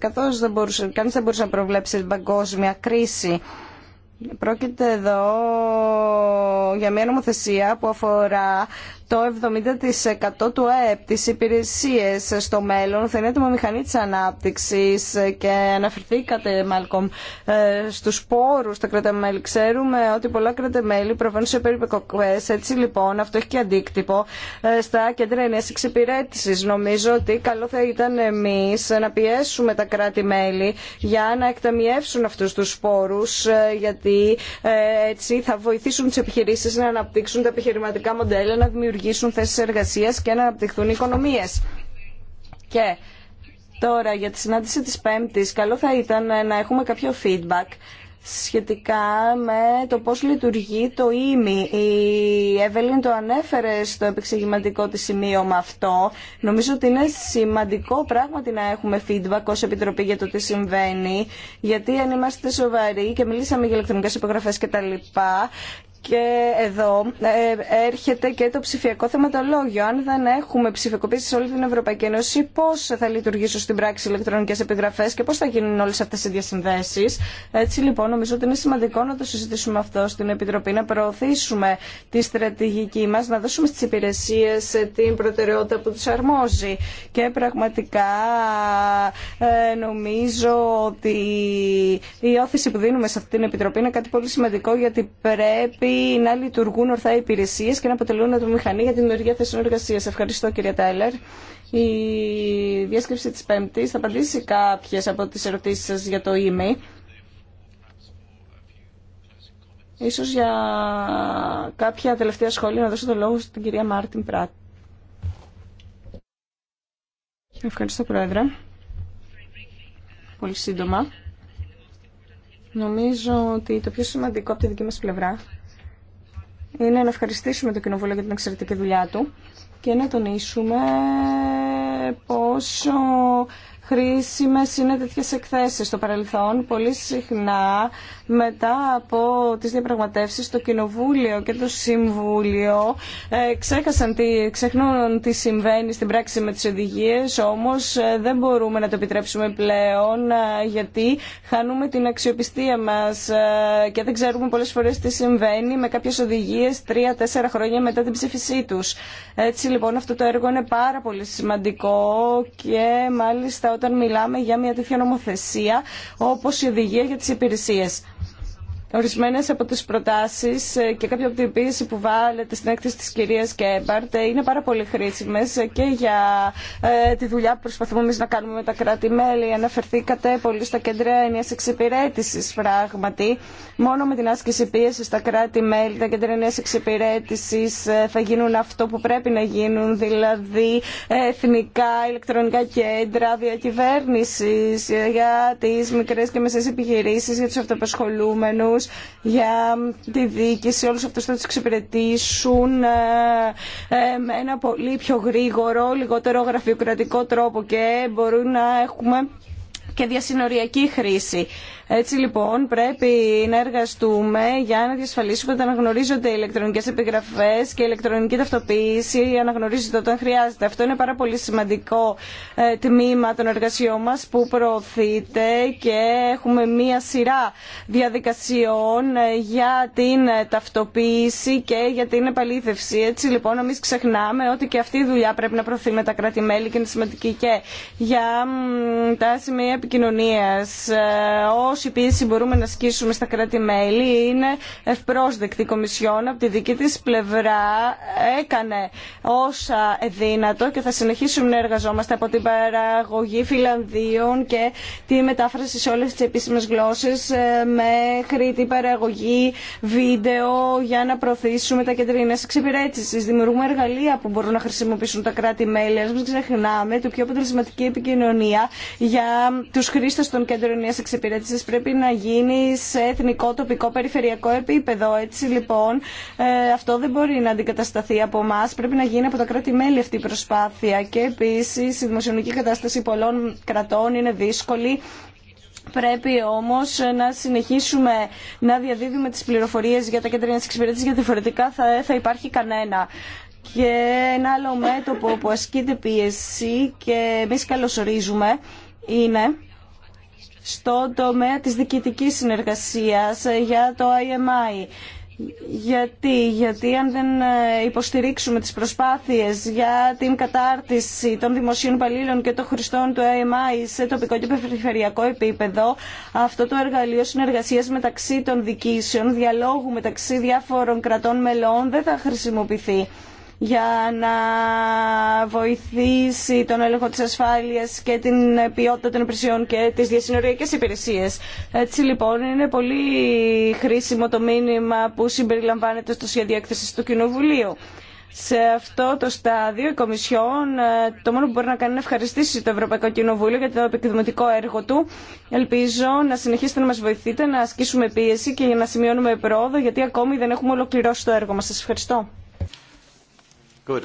2006 δεν μπορούσε, κανείς δεν μπορούσε να προβλέψει την παγκόσμια κρίση. Πρόκειται εδώ για μια νομοθεσία που αφορά το 70% του ΑΕΠ, τις υπηρεσίες στο μέλλον, θα είναι έτοιμο μηχανή της ανάπτυξης και αναφερθήκατε, Μάλκομ, ε, στους πόρους τα κρατεμέλη. Ξέρουμε ότι πολλά κρατεμέλη προβαίνουν σε περίπεκοκές, έτσι λοιπόν αυτό έχει και αντίκτυπο ε, στα κέντρα ενέσης εξυπηρέτησης. Νομίζω ότι καλό θα ήταν εμείς να πιέσουμε τα κράτη-μέλη για να εκταμιεύσουν αυτούς τους πόρους, ε, γιατί έτσι θα βοηθήσουν τις επιχειρήσεις να αναπτύξουν τα επιχειρηματικά μοντέλα, να δημιουργήσουν δημιουργήσουν θέσεις εργασίας και να αναπτυχθούν οικονομίες. Και τώρα για τη συνάντηση της Πέμπτη, καλό θα ήταν να έχουμε κάποιο feedback σχετικά με το πώς λειτουργεί το ΙΜΗ. Η Εύελιν το ανέφερε στο επεξηγηματικό σημείο με αυτό. Νομίζω ότι είναι σημαντικό πράγματι να έχουμε feedback ως Επιτροπή για το τι συμβαίνει, γιατί αν είμαστε σοβαροί και μιλήσαμε για ηλεκτρονικές υπογραφές και και εδώ ε, έρχεται και το ψηφιακό θεματολόγιο. Αν δεν έχουμε ψηφιακοποίηση σε όλη την Ευρωπαϊκή Ένωση, πώ θα λειτουργήσουν στην πράξη οι ηλεκτρονικέ επιγραφέ και πώ θα γίνουν όλε αυτέ οι διασυνδέσει. Έτσι λοιπόν, νομίζω ότι είναι σημαντικό να το συζητήσουμε αυτό στην Επιτροπή, να προωθήσουμε τη στρατηγική μα, να δώσουμε στι υπηρεσίε ε, την προτεραιότητα που του αρμόζει. Και πραγματικά ε, νομίζω ότι η όθηση που δίνουμε σε αυτή την Επιτροπή είναι κάτι πολύ σημαντικό γιατί πρέπει να λειτουργούν ορθά υπηρεσίε και να αποτελούν μηχανή για την δημιουργία θέσεων εργασία. Ευχαριστώ κύριε Τάιλερ. Η διάσκεψη τη Πέμπτη θα απαντήσει κάποιε από τι ερωτήσει σα για το email. Ίσως για κάποια τελευταία σχόλια να δώσω το λόγο στην κυρία Μάρτιν Πράτ. Ευχαριστώ Πρόεδρε. Πολύ σύντομα. Νομίζω ότι το πιο σημαντικό από τη δική μας πλευρά είναι να ευχαριστήσουμε το Κοινοβούλιο για την εξαιρετική δουλειά του και να τονίσουμε πόσο χρήσιμε είναι τέτοιε εκθέσει. Στο παρελθόν, πολύ συχνά, μετά από τι διαπραγματεύσει, το Κοινοβούλιο και το Συμβούλιο ε, ξέχασαν τι, ξεχνούν τι συμβαίνει στην πράξη με τι οδηγίε, όμω ε, δεν μπορούμε να το επιτρέψουμε πλέον, ε, γιατί χάνουμε την αξιοπιστία μα ε, και δεν ξέρουμε πολλέ φορέ τι συμβαίνει με κάποιε οδηγίε τρία-τέσσερα χρόνια μετά την ψήφισή του. Έτσι λοιπόν, αυτό το έργο είναι πάρα πολύ σημαντικό και μάλιστα όταν μιλάμε για μια τέτοια νομοθεσία όπως η οδηγία για τις υπηρεσίες. Ορισμένες από τις προτάσεις ε, και κάποια από την πίεση που βάλετε στην έκθεση της κυρίας Κέμπαρτ ε, είναι πάρα πολύ χρήσιμες ε, και για τη δουλειά που προσπαθούμε εμείς να κάνουμε με τα κράτη-μέλη. Αναφερθήκατε πολύ στα κέντρα ενιαία εξυπηρέτησης πράγματι. Μόνο με την άσκηση πίεση στα κράτη-μέλη, τα κέντρα ενιαία εξυπηρέτησης θα γίνουν αυτό που πρέπει να γίνουν, δηλαδή εθνικά ηλεκτρονικά κέντρα διακυβέρνηση για τις μικρές και μεσές επιχειρήσεις, για του αυτοπεσχολούμενου για τη διοίκηση, όλους αυτούς θα τους εξυπηρετήσουν ε, ε, με ένα πολύ πιο γρήγορο, λιγότερο γραφειοκρατικό τρόπο και μπορούν να έχουμε και διασυνοριακή χρήση. Έτσι λοιπόν πρέπει να εργαστούμε για να διασφαλίσουμε ότι αναγνωρίζονται οι ηλεκτρονικές επιγραφές και η ηλεκτρονική ταυτοποίηση αναγνωρίζεται όταν χρειάζεται. Αυτό είναι πάρα πολύ σημαντικό ε, τμήμα των εργασιών μας που προωθείται και έχουμε μία σειρά διαδικασιών ε, για την ταυτοποίηση και για την επαλήθευση. Έτσι λοιπόν μην ξεχνάμε ότι και αυτή η δουλειά πρέπει να προωθεί με τα κράτη-μέλη και είναι σημαντική και για τα σημεία επικοινωνίας ε, η πίεση μπορούμε να ασκήσουμε στα κράτη-μέλη είναι ευπρόσδεκτη. Η Κομισιόν από τη δική της πλευρά έκανε όσα δύνατο και θα συνεχίσουμε να εργαζόμαστε από την παραγωγή Φιλανδίων και τη μετάφραση σε όλες τις επίσημες γλώσσες ε, μέχρι την παραγωγή βίντεο για να προωθήσουμε τα κεντρινές εξυπηρέτηση. Δημιουργούμε εργαλεία που μπορούν να χρησιμοποιήσουν τα κράτη-μέλη. Ας μην ξεχνάμε το πιο αποτελεσματική επικοινωνία για τους χρήστες των κέντρων εξυπηρέτηση πρέπει να γίνει σε εθνικό, τοπικό, περιφερειακό επίπεδο. Έτσι λοιπόν ε, αυτό δεν μπορεί να αντικατασταθεί από εμά. Πρέπει να γίνει από τα κράτη-μέλη αυτή η προσπάθεια. Και επίσης η δημοσιονομική κατάσταση πολλών κρατών είναι δύσκολη. Πρέπει όμως να συνεχίσουμε να διαδίδουμε τις πληροφορίες για τα κέντρα εξυπηρέτηση, γιατί διαφορετικά θα, θα υπάρχει κανένα. Και ένα άλλο μέτωπο που ασκείται πίεση και εμεί καλωσορίζουμε είναι στο τομέα της διοικητικής συνεργασίας ε, για το IMI. Γιατί, γιατί αν δεν ε, υποστηρίξουμε τις προσπάθειες για την κατάρτιση των δημοσίων υπαλλήλων και των χρηστών του IMI σε τοπικό και περιφερειακό επίπεδο, αυτό το εργαλείο συνεργασίας μεταξύ των δικήσεων, διαλόγου μεταξύ διάφορων κρατών μελών δεν θα χρησιμοποιηθεί για να βοηθήσει τον έλεγχο της ασφάλειας και την ποιότητα των υπηρεσιών και τις διασυνοριακές υπηρεσίες. Έτσι λοιπόν είναι πολύ χρήσιμο το μήνυμα που συμπεριλαμβάνεται στο σχέδιο έκθεση του Κοινοβουλίου. Σε αυτό το στάδιο η Κομισιόν ε, το μόνο που μπορεί να κάνει είναι να ευχαριστήσει το Ευρωπαϊκό Κοινοβούλιο για το επικοινωνικό έργο του. Ελπίζω να συνεχίσετε να μας βοηθείτε, να ασκήσουμε πίεση και να σημειώνουμε πρόοδο γιατί ακόμη δεν έχουμε ολοκληρώσει το έργο μα. Σα ευχαριστώ. Good.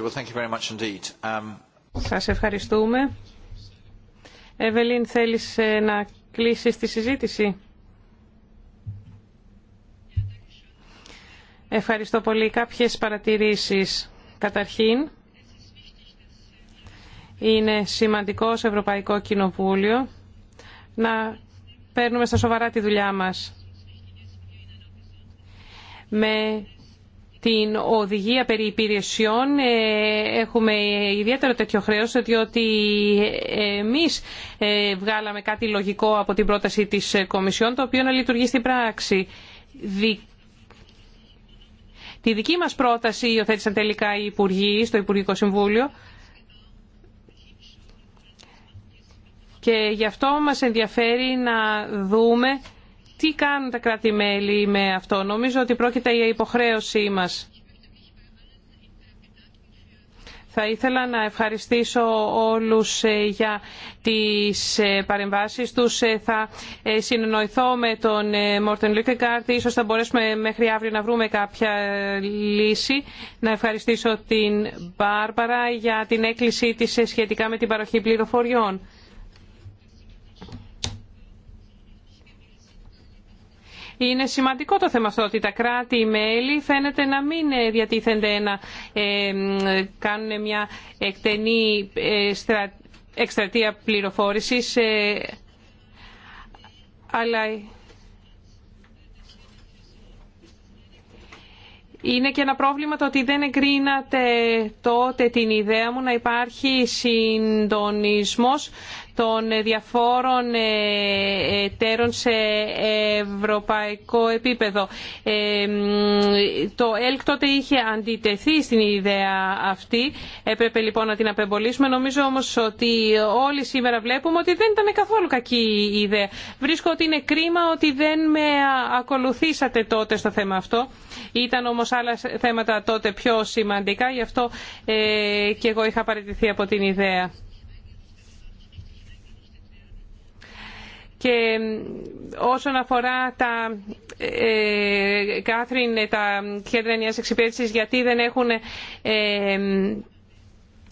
Um, Σας ευχαριστούμε. Εβελίν, θέλεις ε, να κλείσεις τη συζήτηση. Ευχαριστώ πολύ. Κάποιες παρατηρήσεις. Καταρχήν, είναι σημαντικό σε Ευρωπαϊκό Κοινοβούλιο να παίρνουμε στα σοβαρά τη δουλειά μας. Με την οδηγία περί υπηρεσιών ε, έχουμε ιδιαίτερο τέτοιο χρέος διότι εμείς ε, βγάλαμε κάτι λογικό από την πρόταση της Κομισιόν το οποίο να λειτουργεί στην πράξη. Τη δική μας πρόταση υιοθέτησαν τελικά οι Υπουργοί στο Υπουργικό Συμβούλιο και γι' αυτό μας ενδιαφέρει να δούμε τι κάνουν τα κράτη-μέλη με αυτό. Νομίζω ότι πρόκειται για υποχρέωσή μας. Θα ήθελα να ευχαριστήσω όλους ε, για τις ε, παρεμβάσεις τους. Ε, θα συνεννοηθώ με τον Μόρτεν Λίκεκάρτ. Ίσως θα μπορέσουμε μέχρι αύριο να βρούμε κάποια λύση. Να ευχαριστήσω την Μπάρμπαρα για την έκκληση της σχετικά με την παροχή πληροφοριών. Είναι σημαντικό το θέμα αυτό ότι τα κράτη-μέλη φαίνεται να μην ε, διατίθενται να ε, κάνουν μια εκτενή ε, εκστρατεία πληροφόρησης αλλά Είναι και ένα πρόβλημα το ότι δεν εγκρίνατε τότε την ιδέα μου να υπάρχει συντονισμός των διαφόρων ε, ε, εταίρων σε ευρωπαϊκό επίπεδο. Ε, το ΕΛΚ τότε είχε αντιτεθεί στην ιδέα αυτή. Έπρεπε λοιπόν να την απεμπολίσουμε. Νομίζω όμως ότι όλοι σήμερα βλέπουμε ότι δεν ήταν καθόλου κακή η ιδέα. Βρίσκω ότι είναι κρίμα ότι δεν με ακολουθήσατε τότε στο θέμα αυτό. Ήταν όμως άλλα θέματα τότε πιο σημαντικά, γι' αυτό και εγώ είχα παραιτηθεί από την ιδέα. Και όσον αφορά τα ε, Κάθριν, τα κέντρα ενιαίας εξυπηρέτησης, γιατί δεν έχουν... Ε,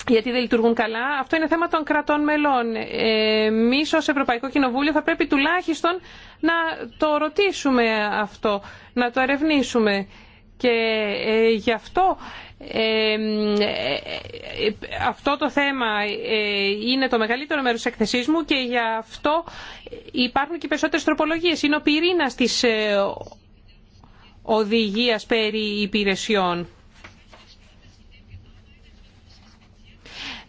γιατί δεν λειτουργούν καλά. Αυτό είναι θέμα των κρατών μελών. Ε, Εμεί ω Ευρωπαϊκό Κοινοβούλιο θα πρέπει τουλάχιστον να το ρωτήσουμε αυτό, να το ερευνήσουμε. Και ε, γι' αυτό ε, ε, ε, αυτό το θέμα είναι το μεγαλύτερο μέρος της εκθεσής μου και γι' αυτό υπάρχουν και περισσότερες τροπολογίες. Είναι ο πυρήνας της οδηγίας περί υπηρεσιών.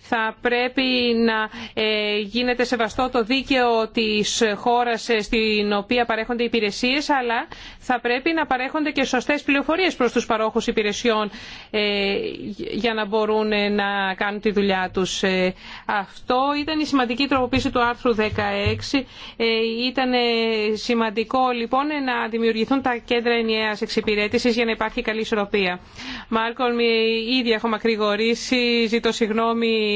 θα πρέπει να ε, γίνεται σεβαστό το δίκαιο της χώρας ε, στην οποία παρέχονται οι υπηρεσίες αλλά θα πρέπει να παρέχονται και σωστές πληροφορίες προς τους παρόχους υπηρεσιών ε, για να μπορούν να κάνουν τη δουλειά τους. Αυτό ήταν η σημαντική τροποποίηση του άρθρου 16. Ήταν σημαντικό λοιπόν να δημιουργηθούν τα κέντρα ενιαίας εξυπηρέτησης για να υπάρχει καλή ισορροπία. Μάρκολμ, ήδη έχω μακρηγορήσει, ζητώ συγγνώμη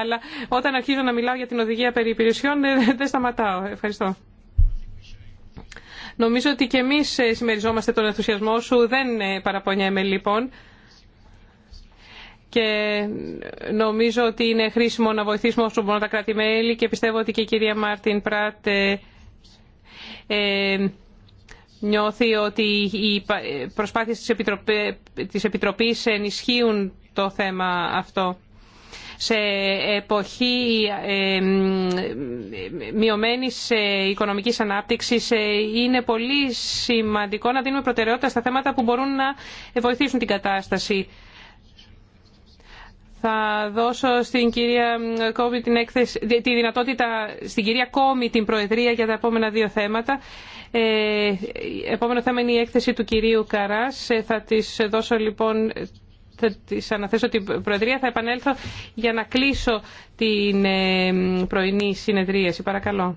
αλλά όταν αρχίζω να μιλάω για την οδηγία περί υπηρεσιών ε, δεν σταματάω. Ευχαριστώ. Νομίζω ότι και εμείς ε, συμμεριζόμαστε τον ενθουσιασμό σου. Δεν ε, παραπονιέμαι λοιπόν και νομίζω ότι είναι χρήσιμο να βοηθήσουμε όσο μπορούν τα κράτη-μέλη και πιστεύω ότι και η κυρία Μάρτιν Πράτ νιώθει ότι οι προσπάθειες της, Επιτροπή, της Επιτροπής ενισχύουν το θέμα αυτό σε εποχή ε, μειωμένης ε, οικονομικής ανάπτυξης ε, είναι πολύ σημαντικό να δίνουμε προτεραιότητα στα θέματα που μπορούν να βοηθήσουν την κατάσταση. Θα δώσω στην κυρία Κόμη την έκθεση, τη δυνατότητα στην κυρία Κόμη την Προεδρία για τα επόμενα δύο θέματα. Ε, επόμενο θέμα είναι η έκθεση του κυρίου Καράς. θα της δώσω λοιπόν θα της αναθέσω την Προεδρία. Θα επανέλθω για να κλείσω την ε, πρωινή συνεδρίαση. Παρακαλώ.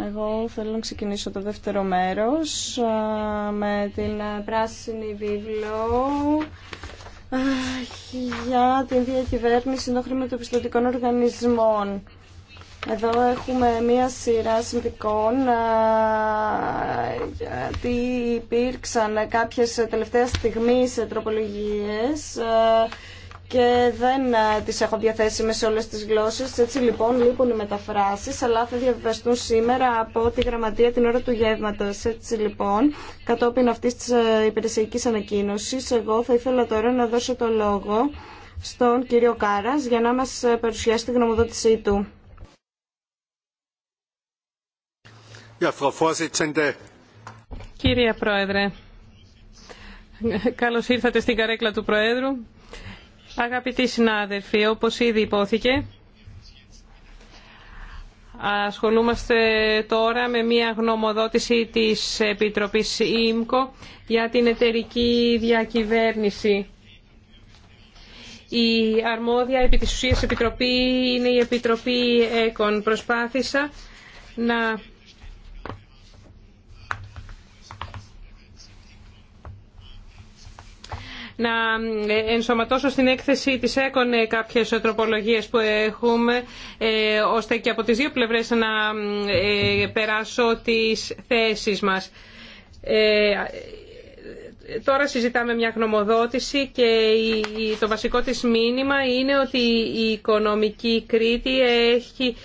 Εγώ θέλω να ξεκινήσω το δεύτερο μέρος με την πράσινη βίβλο για την διακυβέρνηση των χρηματοπιστωτικών οργανισμών. Εδώ έχουμε μία σειρά συνδικών γιατί υπήρξαν κάποιες τελευταίες στιγμής τροπολογίες και δεν ε, τις έχω διαθέσιμε σε όλες τις γλώσσες. Έτσι λοιπόν λείπουν οι μεταφράσεις, αλλά θα διαβαστούν σήμερα από τη γραμματεία την ώρα του γεύματος. Έτσι λοιπόν, κατόπιν αυτής της ε, υπηρεσιακής ανακοίνωσης, εγώ θα ήθελα τώρα να δώσω το λόγο στον κύριο Κάρας για να μας ε, παρουσιάσει τη γνωμοδότησή του. Κύριε Πρόεδρε, καλώς ήρθατε στην καρέκλα του Προέδρου. Αγαπητοί συνάδελφοι, όπως ήδη υπόθηκε, ασχολούμαστε τώρα με μια γνωμοδότηση της Επιτροπής ΙΜΚΟ για την εταιρική διακυβέρνηση. Η αρμόδια επί της ουσίας Επιτροπή είναι η Επιτροπή ΕΚΟΝ. Προσπάθησα να να ενσωματώσω στην έκθεση της ΕΚΟΝ κάποιες τροπολογίες που έχουμε, ε, ώστε και από τις δύο πλευρές να ε, περάσω τις θέσεις μας. Ε, τώρα συζητάμε μια γνωμοδότηση και το βασικό της μήνυμα είναι ότι η οικονομική κρίτη έχει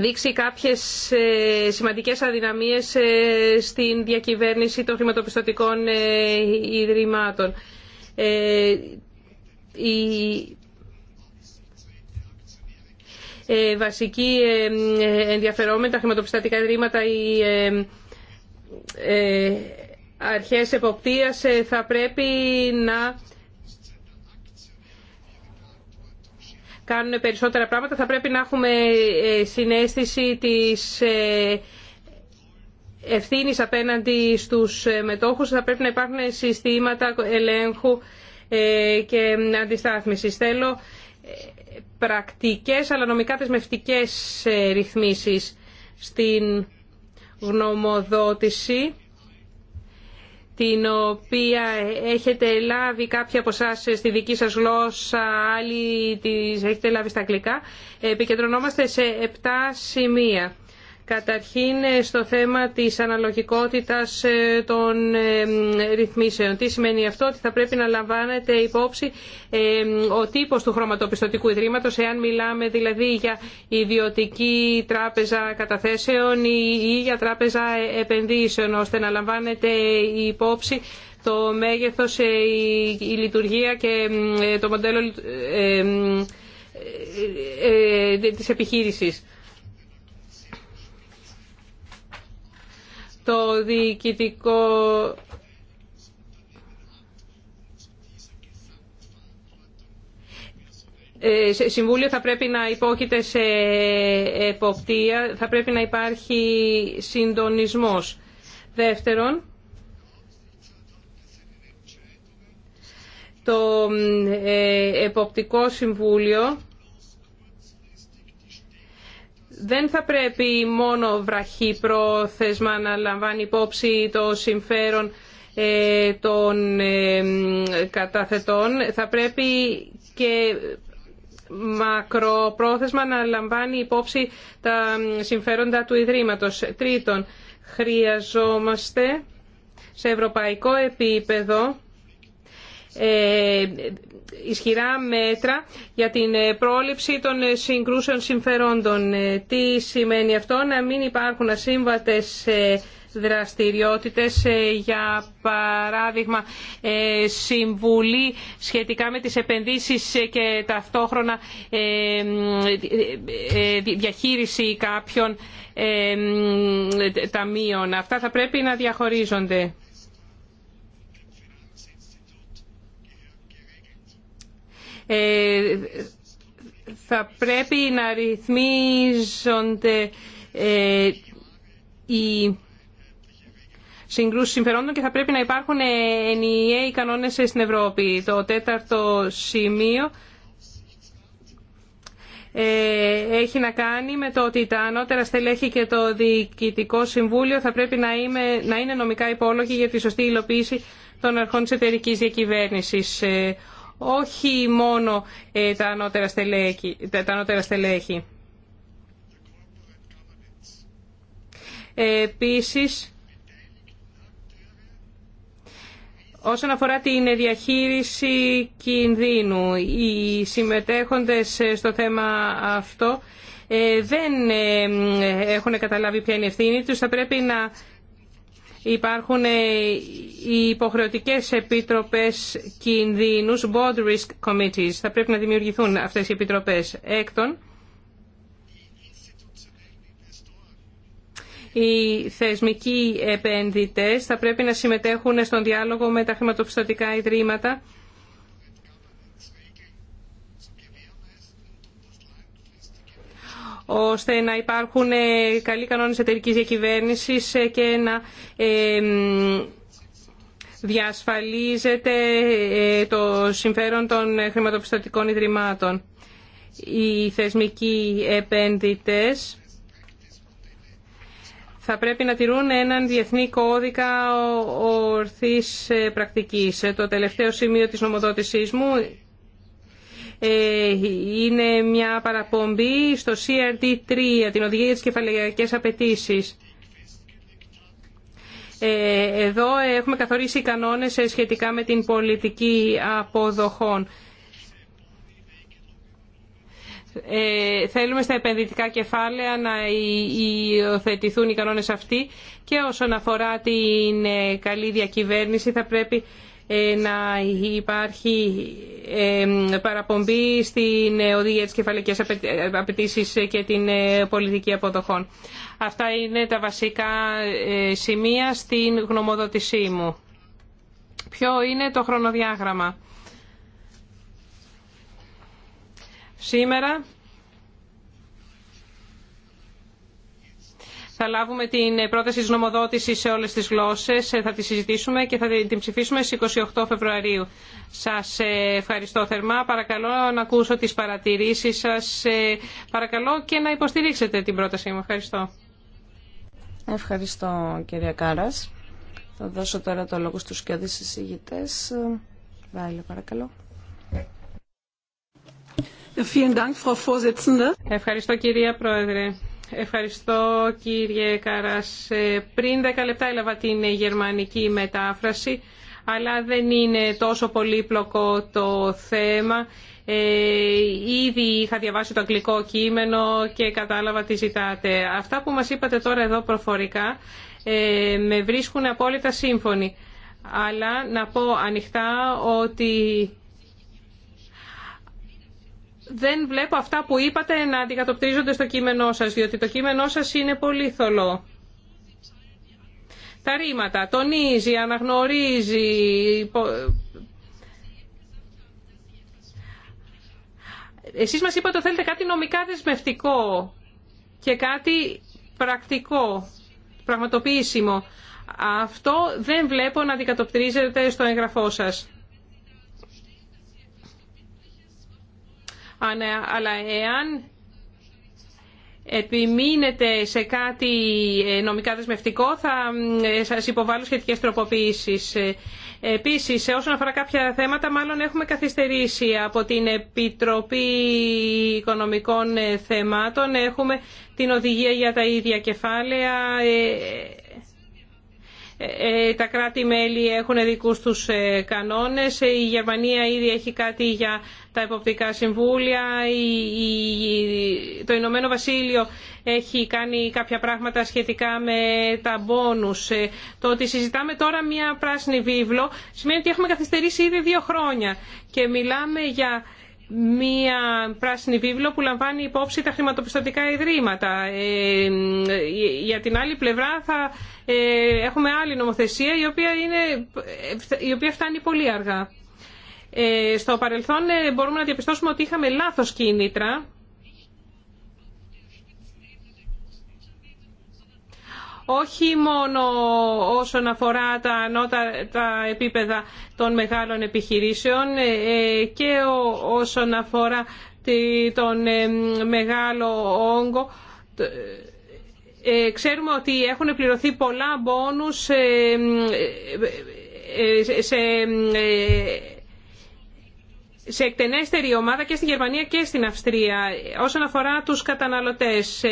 δείξει κάποιες ε, σημαντικές αδυναμίες ε, στην διακυβέρνηση των χρηματοπιστωτικών ε, ιδρυμάτων. Η βασική ενδιαφερόμενη, τα χρηματοπιστωτικά ιδρύματα, οι αρχές εποπτείας θα πρέπει να κάνουν περισσότερα πράγματα. Θα πρέπει να έχουμε ε, συνέστηση της ε, ευθύνης απέναντι στους ε, μετόχους. Θα πρέπει να υπάρχουν συστήματα ελέγχου και αντιστάθμισης. Θέλω πρακτικές αλλά νομικά δεσμευτικές ρυθμίσεις στην γνωμοδότηση την οποία έχετε λάβει κάποια από εσά στη δική σας γλώσσα, άλλοι τις έχετε λάβει στα αγγλικά. Επικεντρωνόμαστε σε επτά σημεία. Καταρχήν ε, στο θέμα της αναλογικότητας ε, των ε, ρυθμίσεων. Τι σημαίνει αυτό, ότι θα πρέπει να λαμβάνεται υπόψη ο τύπος του χρωματοπιστωτικού ιδρύματος, εάν μιλάμε δηλαδή για ιδιωτική τράπεζα καταθέσεων ή για τράπεζα επενδύσεων, ώστε να λαμβάνεται υπόψη το μέγεθος, η για τραπεζα επενδυσεων ωστε να λαμβάνετε υποψη το μεγεθος η λειτουργια και το μοντέλο της επιχείρησης. το διοικητικό ε, Συμβούλιο θα πρέπει να υπόκειται σε εποπτεία, θα πρέπει να υπάρχει συντονισμός. Δεύτερον, το ε, Εποπτικό Συμβούλιο δεν θα πρέπει μόνο βραχή πρόθεσμα να λαμβάνει υπόψη το συμφέρον ε, των ε, καταθετών. Θα πρέπει και μακροπρόθεσμα να λαμβάνει υπόψη τα συμφέροντα του Ιδρύματος. Τρίτον, χρειαζόμαστε σε ευρωπαϊκό επίπεδο ε, ισχυρά μέτρα για την ε, πρόληψη των ε, συγκρούσεων συμφερόντων. Τι σημαίνει αυτό να μην υπάρχουν ασύμβατες δραστηριότητες για παράδειγμα συμβουλή σχετικά με τις επενδύσεις και ταυτόχρονα διαχείριση κάποιων ταμείων. Αυτά θα πρέπει να διαχωρίζονται. Ε, θα πρέπει να ρυθμίζονται ε, οι συγκρούσεις συμφερόντων και θα πρέπει να υπάρχουν ε, ενιαίοι κανόνες στην Ευρώπη. Το τέταρτο σημείο έχει να κάνει με το ότι τα ανώτερα στελέχη και το Διοικητικό Συμβούλιο θα πρέπει να, να είναι νομικά υπόλογοι για τη σωστή υλοποίηση των αρχών της εταιρικής διακυβέρνησης όχι μόνο ε, τα ανώτερα στελέχη. Τα, ανώτερα στελέχη. Επίσης, όσον αφορά την διαχείριση κινδύνου, οι συμμετέχοντες ε, στο θέμα αυτό ε, δεν έχουν καταλάβει ποια είναι η ευθύνη τους. Θα πρέπει να Υπάρχουν ε, οι υποχρεωτικές επιτροπές κινδύνους, board risk committees. Θα πρέπει να δημιουργηθούν αυτές οι επιτροπές. Έκτον, οι θεσμικοί επενδυτές θα πρέπει να συμμετέχουν στον διάλογο με τα χρηματοπιστωτικά ιδρύματα ώστε να υπάρχουν ε, καλοί κανόνες εταιρικής διακυβέρνησης ε, και να ε, διασφαλίζεται το συμφέρον των χρηματοπιστωτικών ιδρυμάτων. Οι θεσμικοί επένδυτες θα πρέπει να τηρούν έναν διεθνή κώδικα ορθής πρακτικής. Το τελευταίο σημείο της νομοδότησής μου ε, είναι μια παραπομπή στο CRD3, την οδηγία για τις κεφαλαιακές ε, Εδώ έχουμε καθορίσει κανόνες ε, σχετικά με την πολιτική αποδοχών. Θέλουμε στα επενδυτικά κεφάλαια να υιοθετηθούν οι κανόνες αυτοί και όσον αφορά την καλή διακυβέρνηση θα πρέπει ε, να υπάρχει ε, παραπομπή στην οδηγία της κεφαλικής απαιτήσει και την ε, πολιτική αποδοχών. Αυτά είναι τα βασικά σημεία στην γνωμοδότησή μου. Ποιο είναι το χρονοδιάγραμμα. Σήμερα Θα λάβουμε την πρόταση της νομοδότησης σε όλες τις γλώσσες, ε, θα τη συζητήσουμε και θα την ψηφίσουμε στις 28 Φεβρουαρίου. Σας ε, ευχαριστώ θερμά. Παρακαλώ να ακούσω τις παρατηρήσεις σας. Ε, παρακαλώ και να υποστηρίξετε την πρότασή μου. Ευχαριστώ. Ευχαριστώ κυρία Κάρας. Θα δώσω τώρα το λόγο στους κοιόδης συζητητές. Βάλε, παρακαλώ. Ευχαριστώ κυρία Πρόεδρε. Ευχαριστώ κύριε Καράς. Ε, πριν 10 λεπτά έλαβα την γερμανική μετάφραση, αλλά δεν είναι τόσο πολύπλοκο το θέμα. Ε, ήδη είχα διαβάσει το αγγλικό κείμενο και κατάλαβα τι ζητάτε. Αυτά που μας είπατε τώρα εδώ προφορικά ε, με βρίσκουν απόλυτα σύμφωνοι. Αλλά να πω ανοιχτά ότι δεν βλέπω αυτά που είπατε να αντικατοπτρίζονται στο κείμενό σας, διότι το κείμενό σας είναι πολύ θολό. Τα ρήματα, τονίζει, αναγνωρίζει, Εσείς μας είπατε ότι θέλετε κάτι νομικά δεσμευτικό και κάτι πρακτικό, πραγματοποιήσιμο. Αυτό δεν βλέπω να αντικατοπτρίζεται στο έγγραφό σας. αλλά εάν επιμείνετε σε κάτι ε, νομικά δεσμευτικό θα ε, σας υποβάλω σχετικές τροποποιήσεις. Ε, επίσης, σε όσον αφορά κάποια θέματα, μάλλον έχουμε καθυστερήσει από την Επιτροπή Οικονομικών Θεμάτων. Έχουμε την οδηγία για τα ίδια κεφάλαια. Ε, ε, τα κράτη-μέλη έχουν δικούς τους ε, κανόνες. Η Γερμανία ήδη έχει κάτι για τα εποπτικά συμβούλια. Το Ηνωμένο Βασίλειο έχει κάνει κάποια πράγματα σχετικά με τα μπόνους. Το ότι συζητάμε τώρα μια πράσινη βίβλο σημαίνει ότι έχουμε καθυστερήσει ήδη δύο χρόνια και μιλάμε για μία πράσινη βίβλο που λαμβάνει υπόψη τα χρηματοπιστωτικά ιδρύματα. Για την άλλη πλευρά θα ε, έχουμε άλλη νομοθεσία η οποία, είναι, η οποία φτάνει πολύ αργά. Ε, στο παρελθόν ε, μπορούμε να διαπιστώσουμε ότι είχαμε λάθος κίνητρα όχι μόνο όσον αφορά τα ανώτατα επίπεδα των μεγάλων επιχειρήσεων και όσον αφορά τον μεγάλο όγκο ε, ξέρουμε ότι έχουν πληρωθεί πολλά μπόνους ε, ε, σε σε εκτενέστερη ομάδα και στη Γερμανία και στην Αυστρία όσον αφορά τους καταναλωτές.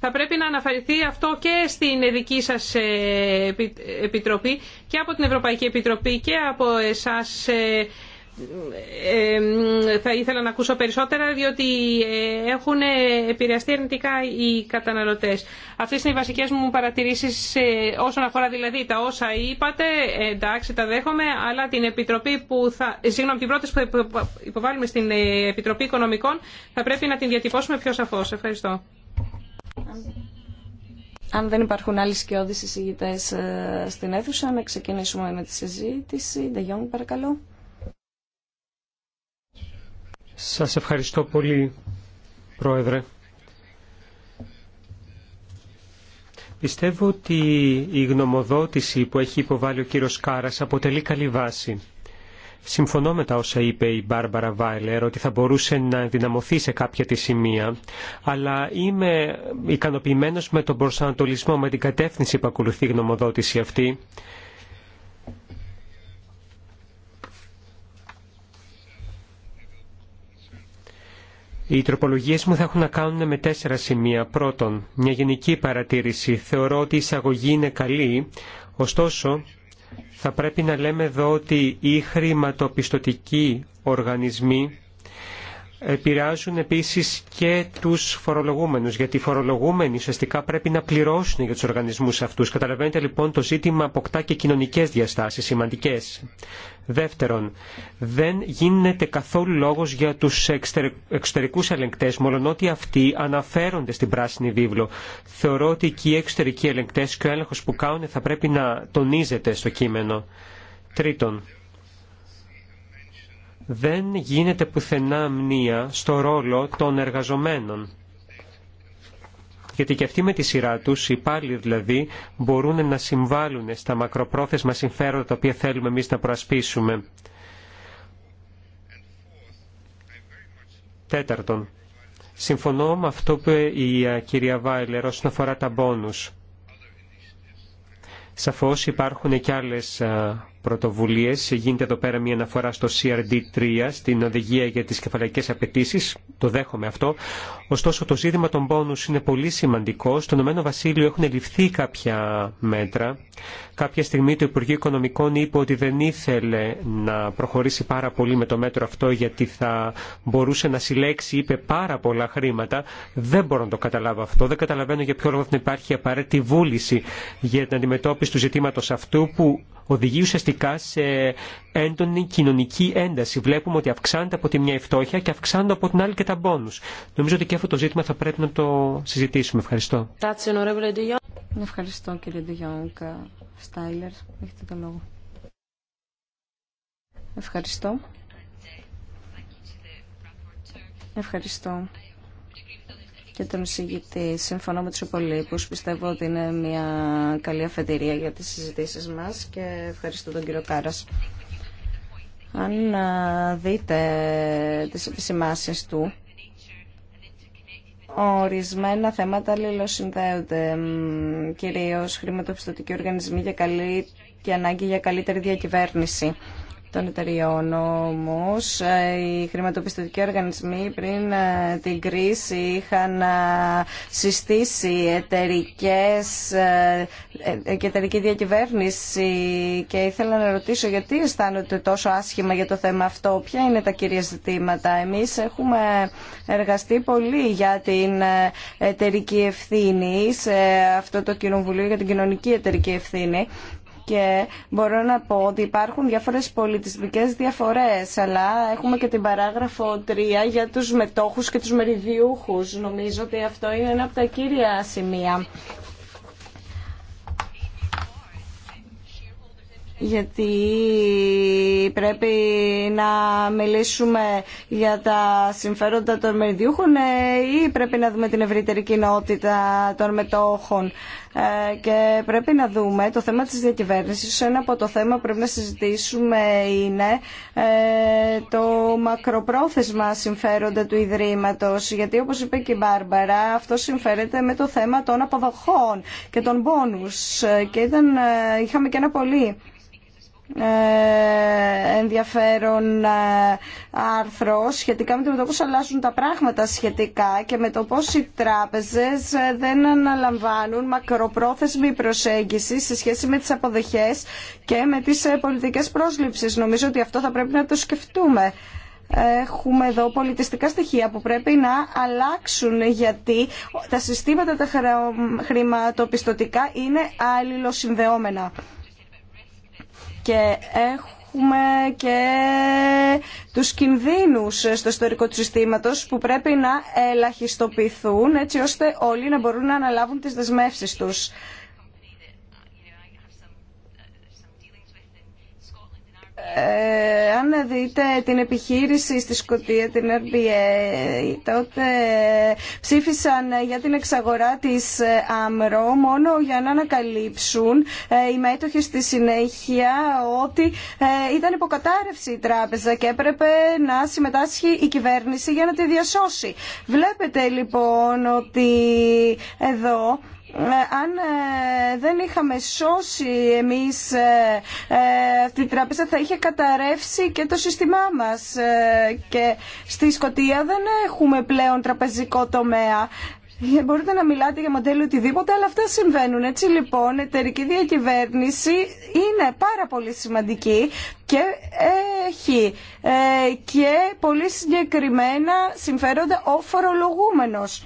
Θα πρέπει να αναφερθεί αυτό και στην δική σας Επιτροπή και από την Ευρωπαϊκή Επιτροπή και από εσάς θα ήθελα να ακούσω περισσότερα διότι ε, έχουν επηρεαστεί αρνητικά οι καταναλωτές. Αυτές είναι οι βασικές μου παρατηρήσεις ε, όσον αφορά δηλαδή τα όσα είπατε, ε, εντάξει τα δέχομαι, αλλά την επιτροπή που θα, συγγνώμη την πρόταση που υποβάλλουμε στην Επιτροπή Οικονομικών θα πρέπει να την διατυπώσουμε πιο σαφώς. Ευχαριστώ. Αν δεν υπάρχουν άλλοι σκιώδεις εισηγητές στην αίθουσα, να ξεκινήσουμε με τη συζήτηση. Ντεγιόν, παρακαλώ. Σας ευχαριστώ πολύ, Πρόεδρε. Πιστεύω ότι η γνωμοδότηση που έχει υποβάλει ο κύριος Κάρας αποτελεί καλή βάση. Συμφωνώ με τα όσα είπε η Μπάρμπαρα Βάιλερ ότι θα μπορούσε να ενδυναμωθεί σε κάποια τη σημεία, αλλά είμαι ικανοποιημένος με τον προσανατολισμό, με την κατεύθυνση που ακολουθεί η γνωμοδότηση αυτή Οι τροπολογίε μου θα έχουν να κάνουν με τέσσερα σημεία. Πρώτον, μια γενική παρατήρηση. Θεωρώ ότι η εισαγωγή είναι καλή, ωστόσο θα πρέπει να λέμε εδώ ότι οι χρηματοπιστωτικοί οργανισμοί επηρεάζουν επίσης και τους φορολογούμενους, γιατί οι φορολογούμενοι ουσιαστικά πρέπει να πληρώσουν για τους οργανισμούς αυτούς. Καταλαβαίνετε λοιπόν το ζήτημα αποκτά και κοινωνικές διαστάσεις σημαντικές. Δεύτερον, δεν γίνεται καθόλου λόγος για τους εξωτερικούς ελεγκτές, ότι αυτοί αναφέρονται στην πράσινη βίβλο. Θεωρώ ότι και οι εξωτερικοί ελεγκτές και ο έλεγχος που κάνουν θα πρέπει να τονίζεται στο κείμενο. Τρίτον, δεν γίνεται πουθενά μνήα στο ρόλο των εργαζομένων. Γιατί και αυτοί με τη σειρά τους, οι υπάλληλοι δηλαδή, μπορούν να συμβάλλουν στα μακροπρόθεσμα συμφέροντα τα οποία θέλουμε εμείς να προασπίσουμε. Τέταρτον, συμφωνώ με αυτό που η κυρία Βάιλερ όσον αφορά τα μπόνους. Σαφώς υπάρχουν και άλλες Γίνεται εδώ πέρα μια αναφορά στο CRD3, στην οδηγία για τι κεφαλαϊκέ απαιτήσει. Το δέχομαι αυτό. Ωστόσο το ζήτημα των πόνου είναι πολύ σημαντικό. Στον Ηνωμένο Βασίλειο έχουν ληφθεί κάποια μέτρα. Κάποια στιγμή το Υπουργείο Οικονομικών είπε ότι δεν ήθελε να προχωρήσει πάρα πολύ με το μέτρο αυτό γιατί θα μπορούσε να συλλέξει, είπε, πάρα πολλά χρήματα. Δεν μπορώ να το καταλάβω αυτό. Δεν καταλαβαίνω για ποιο λόγο δεν υπάρχει απαραίτητη βούληση για την αντιμετώπιση του ζητήματο αυτού που οδηγεί ουσιαστικά σε έντονη κοινωνική ένταση. Βλέπουμε ότι αυξάνεται από τη μια η φτώχεια και αυξάνονται από την άλλη και τα μπόνους. Νομίζω ότι και αυτό το ζήτημα θα πρέπει να το συζητήσουμε. Ευχαριστώ. Ευχαριστώ κύριε Ντιγιόνγκ Στάιλερ. Έχετε το λόγο. Ευχαριστώ. Ευχαριστώ και τον συγκεκριμένο Συμφωνώ με τους υπολείπους. Πιστεύω ότι είναι μια καλή αφετηρία για τις συζητήσεις μας και ευχαριστώ τον κύριο Κάρας. Αν δείτε τις επισημάσεις του, ορισμένα θέματα αλληλοσυνδέονται, κυρίως χρηματοπιστωτικοί οργανισμοί για καλή και ανάγκη για καλύτερη διακυβέρνηση των εταιριών. όμω, οι χρηματοπιστωτικοί οργανισμοί πριν ε, την κρίση είχαν ε, συστήσει εταιρικές ε, και εταιρική διακυβέρνηση και ήθελα να ρωτήσω γιατί αισθάνονται τόσο άσχημα για το θέμα αυτό. Ποια είναι τα κυρία ζητήματα. Εμείς έχουμε εργαστεί πολύ για την εταιρική ευθύνη σε αυτό το κοινοβουλίο για την κοινωνική εταιρική ευθύνη και μπορώ να πω ότι υπάρχουν διάφορες πολιτισμικές διαφορές αλλά έχουμε και την παράγραφο 3 για τους μετόχους και τους μεριδιούχους. Νομίζω ότι αυτό είναι ένα από τα κύρια σημεία. γιατί πρέπει να μιλήσουμε για τα συμφέροντα των μεριδιούχων ε, ή πρέπει να δούμε την ευρύτερη κοινότητα των μετόχων. Ε, και πρέπει να δούμε το θέμα της διακυβέρνησης. Ένα από το θέμα που πρέπει να συζητήσουμε είναι ε, το μακροπρόθεσμα συμφέροντα του Ιδρύματος, γιατί όπως είπε και η Μπάρμπαρα, αυτό συμφέρεται με το θέμα των αποδοχών και των πόνους. Ε, και ήταν, είχαμε και ένα πολύ ε, ενδιαφέρον ε, άρθρο σχετικά με το, πώς αλλάζουν τα πράγματα σχετικά και με το πώς οι τράπεζες ε, δεν αναλαμβάνουν μακροπρόθεσμη προσέγγιση σε σχέση με τις αποδοχές και με τις πολιτικές πρόσληψεις. Νομίζω ότι αυτό θα πρέπει να το σκεφτούμε έχουμε εδώ πολιτιστικά στοιχεία που πρέπει να αλλάξουν γιατί τα συστήματα τα χρηματοπιστωτικά είναι αλληλοσυνδεόμενα και έχουμε και τους κινδύνους στο ιστορικό του συστήματος που πρέπει να ελαχιστοποιηθούν έτσι ώστε όλοι να μπορούν να αναλάβουν τις δεσμεύσεις τους. Ε, αν δείτε την επιχείρηση στη Σκωτία, την RBA, τότε ψήφισαν για την εξαγορά της ε, ΑΜΡΟ μόνο για να ανακαλύψουν ε, οι μέτοχοι στη συνέχεια ότι ήταν υποκατάρρευση η τράπεζα και έπρεπε να συμμετάσχει η κυβέρνηση για να τη διασώσει. Βλέπετε λοιπόν ότι εδώ ε, αν ε, δεν είχαμε σώσει εμείς ε, την τράπεζα θα είχε καταρρεύσει και το σύστημά μας και στη Σκωτία δεν έχουμε πλέον τραπεζικό τομέα Μπορείτε να μιλάτε για μοντέλο οτιδήποτε, αλλά αυτά συμβαίνουν. Έτσι λοιπόν, η εταιρική διακυβέρνηση είναι πάρα πολύ σημαντική και έχει και πολύ συγκεκριμένα συμφέροντα ο φορολογούμενος.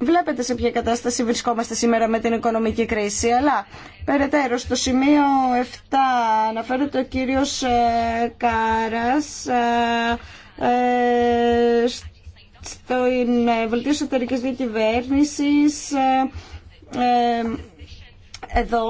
Βλέπετε σε ποια κατάσταση βρισκόμαστε σήμερα με την οικονομική κρίση, αλλά περαιτέρω στο σημείο 7 αναφέρεται ο κύριος Κάρας ε, ε, ε στην ε, βελτίωση Διακυβέρνηση ε, εδώ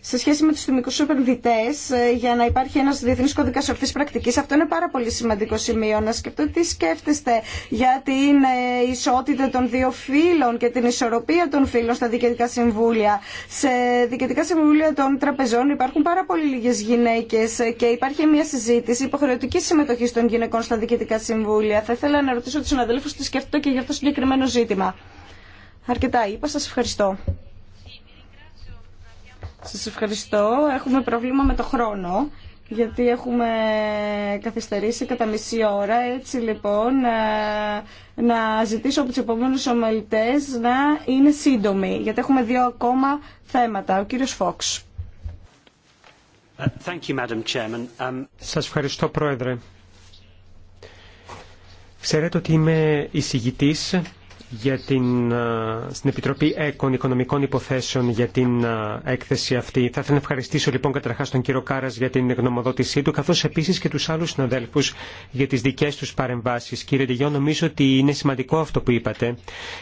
σε σχέση με του τιμικού επενδυτέ ε, για να υπάρχει ένα διεθνή κώδικα ορθή πρακτική. Αυτό είναι πάρα πολύ σημαντικό σημείο. Να σκεφτώ τι σκέφτεστε για την ε, ισότητα των δύο φύλων και την ισορροπία των φύλων στα διοικητικά συμβούλια. Σε διοικητικά συμβούλια των τραπεζών υπάρχουν πάρα πολύ λίγε γυναίκε ε, και υπάρχει μια συζήτηση υποχρεωτική συμμετοχή των γυναικών στα διοικητικά συμβούλια. Θα ήθελα να ρωτήσω του συναδέλφου τι σκέφτονται και για αυτό το συγκεκριμένο ζήτημα. Αρκετά είπα, σα ευχαριστώ. Σας ευχαριστώ. Έχουμε πρόβλημα με το χρόνο, γιατί έχουμε καθυστερήσει κατά μισή ώρα. Έτσι λοιπόν, ε, να ζητήσω από τους επόμενους να είναι σύντομοι, γιατί έχουμε δύο ακόμα θέματα. Ο κύριος Φόξ. Ε, thank um, Σας ευχαριστώ, Πρόεδρε. Ξέρετε ότι είμαι εισηγητής για την, ε, στην Επιτροπή ΕΚΟΝ Οικονομικών Υποθέσεων για την ε, έκθεση αυτή. Θα ήθελα να ευχαριστήσω λοιπόν καταρχάς τον κύριο Κάρας για την γνωμοδότησή του, καθώς επίσης και τους άλλους συναδέλφου για τις δικέ τους παρεμβάσεις. Κύριε Ντιγιό, νομίζω ότι είναι σημαντικό αυτό που είπατε.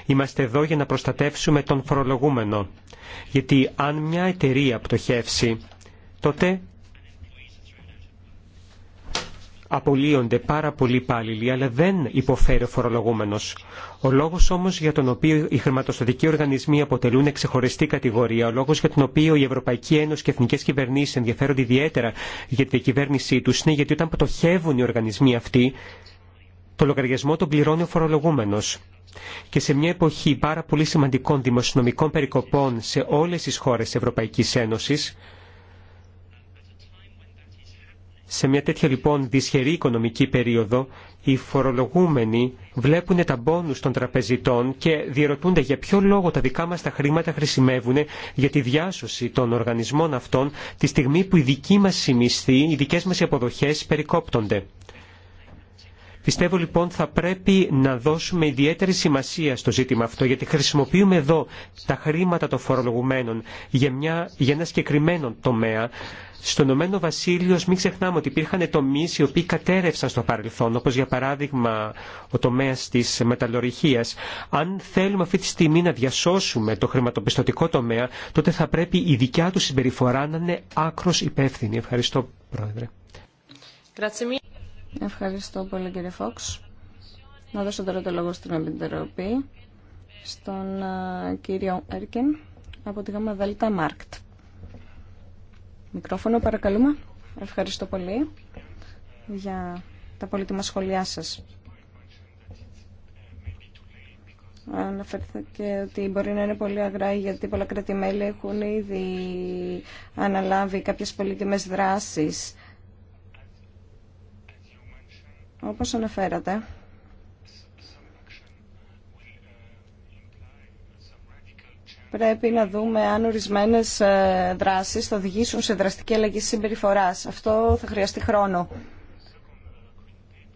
Είμαστε εδώ για να προστατεύσουμε τον φορολογούμενο. Γιατί αν μια εταιρεία πτωχεύσει, τότε απολύονται πάρα πολλοί υπάλληλοι, αλλά δεν υποφέρει ο φορολογούμενο. Ο λόγο όμω για τον οποίο οι χρηματοστατικοί οργανισμοί αποτελούν ξεχωριστή κατηγορία, ο λόγο για τον οποίο η Ευρωπαϊκή Ένωση και εθνικέ κυβερνήσει ενδιαφέρονται ιδιαίτερα για τη διακυβέρνησή του, είναι γιατί όταν πτωχεύουν οι οργανισμοί αυτοί, το λογαριασμό τον πληρώνει ο φορολογούμενο. Και σε μια εποχή πάρα πολύ σημαντικών δημοσιονομικών περικοπών σε όλε τι χώρε τη Ευρωπαϊκή Ένωση, σε μια τέτοια λοιπόν δυσχερή οικονομική περίοδο, οι φορολογούμενοι βλέπουν τα μπόνους των τραπεζιτών και διερωτούνται για ποιο λόγο τα δικά μας τα χρήματα χρησιμεύουν για τη διάσωση των οργανισμών αυτών τη στιγμή που οι δικοί μας οι μισθοί, οι δικές μας οι αποδοχές περικόπτονται. Πιστεύω λοιπόν θα πρέπει να δώσουμε ιδιαίτερη σημασία στο ζήτημα αυτό γιατί χρησιμοποιούμε εδώ τα χρήματα των φορολογουμένων για, μια, για ένα συγκεκριμένο τομέα. Στο Ηνωμένο Βασίλειο μην ξεχνάμε ότι υπήρχαν τομεί οι οποίοι κατέρευσαν στο παρελθόν, όπω για παράδειγμα ο τομέα τη μεταλλορυχία. Αν θέλουμε αυτή τη στιγμή να διασώσουμε το χρηματοπιστωτικό τομέα, τότε θα πρέπει η δικιά του συμπεριφορά να είναι άκρο υπεύθυνη. Ευχαριστώ, Πρόεδρε. Ευχαριστώ πολύ κύριε Φόξ. Να δώσω τώρα το λόγο στην Επιτροπή, στον κύριο Έρκιν από τη ΓΑΜΑ ΔΕΛΤΑ ΜΑΡΚΤ. Μικρόφωνο παρακαλούμε. Ευχαριστώ πολύ για τα πολύτιμα σχόλιά σας. Αναφέρθηκε ότι μπορεί να είναι πολύ αγρά γιατί πολλά κρατημέλη έχουν ήδη αναλάβει κάποιες πολύτιμες δράσεις όπως αναφέρατε, πρέπει να δούμε αν ορισμένε ε, δράσει θα οδηγήσουν σε δραστική αλλαγή συμπεριφορά. Αυτό θα χρειαστεί χρόνο.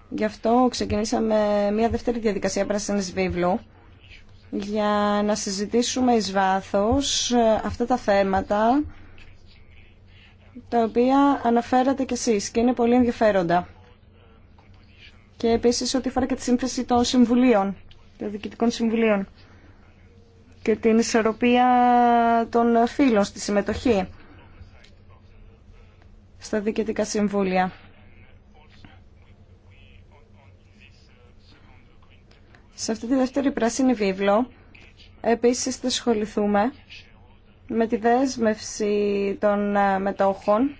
Γι' αυτό ξεκινήσαμε μια δεύτερη διαδικασία πράσινη βίβλου για να συζητήσουμε εις βάθος ε, αυτά τα θέματα τα οποία αναφέρατε κι εσείς και είναι πολύ ενδιαφέροντα και επίσης ό,τι αφορά και τη σύνθεση των συμβουλίων, των διοικητικών συμβουλίων και την ισορροπία των φίλων στη συμμετοχή στα διοικητικά συμβούλια. Σε αυτή τη δεύτερη πράσινη βίβλο επίσης θα ασχοληθούμε με τη δέσμευση των ε, μετόχων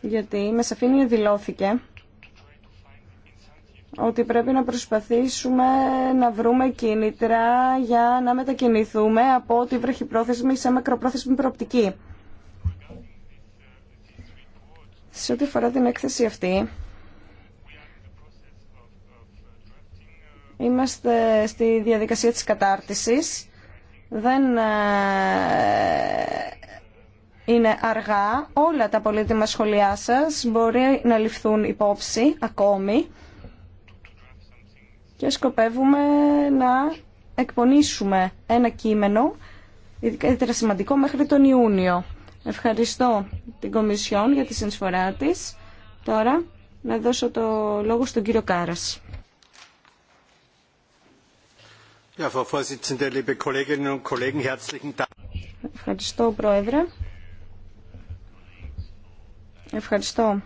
γιατί με δηλώθηκε ότι πρέπει να προσπαθήσουμε να βρούμε κίνητρα για να μετακινηθούμε από τη βραχυπρόθεσμη σε μακροπρόθεσμη προοπτική. Σε ό,τι αφορά την έκθεση αυτή, είμαστε στη διαδικασία της κατάρτισης. Δεν ε, είναι αργά. Όλα τα πολύτιμα σχολιά σας μπορεί να ληφθούν υπόψη ακόμη και σκοπεύουμε να εκπονήσουμε ένα κείμενο ιδιαίτερα σημαντικό μέχρι τον Ιούνιο. Ευχαριστώ την Κομισιόν για τη συνσφορά της. Τώρα να δώσω το λόγο στον κύριο Κάρας. Ευχαριστώ, Πρόεδρε. Ευχαριστώ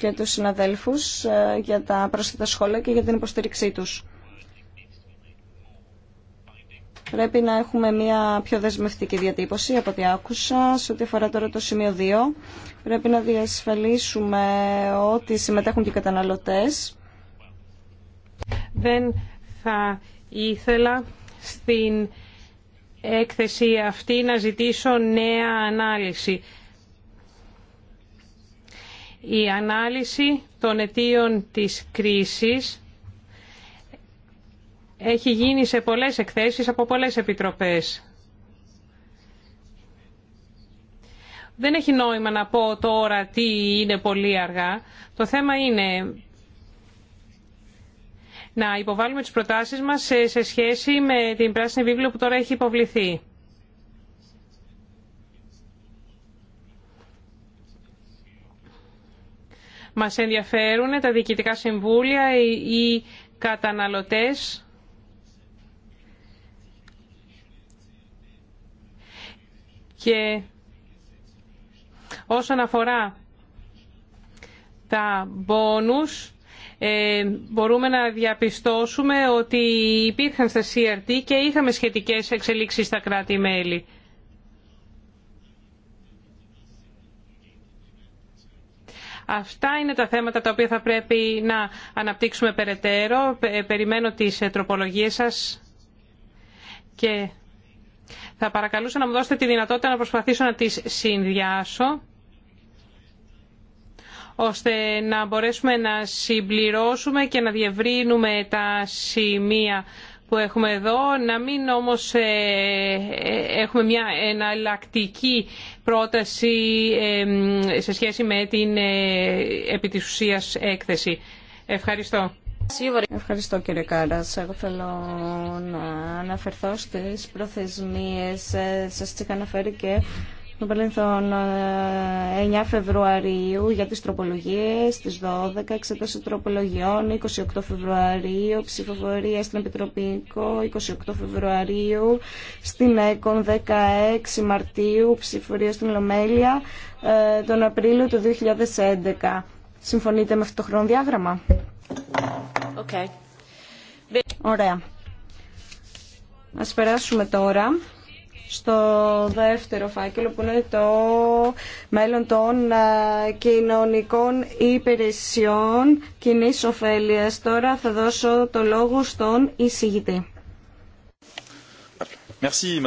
και τους συναδέλφους ε, για τα πρόσθετα σχόλια και για την υποστήριξή τους. Πρέπει να έχουμε μια πιο δεσμευτική διατύπωση από ό,τι άκουσα. Σε ό,τι αφορά τώρα το σημείο 2, πρέπει να διασφαλίσουμε ότι συμμετέχουν και οι καταναλωτές. Δεν θα ήθελα στην έκθεση αυτή να ζητήσω νέα ανάλυση. Η ανάλυση των αιτίων της κρίσης έχει γίνει σε πολλές εκθέσεις από πολλές επιτροπές. Δεν έχει νόημα να πω τώρα τι είναι πολύ αργά. Το θέμα είναι να υποβάλουμε τις προτάσεις μας σε σχέση με την πράσινη βίβλο που τώρα έχει υποβληθεί. Μας ενδιαφέρουν τα διοικητικά συμβούλια, οι καταναλωτές και όσον αφορά τα μπόνους ε, μπορούμε να διαπιστώσουμε ότι υπήρχαν στα CRT και είχαμε σχετικές εξελίξεις στα κράτη-μέλη. Αυτά είναι τα θέματα τα οποία θα πρέπει να αναπτύξουμε περαιτέρω. Περιμένω τις ε, τροπολογίες σας και θα παρακαλούσα να μου δώσετε τη δυνατότητα να προσπαθήσω να τις συνδυάσω ώστε να μπορέσουμε να συμπληρώσουμε και να διευρύνουμε τα σημεία που έχουμε εδώ, να μην όμως ε, ε, έχουμε μια εναλλακτική πρόταση σε σχέση με την ε, επί έκθεση. Ευχαριστώ. Ευχαριστώ κύριε Κάρας. Εγώ θέλω να αναφερθώ στις προθεσμίες. Ε, Σα τις είχα αναφέρει και των 9 ε, Φεβρουαρίου για τις τροπολογίες, στις 12 εξέταση τροπολογιών, 28 Φεβρουαρίου, ψηφοφορία στην Επιτροπή 28 Φεβρουαρίου, στην ΕΚΟΝ 16 Μαρτίου, ψηφοφορία στην Λομέλεια, ε, τον Απρίλιο του 2011. Συμφωνείτε με αυτό το χρονοδιάγραμμα? Okay. Ωραία. Ας περάσουμε τώρα στο δεύτερο φάκελο που είναι το μέλλον των ε, κοινωνικών υπηρεσιών κοινή ωφέλεια. Τώρα θα δώσω το λόγο στον εισηγητή. Merci,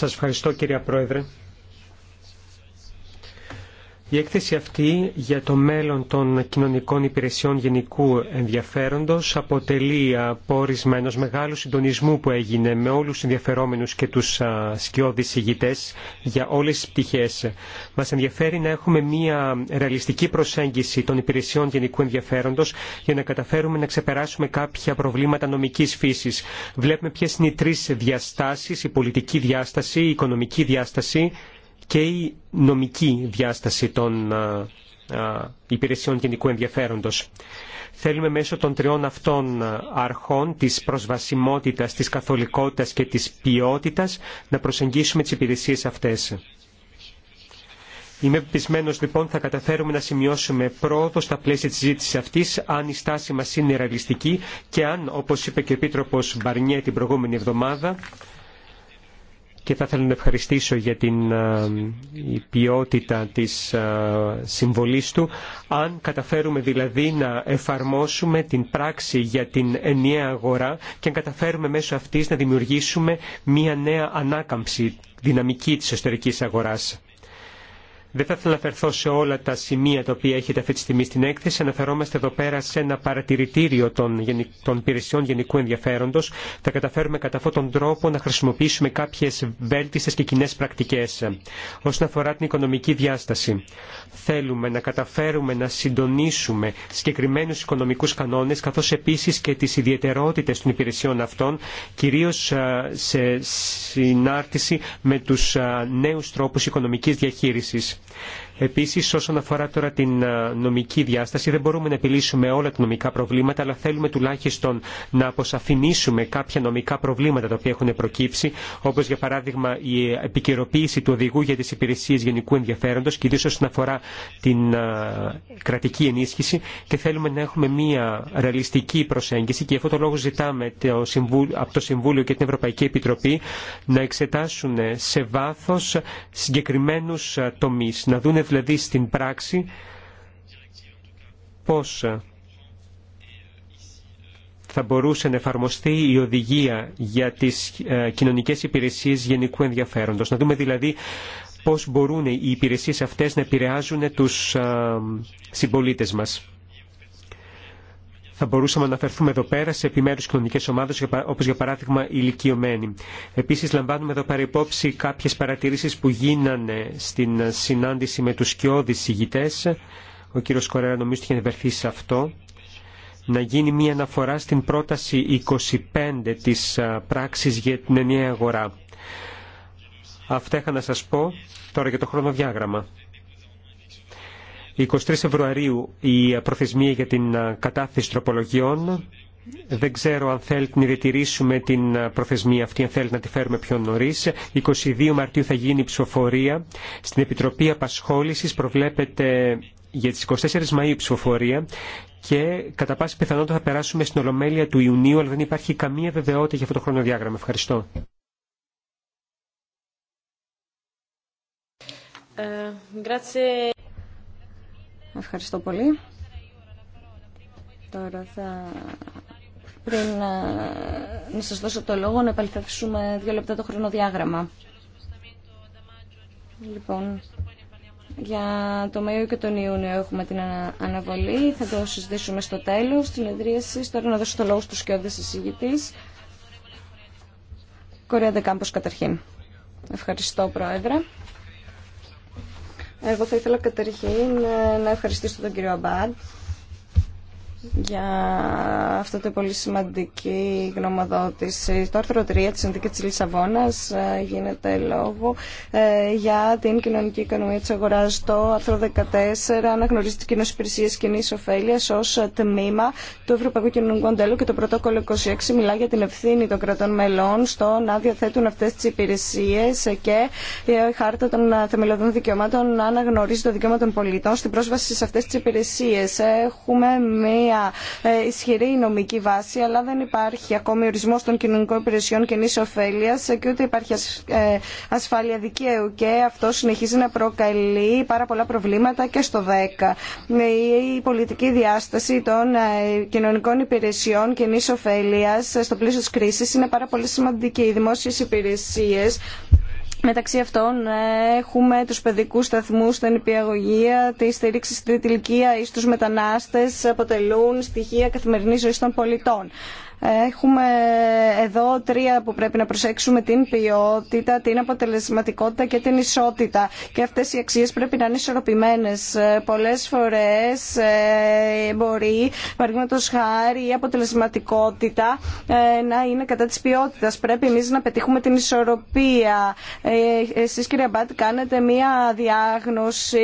ευχαριστώ κυρία Πρόεδρε. Η έκθεση αυτή για το μέλλον των κοινωνικών υπηρεσιών γενικού ενδιαφέροντος αποτελεί πόρισμα ενός μεγάλου συντονισμού που έγινε με όλους τους ενδιαφερόμενους και τους σκιώδεις ηγητές για όλες τις πτυχές. Μας ενδιαφέρει να έχουμε μια ρεαλιστική προσέγγιση των υπηρεσιών γενικού ενδιαφέροντος για να καταφέρουμε να ξεπεράσουμε κάποια προβλήματα νομικής φύσης. Βλέπουμε ποιες είναι οι τρεις διαστάσεις, η πολιτική διάσταση, η οικονομική διάσταση και η νομική διάσταση των υπηρεσιών γενικού ενδιαφέροντος. Θέλουμε μέσω των τριών αυτών αρχών της προσβασιμότητας, της καθολικότητας και της ποιότητας να προσεγγίσουμε τις υπηρεσίες αυτές. Είμαι πεισμένος λοιπόν θα καταφέρουμε να σημειώσουμε πρόοδο στα πλαίσια της ζήτησης αυτής αν η στάση μας είναι ρεαλιστική και αν, όπως είπε και ο Επίτροπος Μπαρνιέ την προηγούμενη εβδομάδα, και θα ήθελα να ευχαριστήσω για την ε, ποιότητα της ε, συμβολής του. Αν καταφέρουμε δηλαδή να εφαρμόσουμε την πράξη για την ενιαία αγορά και αν καταφέρουμε μέσω αυτής να δημιουργήσουμε μία νέα ανάκαμψη δυναμική της εσωτερικής αγοράς. Δεν θα ήθελα να φερθώ σε όλα τα σημεία τα οποία έχετε αυτή τη στιγμή στην έκθεση. Αναφερόμαστε εδώ πέρα σε ένα παρατηρητήριο των, των υπηρεσιών γενικού ενδιαφέροντο. Θα καταφέρουμε κατά αυτόν τον τρόπο να χρησιμοποιήσουμε κάποιε βέλτιστε και κοινέ πρακτικέ. Όσον αφορά την οικονομική διάσταση, θέλουμε να καταφέρουμε να συντονίσουμε συγκεκριμένου οικονομικού κανόνε καθώ επίση και τι ιδιαιτερότητε των υπηρεσιών αυτών, κυρίω σε συνάρτηση με του νέου τρόπου οικονομική διαχείριση. Υπότιτλοι Επίσης, όσον αφορά τώρα την ε, νομική διάσταση, δεν μπορούμε να επιλύσουμε όλα τα νομικά προβλήματα, αλλά θέλουμε τουλάχιστον να αποσαφηνίσουμε κάποια νομικά προβλήματα τα οποία έχουν προκύψει, όπως για παράδειγμα η επικαιροποίηση του οδηγού για τις υπηρεσίες γενικού ενδιαφέροντος, κυρίως όσον αφορά την ε, κρατική ενίσχυση και θέλουμε να έχουμε μία ρεαλιστική προσέγγιση και αυτό λόγο ζητάμε το από το Συμβούλιο και την Ευρωπαϊκή Επιτροπή να εξετάσουν σε βάθος συγκεκριμένους ε, τομείς, να δούνε δηλαδή στην πράξη πώς θα μπορούσε να εφαρμοστεί η οδηγία για τις ε, κοινωνικές υπηρεσίες γενικού ενδιαφέροντος. Να δούμε δηλαδή πώς μπορούν οι υπηρεσίες αυτές να επηρεάζουν τους ε, συμπολίτες μας. Θα μπορούσαμε να αναφερθούμε εδώ πέρα σε επιμέρους κοινωνικές ομάδες, όπως για παράδειγμα οι ηλικιωμένοι. Επίσης λαμβάνουμε εδώ πέρα υπόψη κάποιες παρατηρήσεις που γίνανε στην συνάντηση με τους κοιόδης ηγητές. Ο κύριος Κορέρα νομίζω ότι είχε ανεβερθεί σε αυτό να γίνει μία αναφορά στην πρόταση 25 της πράξης για την ενιαία αγορά. Αυτά είχα να σας πω τώρα για το χρονοδιάγραμμα. 23 Φεβρουαρίου η προθεσμία για την κατάθεση τροπολογιών. Δεν ξέρω αν θέλετε να διατηρήσουμε την προθεσμία αυτή, αν θέλετε να τη φέρουμε πιο νωρί. 22 Μαρτίου θα γίνει η ψηφοφορία. Στην Επιτροπή Απασχόληση προβλέπεται για τις 24 Μαΐου ψηφοφορία και κατά πάση πιθανότητα θα περάσουμε στην Ολομέλεια του Ιουνίου, αλλά δεν υπάρχει καμία βεβαιότητα για αυτό το χρονοδιάγραμμα. Ευχαριστώ. Ε, Ευχαριστώ πολύ. Τώρα θα... Πριν ε, να σας δώσω το λόγο, να επαληθεύσουμε δύο λεπτά το χρονοδιάγραμμα. Λοιπόν, για το Μαΐο και τον Ιούνιο έχουμε την αναβολή. Θα το συζητήσουμε στο τέλος στην συνεδρίασης. Τώρα να δώσω το λόγο στους σκιώδες εισηγητής. Κορέα Δεκάμπος καταρχήν. Ευχαριστώ, Πρόεδρε. Εγώ θα ήθελα καταρχήν να ευχαριστήσω τον κύριο Αμπάντ για αυτό το πολύ σημαντική γνωμοδότηση. Το άρθρο 3 της Συνθήκης τη Λισαβόνας ε, γίνεται λόγο ε, για την κοινωνική οικονομία της αγοράς. Το άρθρο 14 αναγνωρίζει τις κοινές υπηρεσίες κοινή ωφέλεια ως τμήμα του Ευρωπαϊκού Κοινωνικού Αντέλου και το πρωτόκολλο 26 μιλά για την ευθύνη των κρατών μελών στο να διαθέτουν αυτές τις υπηρεσίες και η Χάρτα των Θεμελιωδών Δικαιωμάτων αναγνωρίζει το δικαίωμα των πολιτών στην πρόσβαση σε αυτές τις υπηρεσίες. Έχουμε μία μια ε, ισχυρή νομική βάση, αλλά δεν υπάρχει ακόμη ορισμό των κοινωνικών υπηρεσιών κοινή ωφέλεια και ούτε υπάρχει ε, ασφάλεια δικαίου και αυτό συνεχίζει να προκαλεί πάρα πολλά προβλήματα και στο 10. Ε, η πολιτική διάσταση των κοινωνικών υπηρεσιών κοινή ωφέλεια στο πλαίσιο τη κρίση είναι πάρα πολύ σημαντική. Οι δημόσιε υπηρεσίε Μεταξύ αυτών ε, έχουμε τους παιδικούς σταθμούς, την υπηαγωγία, τη στήριξη στην ηλικία ή στους μετανάστες αποτελούν στοιχεία καθημερινής ζωής των πολιτών. Έχουμε εδώ τρία που πρέπει να προσέξουμε την ποιότητα, την αποτελεσματικότητα και την ισότητα. Και αυτές οι αξίες πρέπει να είναι ισορροπημένες. Ε, πολλές φορές ε, μπορεί, παραδείγματος χάρη, η αποτελεσματικότητα ε, να είναι κατά της ποιότητας. Πρέπει εμείς να πετύχουμε την ισορροπία. Εσείς κυρία Μπάτ κάνετε μία διάγνωση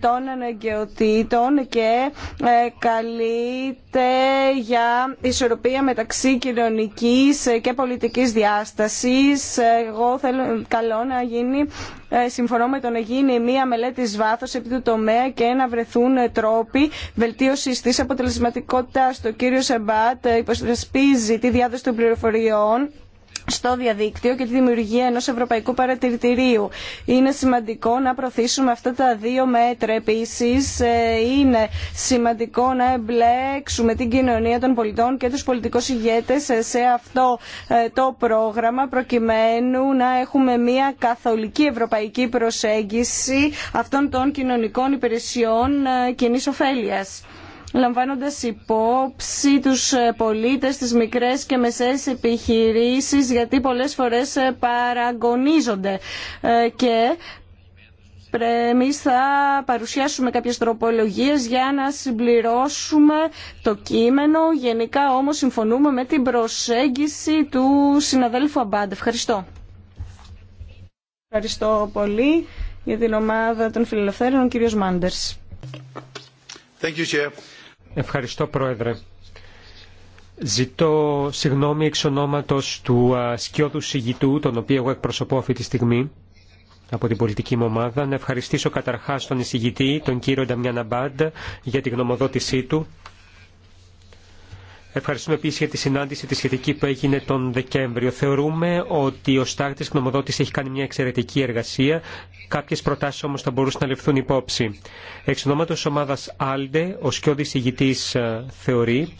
των αναγκαιοτήτων και καλείτε για ισορροπία μεταξύ κοινωνικής και πολιτικής διάστασης. Εγώ θέλω καλό να γίνει, ε, συμφωνώ με το να γίνει μια μελέτη βάθος επί του τομέα και να βρεθούν τρόποι βελτίωσης της αποτελεσματικότητας. Το κύριο Σεμπάτ ε, υποσπίζει τη διάδοση των πληροφοριών στο διαδίκτυο και τη δημιουργία ενός ευρωπαϊκού παρατηρητηρίου. Είναι σημαντικό να προωθήσουμε αυτά τα δύο μέτρα. Επίσης, ε, είναι σημαντικό να εμπλέξουμε την κοινωνία των πολιτών και τους πολιτικούς ηγέτες σε αυτό ε, το πρόγραμμα προκειμένου να έχουμε μια καθολική ευρωπαϊκή προσέγγιση αυτών των κοινωνικών υπηρεσιών ε, κοινή ωφέλεια λαμβάνοντας υπόψη τους ε, πολίτες, τις μικρές και μεσαίες επιχειρήσεις, γιατί πολλές φορές ε, παραγωνίζονται ε, και Εμεί θα παρουσιάσουμε κάποιες τροπολογίες για να συμπληρώσουμε το κείμενο. Γενικά όμως συμφωνούμε με την προσέγγιση του συναδέλφου Αμπάντ. Ευχαριστώ. Ευχαριστώ πολύ για την ομάδα των φιλελευθέρων, κύριο κύριος Μάντερς. Thank you, Ευχαριστώ Πρόεδρε. Ζητώ συγγνώμη εξ ονόματος του Σκιώδου Σιγητού, τον οποίο εγώ εκπροσωπώ αυτή τη στιγμή από την πολιτική μου ομάδα. Να ευχαριστήσω καταρχάς τον εισηγητή, τον κύριο Νταμιάν Αμπάντ, για τη γνωμοδότησή του Ευχαριστούμε επίση για τη συνάντηση τη σχετική που έγινε τον Δεκέμβριο. Θεωρούμε ότι ο στάκτη γνωμοδότη έχει κάνει μια εξαιρετική εργασία. Κάποιε προτάσει όμω θα μπορούσαν να ληφθούν υπόψη. Εξ ονόματο ομάδα Άλντε, ο σκιώδη ηγητή ε, θεωρεί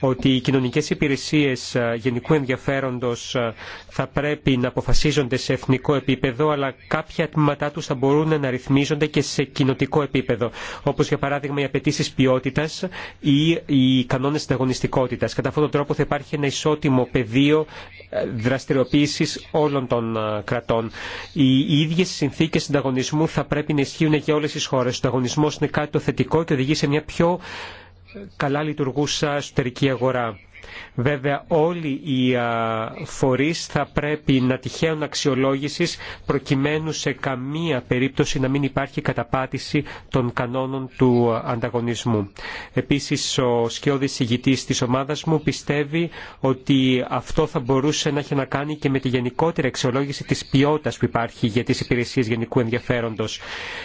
ότι οι κοινωνικές υπηρεσίες ε, γενικού ενδιαφέροντος ε, θα πρέπει να αποφασίζονται σε εθνικό επίπεδο, αλλά κάποια τμήματά τους θα μπορούν να ρυθμίζονται και σε κοινοτικό επίπεδο, όπως για παράδειγμα οι απαιτήσει ποιότητας ή οι κανόνες συνταγωνιστικότητας. Κατά αυτόν τον τρόπο θα υπάρχει ένα ισότιμο πεδίο ε, δραστηριοποίησης όλων των κρατών. Οι ίδιες συνθήκες συνταγωνισμού θα πρέπει να ισχύουν για όλε τις χώρες. Ο συνταγωνισμό είναι κάτι το θετικό και οδηγεί σε μια πιο καλά λειτουργούσα εσωτερική αγορά. Βέβαια όλοι οι φορείς θα πρέπει να τυχαίουν αξιολόγησης προκειμένου σε καμία περίπτωση να μην υπάρχει καταπάτηση των κανόνων του ανταγωνισμού. Επίσης ο σκιώδης ηγητής της ομάδας μου πιστεύει ότι αυτό θα μπορούσε να έχει να κάνει και με τη γενικότερη αξιολόγηση της ποιότητας που υπάρχει για τις υπηρεσίες γενικού ενδιαφέροντος.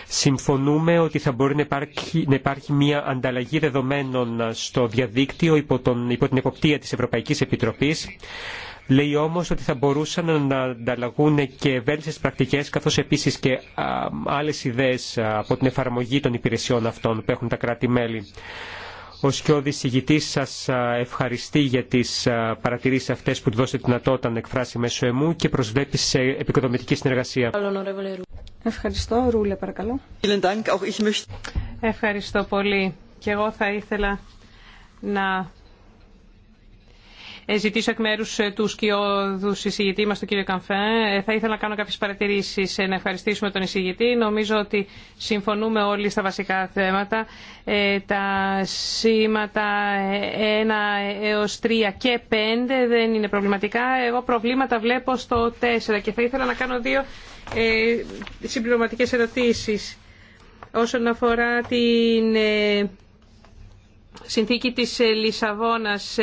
Συμφωνούμε ότι θα μπορεί να υπάρχει, να μια ανταλλαγή δεδομένων στο διαδίκτυο υπό, τον, υπό την εποπτεία της Ευρωπαϊκής Επιτροπής Λέει όμως ότι θα μπορούσαν να ανταλλαγούν και ευέλθυνες πρακτικές καθώς επίσης και άλλες ιδέες από την εφαρμογή των υπηρεσιών αυτών που έχουν τα κράτη-μέλη. Ο Σκιώδης ηγητής σας ευχαριστεί για τις παρατηρήσεις αυτές που του δώσετε δυνατότητα να εκφράσει μέσω εμού και προσβλέπει σε επικοδομητική συνεργασία. Ευχαριστώ. Ρούλε, παρακαλώ. Ευχαριστώ πολύ. Και εγώ θα ήθελα να ε, ζητήσω εκ μέρου ε, του σκιώδου εισηγητή μα, τον κύριο Καμφέ. Ε, θα ήθελα να κάνω κάποιε παρατηρήσει. Να ευχαριστήσουμε τον εισηγητή. Νομίζω ότι συμφωνούμε όλοι στα βασικά θέματα. Τα σήματα 1 έω 3 και 5 δεν είναι προβληματικά. Εγώ προβλήματα βλέπω στο 4 και θα ήθελα να κάνω δύο συμπληρωματικέ ερωτήσει. Όσον αφορά την συνθήκη της Λισαβόνας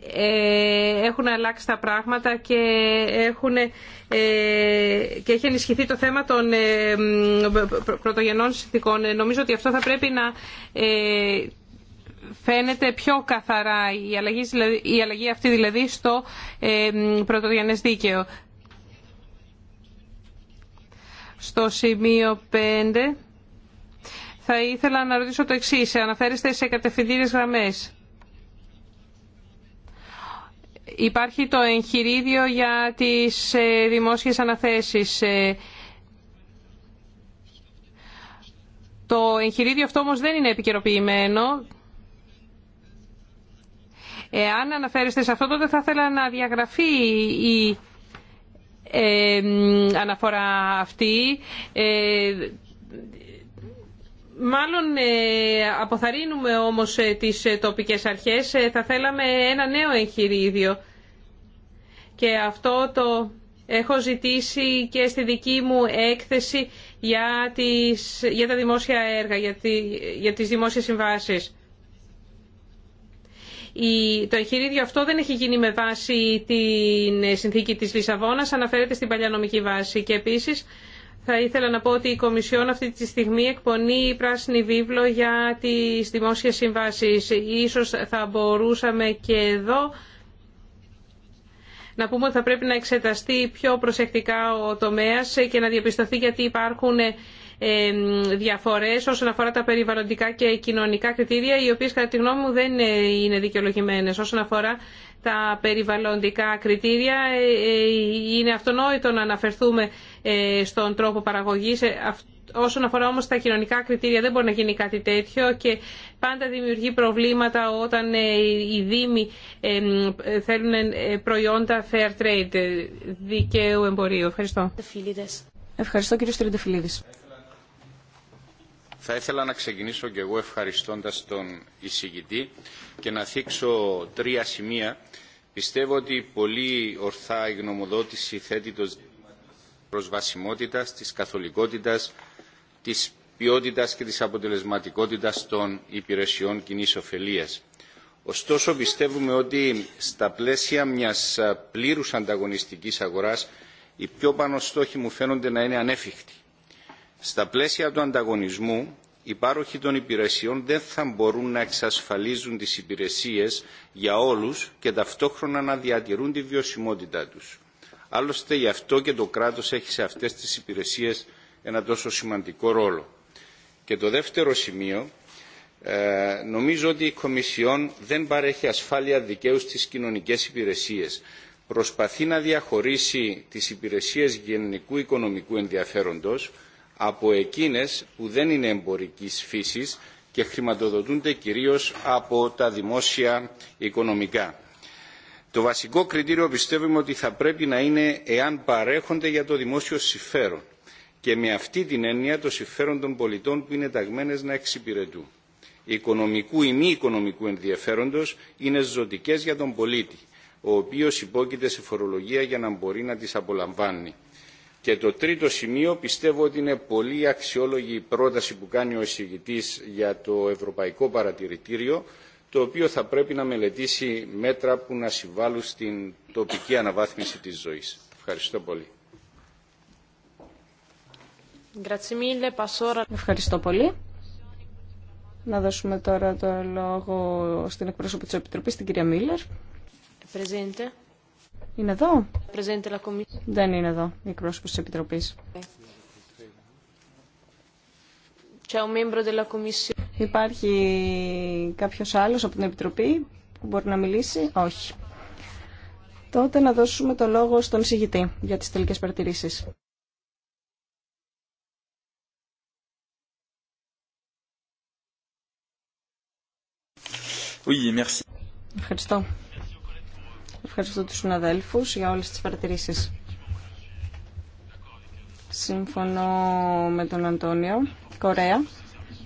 ε, έχουν αλλάξει τα πράγματα και, έχουν, ε, και έχει ενισχυθεί το θέμα των ε, πρωτογενών συνθήκων. Νομίζω ότι αυτό θα πρέπει να φαίνεται πιο καθαρά η αλλαγή, η αυτή δηλαδή στο πρωτογενές δίκαιο. Στο σημείο 5 θα ήθελα να ρωτήσω το εξής. Αναφέρεστε σε κατευθυντήριες γραμμές. Υπάρχει το εγχειρίδιο για τις ε, δημόσιες αναθέσεις. Ε, το εγχειρίδιο αυτό όμως δεν είναι επικαιροποιημένο. Εάν αναφέρεστε σε αυτό, τότε θα ήθελα να διαγραφεί η ε, αναφορά αυτή. Μάλλον ε, αποθαρρύνουμε όμως ε, τις ε, τοπικές αρχές. Θα θέλαμε ένα νέο εγχειρίδιο. Και αυτό το έχω ζητήσει και στη δική μου έκθεση για, τις, για τα δημόσια έργα, για, τη, για τις δημόσιες συμβάσεις. Η, το εγχειρίδιο αυτό δεν έχει γίνει με βάση την συνθήκη της Λισαβόνας, αναφέρεται στην παλιά νομική βάση. Και επίσης θα ήθελα να πω ότι η Κομισιόν αυτή τη στιγμή εκπονεί πράσινη βίβλο για τις δημόσιες συμβάσεις. Ίσως θα μπορούσαμε και εδώ να πούμε ότι θα πρέπει να εξεταστεί πιο προσεκτικά ο τομέας και να διαπιστωθεί γιατί υπάρχουν διαφορές όσον αφορά τα περιβαλλοντικά και κοινωνικά κριτήρια, οι οποίες κατά τη γνώμη μου δεν είναι δικαιολογημένες. Όσον αφορά τα περιβαλλοντικά κριτήρια, ε, ε, είναι αυτονόητο να αναφερθούμε ε, στον τρόπο παραγωγής. Ε, όσον αφορά όμως τα κοινωνικά κριτήρια δεν μπορεί να γίνει κάτι τέτοιο και πάντα δημιουργεί προβλήματα όταν ε, οι δήμοι θέλουν προϊόντα fair trade, δικαίου εμπορίου. Ευχαριστώ. Ευχαριστώ κύριε Στριντεφιλίδης. Θα ήθελα να ξεκινήσω και εγώ ευχαριστώντας τον εισηγητή και να θίξω τρία σημεία. Πιστεύω ότι πολύ ορθά η γνωμοδότηση θέτει το προσβασιμότητας, της καθολικότητας, της ποιότητας και της αποτελεσματικότητας των υπηρεσιών κοινή ωφελία. Ωστόσο πιστεύουμε ότι στα πλαίσια μιας πλήρους ανταγωνιστικής αγοράς οι πιο πάνω στόχοι μου φαίνονται να είναι ανέφικτοι. Στα πλαίσια του ανταγωνισμού οι πάροχοι των υπηρεσιών δεν θα μπορούν να εξασφαλίζουν τις υπηρεσίες για όλους και ταυτόχρονα να διατηρούν τη βιωσιμότητά τους. Άλλωστε γι' αυτό και το κράτος έχει σε αυτές τις υπηρεσίες ένα τόσο σημαντικό ρόλο. Και το δεύτερο σημείο, ε, νομίζω ότι η Κομισιόν δεν παρέχει ασφάλεια δικαίου στις κοινωνικές υπηρεσίες. Προσπαθεί να διαχωρίσει τις υπηρεσίες γενικού οικονομικού ενδιαφέροντος από εκείνες που δεν είναι εμπορικής φύσης και χρηματοδοτούνται κυρίως από τα δημόσια οικονομικά. Το βασικό κριτήριο πιστεύουμε ότι θα πρέπει να είναι εάν παρέχονται για το δημόσιο συμφέρον και με αυτή την έννοια το συμφέρον των πολιτών που είναι ταγμένες να εξυπηρετούν. Οικονομικού ή μη οικονομικού ενδιαφέροντος είναι ζωτικές για τον πολίτη, ο οποίος υπόκειται σε φορολογία για να μπορεί να τις απολαμβάνει. Και το τρίτο σημείο πιστεύω ότι είναι πολύ αξιόλογη η πρόταση που κάνει ο εισηγητής για το Ευρωπαϊκό Παρατηρητήριο, το οποίο θα πρέπει να μελετήσει μέτρα που να συμβάλλουν στην τοπική αναβάθμιση της ζωής. Ευχαριστώ πολύ. Ευχαριστώ πολύ. Να δώσουμε τώρα το λόγο στην εκπρόσωπο της Επιτροπής, την κυρία Μίλλερ. Είναι εδώ. Δεν είναι εδώ η εκπρόσωπος της Επιτροπής. Ε. Υπάρχει κάποιος άλλος από την Επιτροπή που μπορεί να μιλήσει. Όχι. Τότε να δώσουμε το λόγο στον εισηγητή για τις τελικές παρατηρήσεις. Ευχαριστώ. Ευχαριστώ τους συναδέλφους για όλες τις παρατηρήσεις. Σύμφωνο με τον Αντώνιο Κορέα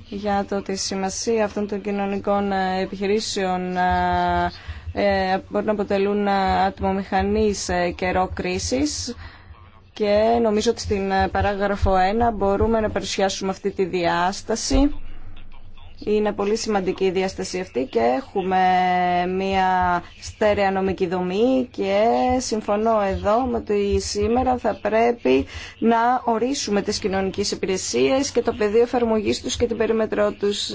για το ότι η σημασία αυτών των κοινωνικών ε, επιχειρήσεων ε, ε, μπορεί να αποτελούν ατμομηχανής καιρό κρίσης και νομίζω ότι στην παράγραφο 1 μπορούμε να παρουσιάσουμε αυτή τη διάσταση είναι πολύ σημαντική η διάσταση αυτή και έχουμε μια στέρεα νομική δομή και συμφωνώ εδώ με το ότι σήμερα θα πρέπει να ορίσουμε τις κοινωνικές υπηρεσίες και το πεδίο εφαρμογή τους και την περίμετρό τους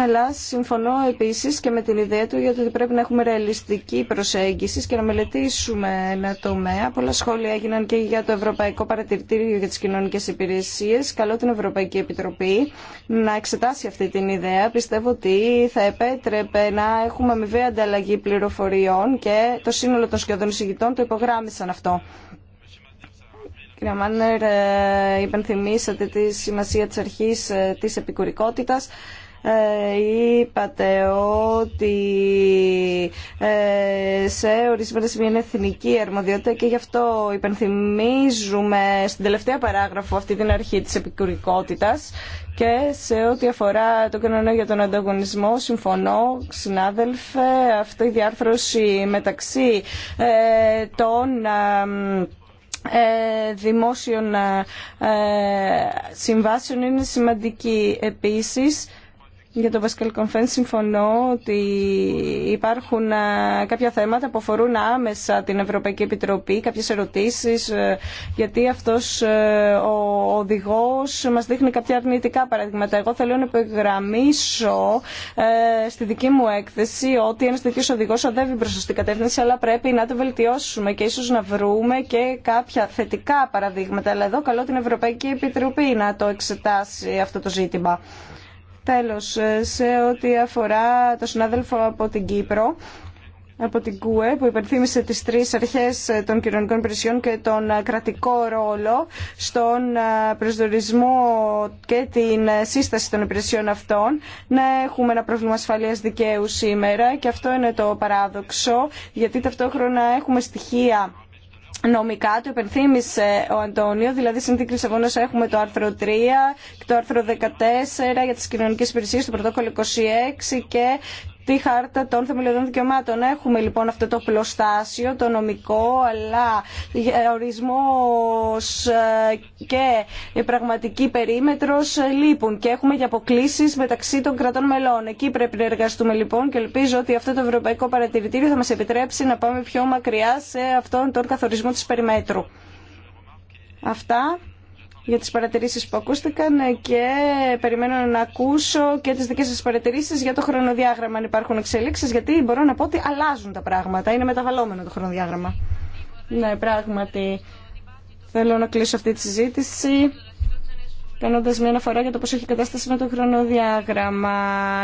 αλλά συμφωνώ επίση και με την ιδέα του για το ότι πρέπει να έχουμε ρεαλιστική προσέγγιση και να μελετήσουμε ένα τομέα. Πολλά σχόλια έγιναν και για το Ευρωπαϊκό Παρατηρητήριο για τι κοινωνικέ Υπηρεσίε. Καλώ την Ευρωπαϊκή Επιτροπή να εξετάσει αυτή την ιδέα. Πιστεύω ότι θα επέτρεπε να έχουμε αμοιβαία ανταλλαγή πληροφοριών και το σύνολο των σχεδόν εισηγητών το υπογράμμισαν αυτό. Κύριε Μάνερ, ε, υπενθυμίσατε τη σημασία τη αρχής ε, της επικουρικότητας ε, είπατε ότι ε, σε ορισμένα σημεία είναι εθνική αρμοδιότητα και γι' αυτό υπενθυμίζουμε στην τελευταία παράγραφο αυτή την αρχή της επικουρικότητας και σε ό,τι αφορά το κοινωνό για τον ανταγωνισμό, συμφωνώ, συνάδελφε, αυτή η διάρθρωση μεταξύ ε, των δημόσιων συμβάσεων είναι σημαντική επίσης για το Βασκαλ Κομφέν συμφωνώ ότι υπάρχουν ε, κάποια θέματα που αφορούν άμεσα την Ευρωπαϊκή Επιτροπή, κάποιες ερωτήσεις, ε, γιατί αυτός ε, ο οδηγός μας δείχνει κάποια αρνητικά παραδείγματα. Εγώ θέλω να υπογραμμίσω στη δική μου έκθεση ότι ένας τέτοιος οδηγός οδεύει μπροστά την κατεύθυνση, αλλά πρέπει να το βελτιώσουμε και ίσως να βρούμε και κάποια θετικά παραδείγματα. Αλλά εδώ καλώ την Ευρωπαϊκή Επιτροπή να το εξετάσει αυτό το ζήτημα. Τέλος, ε, σε ό,τι αφορά το συνάδελφο από την Κύπρο, από την ΚΟΕ που υπενθύμησε τις τρεις αρχές ε, των κοινωνικών υπηρεσιών και τον ε, κρατικό ρόλο στον προσδορισμό και την σύσταση των υπηρεσιών αυτών. Να έχουμε ένα πρόβλημα ασφαλείας δικαίου σήμερα και αυτό είναι το παράδοξο γιατί ταυτόχρονα έχουμε στοιχεία νομικά, το επενθύμησε ο Αντώνιο, δηλαδή συνθήκη Λισαβόνα έχουμε το άρθρο 3, και το άρθρο 14 για τις κοινωνικές υπηρεσίες, το πρωτόκολλο 26 και τη χάρτα των θεμελιωδών δικαιωμάτων. Έχουμε λοιπόν αυτό το πλωστάσιο, το νομικό, αλλά ορισμό ε, και η πραγματική περίμετρος ε, λείπουν και έχουμε και αποκλήσει μεταξύ των κρατών μελών. Εκεί πρέπει να εργαστούμε λοιπόν και ελπίζω ότι αυτό το Ευρωπαϊκό Παρατηρητήριο θα μας επιτρέψει να πάμε πιο μακριά σε αυτόν τον καθορισμό τη περιμέτρου. Αυτά για τις παρατηρήσεις που ακούστηκαν και περιμένω να ακούσω και τις δικές σας παρατηρήσεις για το χρονοδιάγραμμα αν υπάρχουν εξελίξεις γιατί μπορώ να πω ότι αλλάζουν τα πράγματα, είναι μεταβαλλόμενο το χρονοδιάγραμμα. Ναι, πράγματι θέλω να κλείσω αυτή τη συζήτηση κάνοντας μια αναφορά για το πώς έχει κατάσταση με το χρονοδιάγραμμα.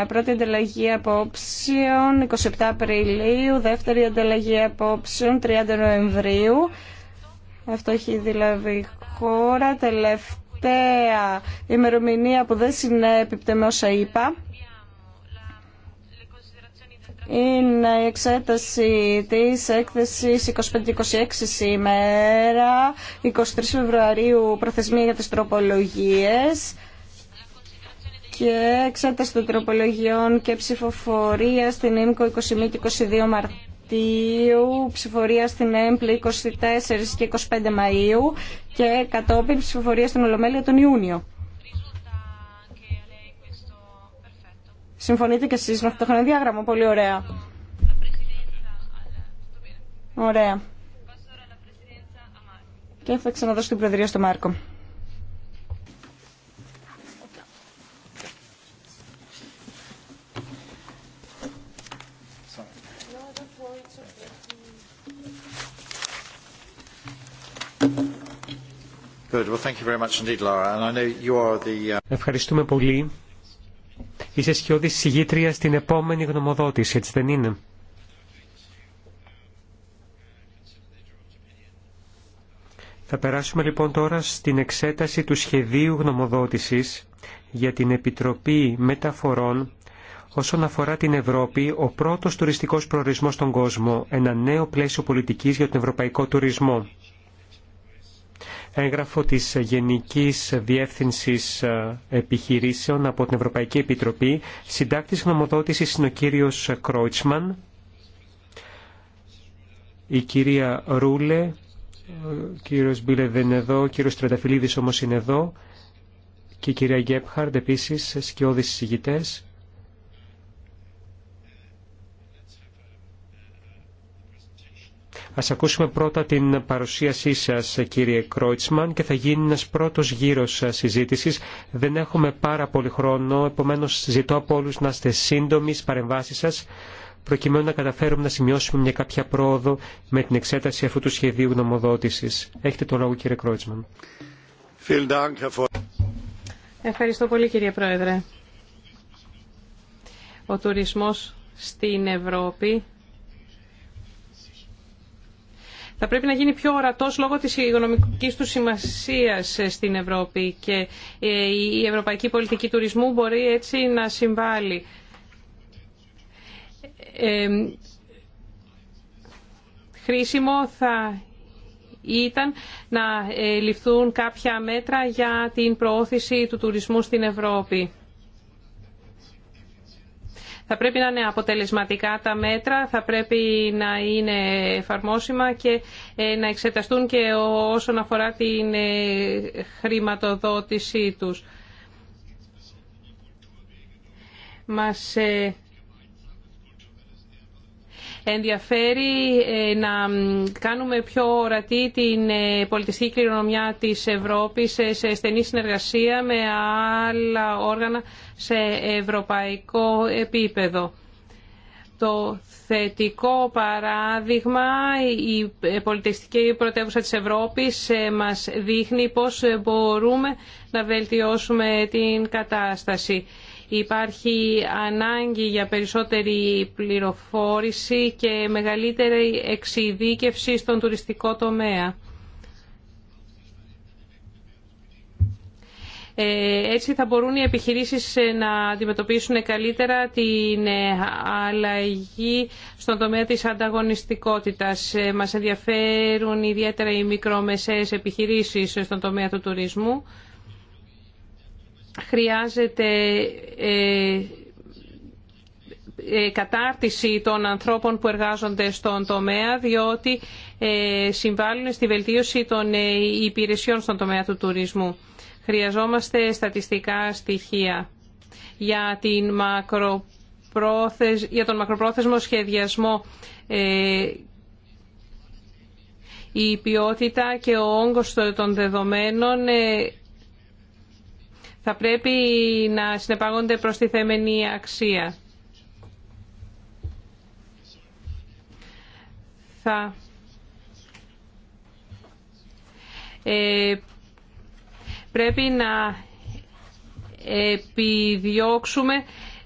Πρώτη ανταλλαγή απόψεων 27 Απριλίου, δεύτερη ανταλλαγή απόψεων 30 Νοεμβρίου. Αυτό έχει δηλαδή χώρα τελευταία ημερομηνία που δεν συνέπιπτε με όσα είπα. Είναι η εξέταση της έκθεσης 25-26 σήμερα, 23 Φεβρουαρίου προθεσμία για τις τροπολογίες και εξέταση των τροπολογιών και ψηφοφορία στην ΕΜΚΟ 21 22 Μαρτίου. Μαρτίου, ψηφορία στην έμπλη 24 και 25 Μαΐου και κατόπιν ψηφορία στην Ολομέλεια τον Ιούνιο. Συμφωνείτε και εσείς με αυτό το χρονοδιάγραμμα. Πολύ ωραία. Ωραία. Και θα ξαναδώσω την Προεδρία στο Μάρκο. Ευχαριστούμε πολύ. Είσαι σχεδόν συγγήτρια στην επόμενη γνωμοδότηση, έτσι δεν είναι. Θα περάσουμε λοιπόν τώρα στην εξέταση του σχεδίου γνωμοδότησης για την Επιτροπή Μεταφορών όσον αφορά την Ευρώπη, ο πρώτος τουριστικός προορισμός στον κόσμο, ένα νέο πλαίσιο πολιτικής για τον ευρωπαϊκό τουρισμό έγγραφο της Γενικής Διεύθυνσης ε, Επιχειρήσεων από την Ευρωπαϊκή Επιτροπή. Συντάκτης γνωμοδότησης είναι ο κύριος Κρόιτσμαν, η κυρία Ρούλε, ε, ο κύριος Μπίλε δεν είναι εδώ, ο κύριος Τρενταφυλλίδης όμως είναι εδώ και η κυρία Γκέπχαρντ επίσης σκιώδης συζητητές. Ας ακούσουμε πρώτα την παρουσίασή σας κύριε Κρόιτσμαν και θα γίνει ένας πρώτος γύρος συζήτησης. Δεν έχουμε πάρα πολύ χρόνο, επομένως ζητώ από όλους να είστε σύντομοι στις παρεμβάσεις σας προκειμένου να καταφέρουμε να σημειώσουμε μια κάποια πρόοδο με την εξέταση αυτού του σχεδίου γνωμοδότησης. Έχετε το λόγο κύριε Κρόιτσμαν. Ευχαριστώ πολύ κύριε Πρόεδρε. Ο τουρισμός στην Ευρώπη θα πρέπει να γίνει πιο ορατός λόγω της οικονομικής του σημασίας ε, στην Ευρώπη και ε, η ευρωπαϊκή πολιτική τουρισμού μπορεί έτσι να συμβάλλει. Ε, χρήσιμο θα ήταν να ληφθούν κάποια μέτρα για την προώθηση του τουρισμού στην Ευρώπη. Θα πρέπει να είναι αποτελεσματικά τα μέτρα, θα πρέπει να είναι εφαρμόσιμα και ε, να εξεταστούν και όσον αφορά την ε, χρηματοδότησή τους. Ε, ενδιαφέρει ε, να κάνουμε πιο ορατή την ε, πολιτιστική κληρονομιά της Ευρώπης σε στενή συνεργασία με άλλα όργανα σε ευρωπαϊκό επίπεδο. Το θετικό παράδειγμα, η ε, πολιτιστική πρωτεύουσα της Ευρώπης μας δείχνει πώς μπορούμε να βελτιώσουμε την κατάσταση. Υπάρχει ανάγκη για περισσότερη πληροφόρηση και μεγαλύτερη εξειδίκευση στον τουριστικό τομέα. Ε, έτσι θα μπορούν οι επιχειρήσεις ε, να αντιμετωπίσουν καλύτερα την ε, αλλαγή στον τομέα της ανταγωνιστικότητας. Μας ενδιαφέρουν ιδιαίτερα οι μικρομεσαίες επιχειρήσεις στον τομέα του τουρισμού χρειάζεται ε, ε, κατάρτιση των ανθρώπων που εργάζονται στον τομέα διότι ε, συμβάλλουν στη βελτίωση των υπηρεσιών στον τομέα του τουρισμού. Χρειαζόμαστε στατιστικά στοιχεία για, την για τον μακροπρόθεσμο σχεδιασμό η ποιότητα και ο όγκος των δεδομένων θα πρέπει να συνεπαγόνται προς τη θέμενη αξία. Θα... Ε, πρέπει να επιδιώξουμε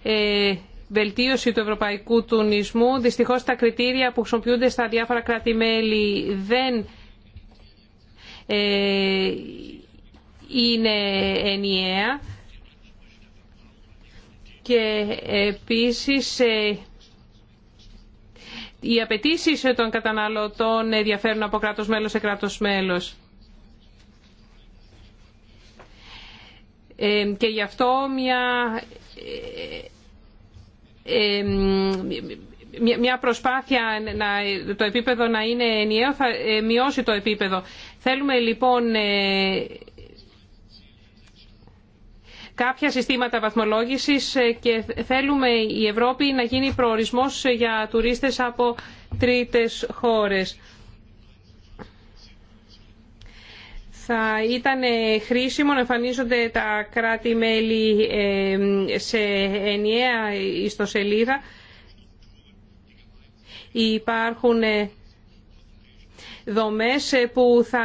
ε, βελτίωση του ευρωπαϊκού τουνισμού. Δυστυχώς τα κριτήρια που χρησιμοποιούνται στα διάφορα κράτη-μέλη δεν ε, είναι ενιαία και επίσης ε, οι απαιτήσει των καταναλωτών διαφέρουν από κράτος μέλος σε κράτος μέλος. Ε, και γι' αυτό ε, μια, μια προσπάθεια να, το επίπεδο να είναι ενιαίο θα μειώσει το επίπεδο. Θέλουμε λοιπόν κάποια συστήματα βαθμολόγησης ε, και θέλουμε η Ευρώπη να γίνει προορισμός για τουρίστες από τρίτες χώρες. θα ήταν χρήσιμο να εμφανίζονται τα κράτη-μέλη ε, σε ενιαία ιστοσελίδα. Υπάρχουν ε, δομές ε, που θα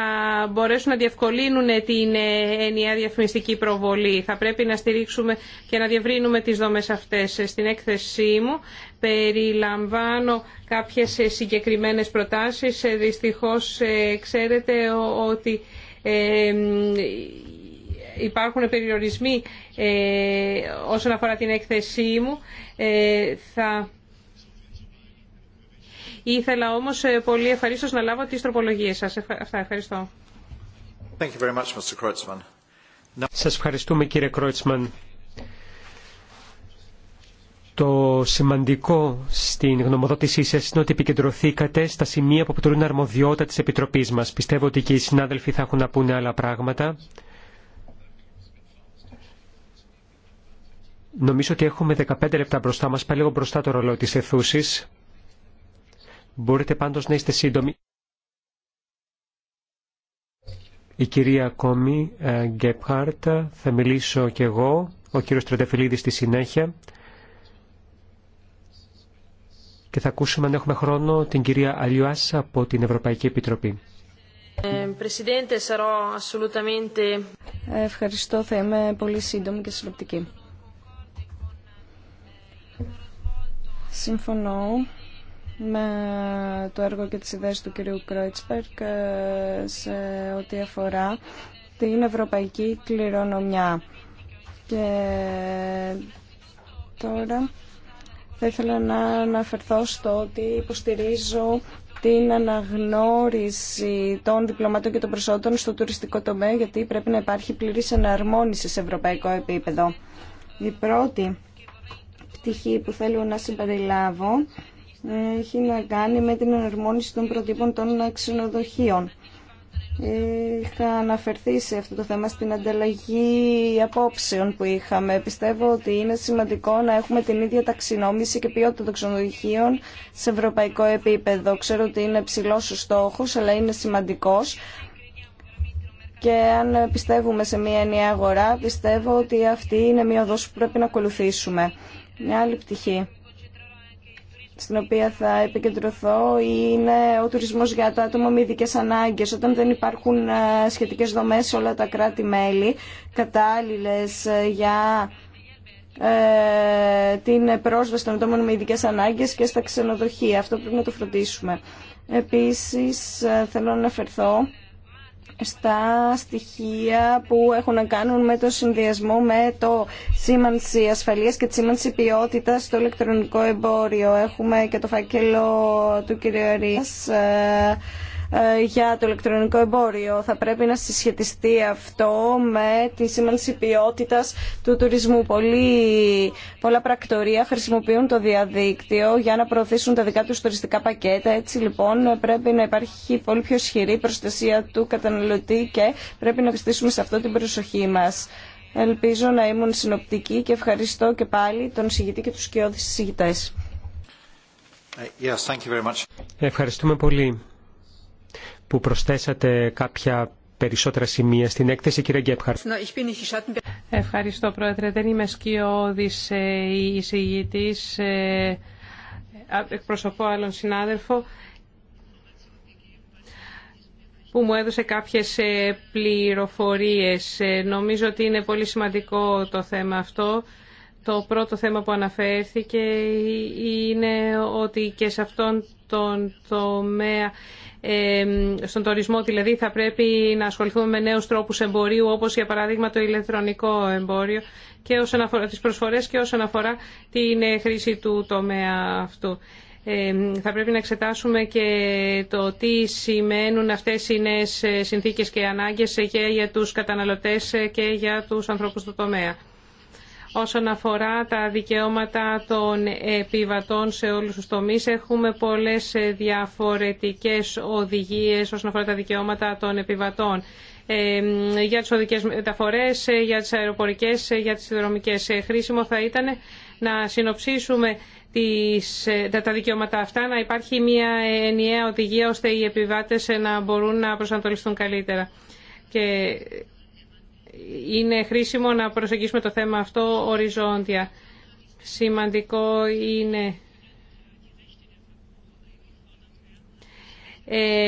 μπορέσουν να διευκολύνουν ε, την ε, ενιαία διαφημιστική προβολή. Θα πρέπει να στηρίξουμε και να διευρύνουμε τις δομές αυτές. Στην έκθεσή μου περιλαμβάνω κάποιες συγκεκριμένες προτάσεις. Δυστυχώς ξέρετε ότι υπάρχουν περιορισμοί όσον αφορά την έκθεσή μου. Θα Ήθελα όμω ε, πολύ ευχαριστώ να λάβω τι τροπολογίε σα. Αυτά, ευχαριστώ. Σα Σας ευχαριστούμε κύριε Κρότσμαν. Το σημαντικό στην γνωμοδότησή σα είναι ότι επικεντρωθήκατε στα σημεία που αποτελούν αρμοδιότητα τη Επιτροπή μα. Πιστεύω ότι και οι συνάδελφοι θα έχουν να πούνε άλλα πράγματα. Νομίζω ότι έχουμε 15 λεπτά μπροστά μας, πάει λίγο μπροστά το ρολόι της αιθούσης. Μπορείτε πάντως να είστε σύντομοι. Η κυρία Κόμη Γκέπχαρτ, ε, θα μιλήσω και εγώ, ο κύριος Τρεντεφυλλίδης στη συνέχεια και θα ακούσουμε αν έχουμε χρόνο την κυρία Αλιουάσα από την Ευρωπαϊκή Επιτροπή. Ε, Ευχαριστώ, θα είμαι πολύ σύντομη και συλλοπτική. Συμφωνώ με το έργο και τις ιδέες του κυρίου Κρόιτσπερκ ε, σε ό,τι αφορά την ευρωπαϊκή κληρονομιά. Και τώρα θα ήθελα να αναφερθώ στο ότι υποστηρίζω την αναγνώριση των διπλωμάτων και των προσώπων στο τουριστικό τομέα, γιατί πρέπει να υπάρχει πλήρης εναρμόνιση σε ευρωπαϊκό επίπεδο. Η πρώτη πτυχή που θέλω να συμπεριλάβω έχει να κάνει με την εναρμόνιση των προτύπων των ξενοδοχείων. Είχα αναφερθεί σε αυτό το θέμα στην ανταλλαγή απόψεων που είχαμε. Πιστεύω ότι είναι σημαντικό να έχουμε την ίδια ταξινόμηση και ποιότητα των ξενοδοχείων σε ευρωπαϊκό επίπεδο. Ξέρω ότι είναι ψηλό ο στόχο, αλλά είναι σημαντικό. Και αν πιστεύουμε σε μια ενιαία αγορά, πιστεύω ότι αυτή είναι μια οδός που πρέπει να ακολουθήσουμε. Μια άλλη πτυχή στην οποία θα επικεντρωθώ είναι ο τουρισμός για τα άτομα με ειδικέ ανάγκες. Όταν δεν υπάρχουν ε, σχετικές δομές σε όλα τα κράτη-μέλη κατάλληλες ε, για ε, την πρόσβαση των ατόμων με ειδικέ ανάγκες και στα ξενοδοχεία. Αυτό πρέπει να το φροντίσουμε. Επίσης θέλω να αναφερθώ στα στοιχεία που έχουν να κάνουν με το συνδυασμό με το σήμανση ασφαλείας και τη σήμανση ποιότητας στο ηλεκτρονικό εμπόριο. Έχουμε και το φάκελο του κ. Ε, για το ηλεκτρονικό εμπόριο. Θα πρέπει να συσχετιστεί αυτό με τη σήμανση ποιότητα του τουρισμού. πολλά πρακτορία χρησιμοποιούν το διαδίκτυο για να προωθήσουν τα δικά του τουριστικά πακέτα. Έτσι λοιπόν πρέπει να υπάρχει πολύ πιο ισχυρή προστασία του καταναλωτή και πρέπει να πιστήσουμε σε αυτό την προσοχή μα. Ελπίζω να ήμουν συνοπτική και ευχαριστώ και πάλι τον συγητή και του συγητές. Ευχαριστούμε πολύ που προσθέσατε κάποια περισσότερα σημεία στην έκθεση. Κύριε Γκέπχαρτ. Ευχαριστώ, Πρόεδρε. Δεν είμαι σκιώδης ε, εισηγητής. Ε, εκπροσωπώ άλλον συνάδελφο που μου έδωσε κάποιες ε, πληροφορίες. Νομίζω ότι είναι πολύ σημαντικό το θέμα αυτό. Το πρώτο θέμα που αναφέρθηκε είναι ότι και σε αυτόν τον τομέα στον τουρισμό δηλαδή θα πρέπει να ασχοληθούμε με νέους τρόπους εμπορίου όπως για παράδειγμα το ηλεκτρονικό εμπόριο και όσον αφορά τις προσφορές και όσον αφορά την ε, χρήση του τομέα αυτού. Θα πρέπει να εξετάσουμε και το τι σημαίνουν αυτές οι νέες ε, συνθήκες και ανάγκες ε, και για τους καταναλωτές και για τους ανθρώπους του τομέα. Όσον αφορά τα δικαιώματα των επιβατών σε όλους τους τομείς, έχουμε πολλές διαφορετικές οδηγίες όσον αφορά τα δικαιώματα των επιβατών. για τις οδικές μεταφορές, για τις αεροπορικές, για τις συνδρομικές. χρήσιμο θα ήταν να συνοψίσουμε τις, τα δικαιώματα αυτά, να υπάρχει μια ενιαία οδηγία ώστε οι επιβάτες να μπορούν να προσανατολιστούν καλύτερα είναι χρήσιμο να προσεγγίσουμε το θέμα αυτό οριζόντια. Σημαντικό είναι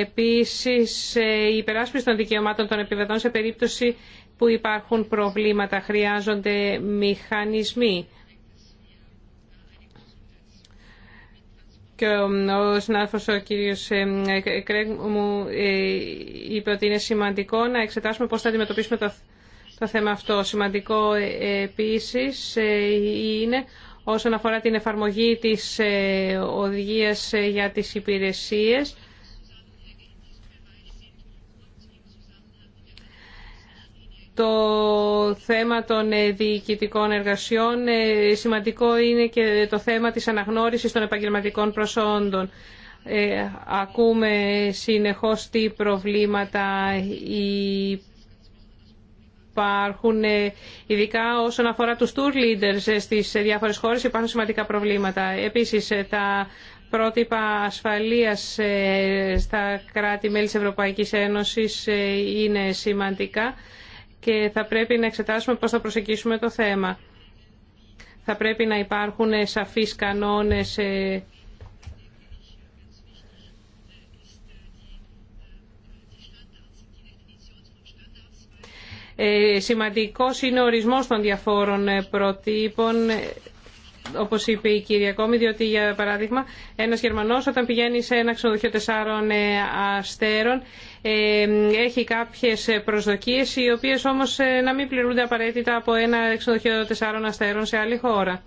επίσης ε, η υπεράσπιση των δικαιωμάτων των επιβεβαιών σε περίπτωση που υπάρχουν προβλήματα, χρειάζονται μηχανισμοί. Και ο συνάδελφος ο κύριος ε, ε, Κρέγ μου είπε ότι είναι σημαντικό να εξετάσουμε πώς θα αντιμετωπίσουμε το το θέμα αυτό. Σημαντικό ε, επίσης ε, είναι όσον αφορά την εφαρμογή της ε, οδηγίας για τις υπηρεσίες. Το θέμα των διοικητικών εργασιών σημαντικό είναι και το θέμα της αναγνώρισης των επαγγελματικών προσόντων. Ακούμε συνεχώς τι προβλήματα υπάρχουν, ε, ειδικά όσον αφορά τους tour leaders ε, στις διάφορες χώρες, υπάρχουν σημαντικά προβλήματα. Επίσης, ε, τα πρότυπα ασφαλείας στα κράτη-μέλη της Ευρωπαϊκής Ένωσης είναι σημαντικά και θα πρέπει να εξετάσουμε πώς θα προσεγγίσουμε το θέμα. Θα πρέπει να υπάρχουν σαφείς κανόνες Ε, σημαντικός είναι ο ορισμός των διαφόρων ε, προτύπων ε, όπως είπε η κυρία Κόμη, διότι για παράδειγμα ένας Γερμανός όταν πηγαίνει σε ένα ξενοδοχείο τεσσάρων αστέρων έχει κάποιες προσδοκίες, οι οποίε όμω να μην πληρούνται απαραίτητα από ένα ξενοδοχείο τεσσάρων αστέρων σε άλλη χώρα.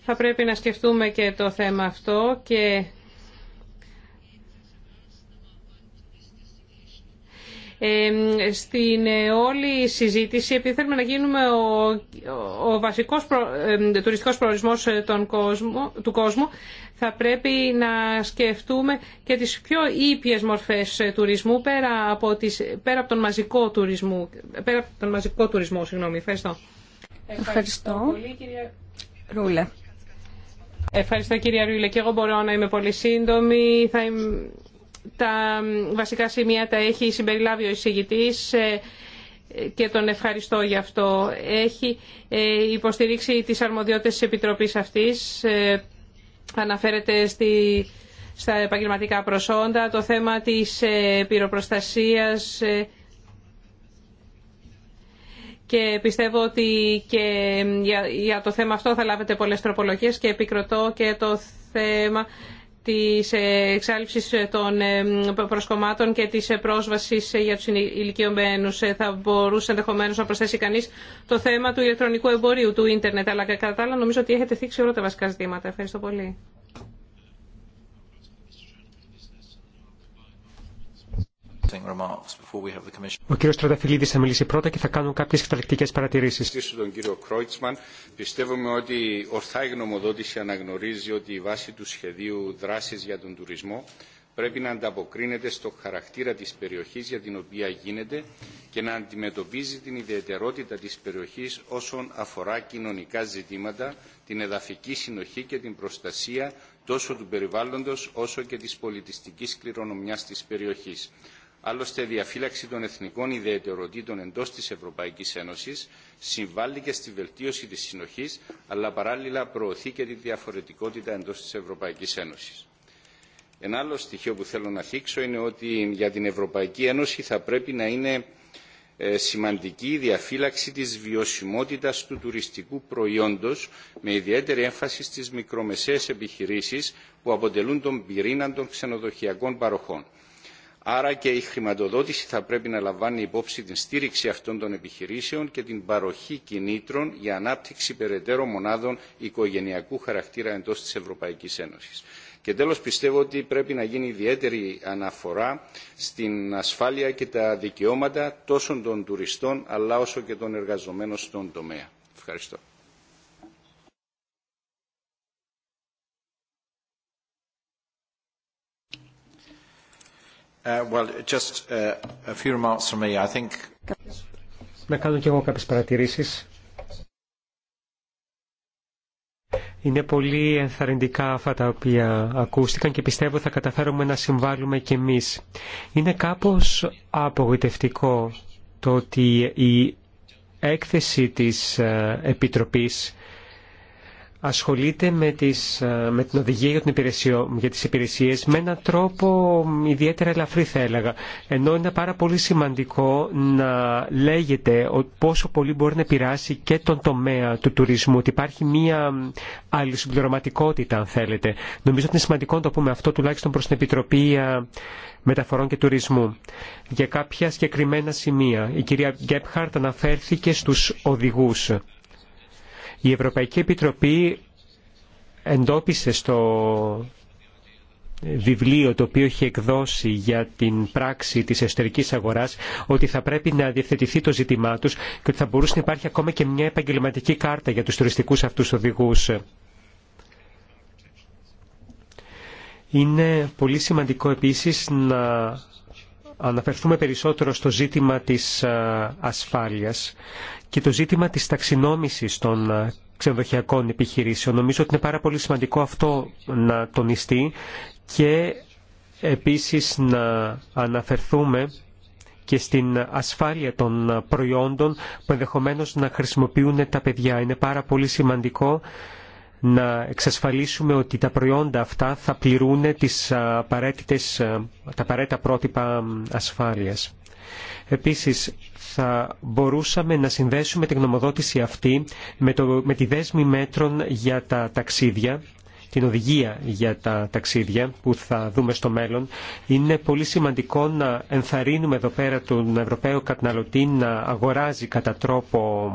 Θα πρέπει να σκεφτούμε και το θέμα αυτό και στην ε, όλη συζήτηση επειδή θέλουμε να γίνουμε ο, ο βασικός προ, τουριστικός προορισμός ε, κόσμο, του κόσμου θα πρέπει να σκεφτούμε και τις πιο ήπιες μορφές ε, τουρισμού πέρα από, τις, πέρα από τον μαζικό τουρισμό. Πέρα από τον μαζικό τουρισμό, συγγνώμη. Ευχαριστώ. Ευχαριστώ. Πολύ, κυρία... Ρούλε. Ευχαριστώ κυρία Ρούλε και εγώ μπορώ να είμαι πολύ σύντομη. Θα είμαι τα βασικά σημεία τα έχει συμπεριλάβει ο εισηγητής ε, και τον ευχαριστώ για αυτό. Έχει ε, υποστηρίξει τις αρμοδιότητες της Επιτροπής αυτής. Ε, αναφέρεται στη, στα επαγγελματικά προσόντα, το θέμα της πυροπροστασίας και πιστεύω ότι και για, για το θέμα αυτό θα λάβετε πολλές τροπολογίες και επικροτώ και το θέμα Τη εξάλληψη των ε, προσκομμάτων και τη ε, πρόσβαση ε, για του ηλικιωμένου. Θα μπορούσε ενδεχομένω να προσθέσει κανεί το θέμα του ηλεκτρονικού εμπορίου, του ίντερνετ, αλλά κατά τα άλλα νομίζω ότι έχετε θίξει όλα τα βασικά ζητήματα. Ευχαριστώ πολύ. Ο κύριος Τροταφυλλίδης θα μιλήσει πρώτα και θα κάνω κάποιες καταληκτικές παρατηρήσεις. Ευχαριστήσω τον κύριο Κρόιτσμαν. Πιστεύουμε ότι ορθά η γνωμοδότηση αναγνωρίζει ότι η βάση του σχεδίου δράσης για τον τουρισμό πρέπει να ανταποκρίνεται στο χαρακτήρα της περιοχής για την οποία γίνεται και να αντιμετωπίζει την ιδιαιτερότητα της περιοχής όσον αφορά κοινωνικά ζητήματα, την εδαφική συνοχή και την προστασία τόσο του περιβάλλοντος όσο και της πολιτιστικής κληρονομιάς της περιοχής. Άλλωστε, η διαφύλαξη των εθνικών ιδιαιτεροτήτων εντό τη Ευρωπαϊκή Ένωση συμβάλλει και στη βελτίωση τη συνοχή, αλλά παράλληλα προωθεί και τη διαφορετικότητα εντό τη Ευρωπαϊκή Ένωση. Ένα άλλο στοιχείο που θέλω να θίξω είναι ότι για την Ευρωπαϊκή Ένωση θα πρέπει να είναι ε, σημαντική η διαφύλαξη της βιωσιμότητας του τουριστικού προϊόντος με ιδιαίτερη έμφαση στις μικρομεσαίες επιχειρήσεις που αποτελούν τον πυρήνα των ξενοδοχειακών παροχών. Άρα και η χρηματοδότηση θα πρέπει να λαμβάνει υπόψη την στήριξη αυτών των επιχειρήσεων και την παροχή κινήτρων για ανάπτυξη περαιτέρω μονάδων οικογενειακού χαρακτήρα εντός της Ευρωπαϊκής Ένωσης. Και τέλος πιστεύω ότι πρέπει να γίνει ιδιαίτερη αναφορά στην ασφάλεια και τα δικαιώματα τόσο των τουριστών αλλά όσο και των εργαζομένων στον τομέα. Ευχαριστώ. Να κάνω και εγώ κάποιες παρατηρήσεις. Είναι πολύ ενθαρρυντικά αυτά τα οποία ακούστηκαν και πιστεύω θα καταφέρουμε να συμβάλλουμε κι εμείς. Είναι κάπως απογοητευτικό το ότι η έκθεση της ε, Επιτροπής ασχολείται με, τις, ε, με την οδηγία για, την υπηρεσία, τις υπηρεσίες με έναν τρόπο ιδιαίτερα ελαφρύ θα έλεγα. Ενώ είναι πάρα πολύ σημαντικό να λέγεται πόσο πολύ μπορεί να επηρεάσει και τον τομέα του τουρισμού, ότι υπάρχει μία αλληλοσυμπληρωματικότητα αν θέλετε. Νομίζω ότι είναι σημαντικό να το πούμε αυτό τουλάχιστον προς την Επιτροπή ε, Μεταφορών και Τουρισμού. Για κάποια συγκεκριμένα σημεία, η κυρία Γκέπχαρτ αναφέρθηκε στους οδηγούς. Η Ευρωπαϊκή Επιτροπή εντόπισε στο βιβλίο το οποίο έχει εκδώσει για την πράξη της εσωτερικής αγοράς ότι θα πρέπει να διευθετηθεί το ζήτημά τους και ότι θα μπορούσε να υπάρχει ακόμα και μια επαγγελματική κάρτα για τους τουριστικούς αυτούς οδηγούς. Είναι πολύ σημαντικό επίσης να αναφερθούμε περισσότερο στο ζήτημα της ασφάλειας και το ζήτημα της ταξινόμησης των ε, ξενοδοχειακών επιχειρήσεων. Νομίζω ότι είναι πάρα πολύ σημαντικό αυτό να τονιστεί και επίσης να αναφερθούμε και στην ασφάλεια των προϊόντων που ενδεχομένως να χρησιμοποιούν τα παιδιά. Είναι πάρα πολύ σημαντικό να εξασφαλίσουμε ότι τα προϊόντα αυτά θα πληρούν τις ε, ε, τα απαραίτητα πρότυπα ασφάλειας. Επίσης, θα μπορούσαμε να συνδέσουμε την γνωμοδότηση αυτή με, το, με τη δέσμη μέτρων για τα ταξίδια την οδηγία για τα ταξίδια που θα δούμε στο μέλλον. Είναι πολύ σημαντικό να ενθαρρύνουμε εδώ πέρα τον Ευρωπαίο καταναλωτή να αγοράζει κατά τρόπο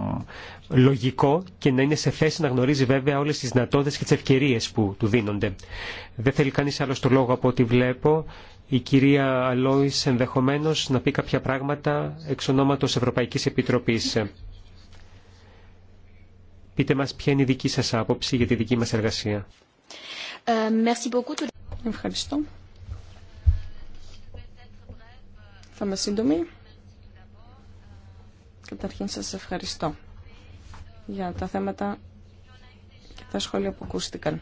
λογικό και να είναι σε θέση να γνωρίζει βέβαια όλες τις δυνατότητες και τις ευκαιρίες που του δίνονται. Δεν θέλει κανείς άλλο το λόγο από ό,τι βλέπω η κυρία Αλόης ενδεχομένως να πει κάποια πράγματα εξ ονόματος Ευρωπαϊκής Επιτροπής. Πείτε μας ποια είναι η δική σας άποψη για τη δική μας εργασία. Ε, ευχαριστώ. Θα είμαι σύντομη. Καταρχήν σας ευχαριστώ για τα θέματα και τα σχόλια που ακούστηκαν.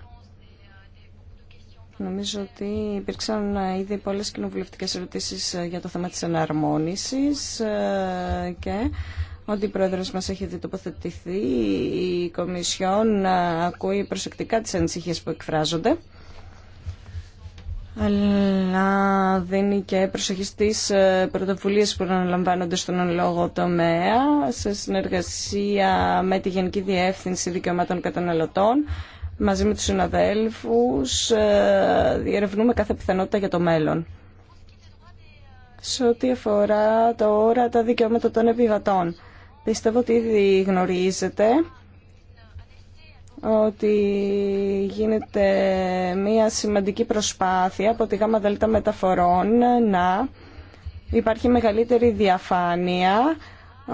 Νομίζω ότι υπήρξαν ε, ήδη πολλές κοινοβουλευτικές ερωτήσεις ε, για το θέμα της εναρμόνισης ε, και ότι η Πρόεδρος μας έχει δει τοποθετηθεί, η Κομισιόν ακούει προσεκτικά τις ανησυχίες που εκφράζονται αλλά δίνει και προσοχή στις πρωτοβουλίες που αναλαμβάνονται στον λόγο τομέα σε συνεργασία με τη Γενική Διεύθυνση Δικαιωμάτων Καταναλωτών μαζί με τους συναδέλφους ε, διερευνούμε κάθε πιθανότητα για το μέλλον. Σε ό,τι αφορά τώρα τα δικαιώματα των επιβατών, πιστεύω ότι ήδη γνωρίζετε ότι γίνεται μια σημαντική προσπάθεια από τη ΓΑΜΑ μεταφορών να υπάρχει μεγαλύτερη διαφάνεια ε,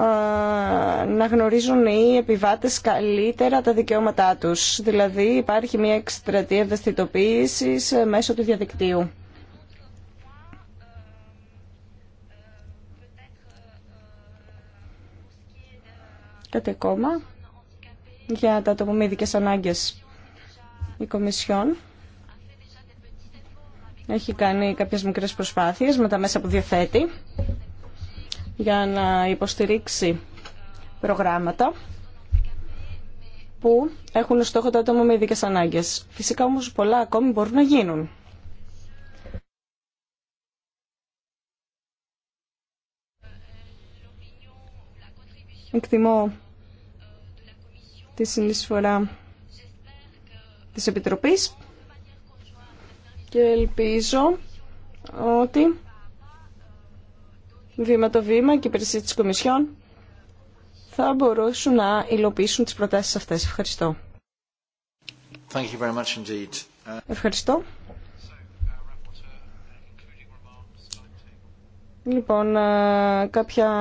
να γνωρίζουν οι επιβάτες καλύτερα τα δικαιώματά τους. Δηλαδή υπάρχει μια εκστρατεία ευαισθητοποίησης ε, μέσω του διαδικτύου. Κάτι ακόμα για τα άτομα ανάγκες. Η Κομισιόν έχει κάνει κάποιες μικρές προσπάθειες με τα μέσα που διαθέτει για να υποστηρίξει προγράμματα που έχουν στόχο τα άτομα με ειδικέ ανάγκε. Φυσικά όμω πολλά ακόμη μπορούν να γίνουν. Εκτιμώ τη συνεισφορά της Επιτροπής και ελπίζω ότι βήμα το βήμα και η της Κομισιόν θα μπορούσαν να υλοποιήσουν τις προτάσεις αυτές. Ευχαριστώ. Ευχαριστώ. Λοιπόν, ε, κάποια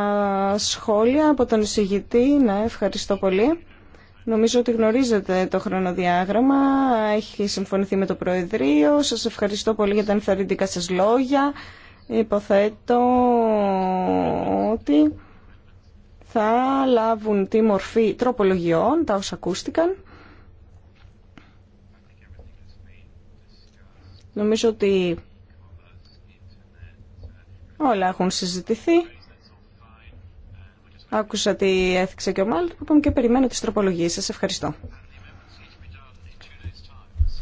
σχόλια από τον εισηγητή. Ναι, ευχαριστώ πολύ. Νομίζω ότι γνωρίζετε το χρονοδιάγραμμα. Έχει συμφωνηθεί με το Προεδρείο. Σας ευχαριστώ πολύ για τα ενθαρρυντικά σας λόγια υποθέτω ότι θα λάβουν τη μορφή τροπολογιών, τα όσα ακούστηκαν. Νομίζω ότι όλα έχουν συζητηθεί. Άκουσα τι έθιξε και ο Μάλ, και περιμένω τις τροπολογίες σας. Ευχαριστώ.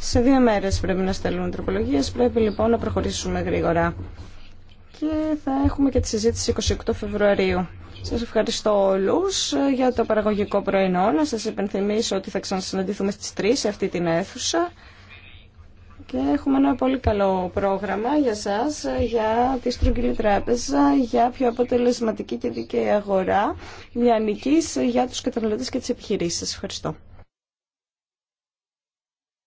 Σε δύο μέρες πρέπει να στέλνουν τροπολογίες, πρέπει λοιπόν να προχωρήσουμε γρήγορα και θα έχουμε και τη συζήτηση 28 Φεβρουαρίου. Σας ευχαριστώ όλους ε, για το παραγωγικό πρωινό. Να σας υπενθυμίσω ότι θα ξανασυναντηθούμε στις 3 σε αυτή την αίθουσα. Και έχουμε ένα πολύ καλό πρόγραμμα για σας, ε, για τη Στρογγυλή Τράπεζα, για πιο αποτελεσματική και δίκαιη αγορά, για νικής, ε, για τους καταναλωτέ και τι επιχειρήσει. Σα ευχαριστώ.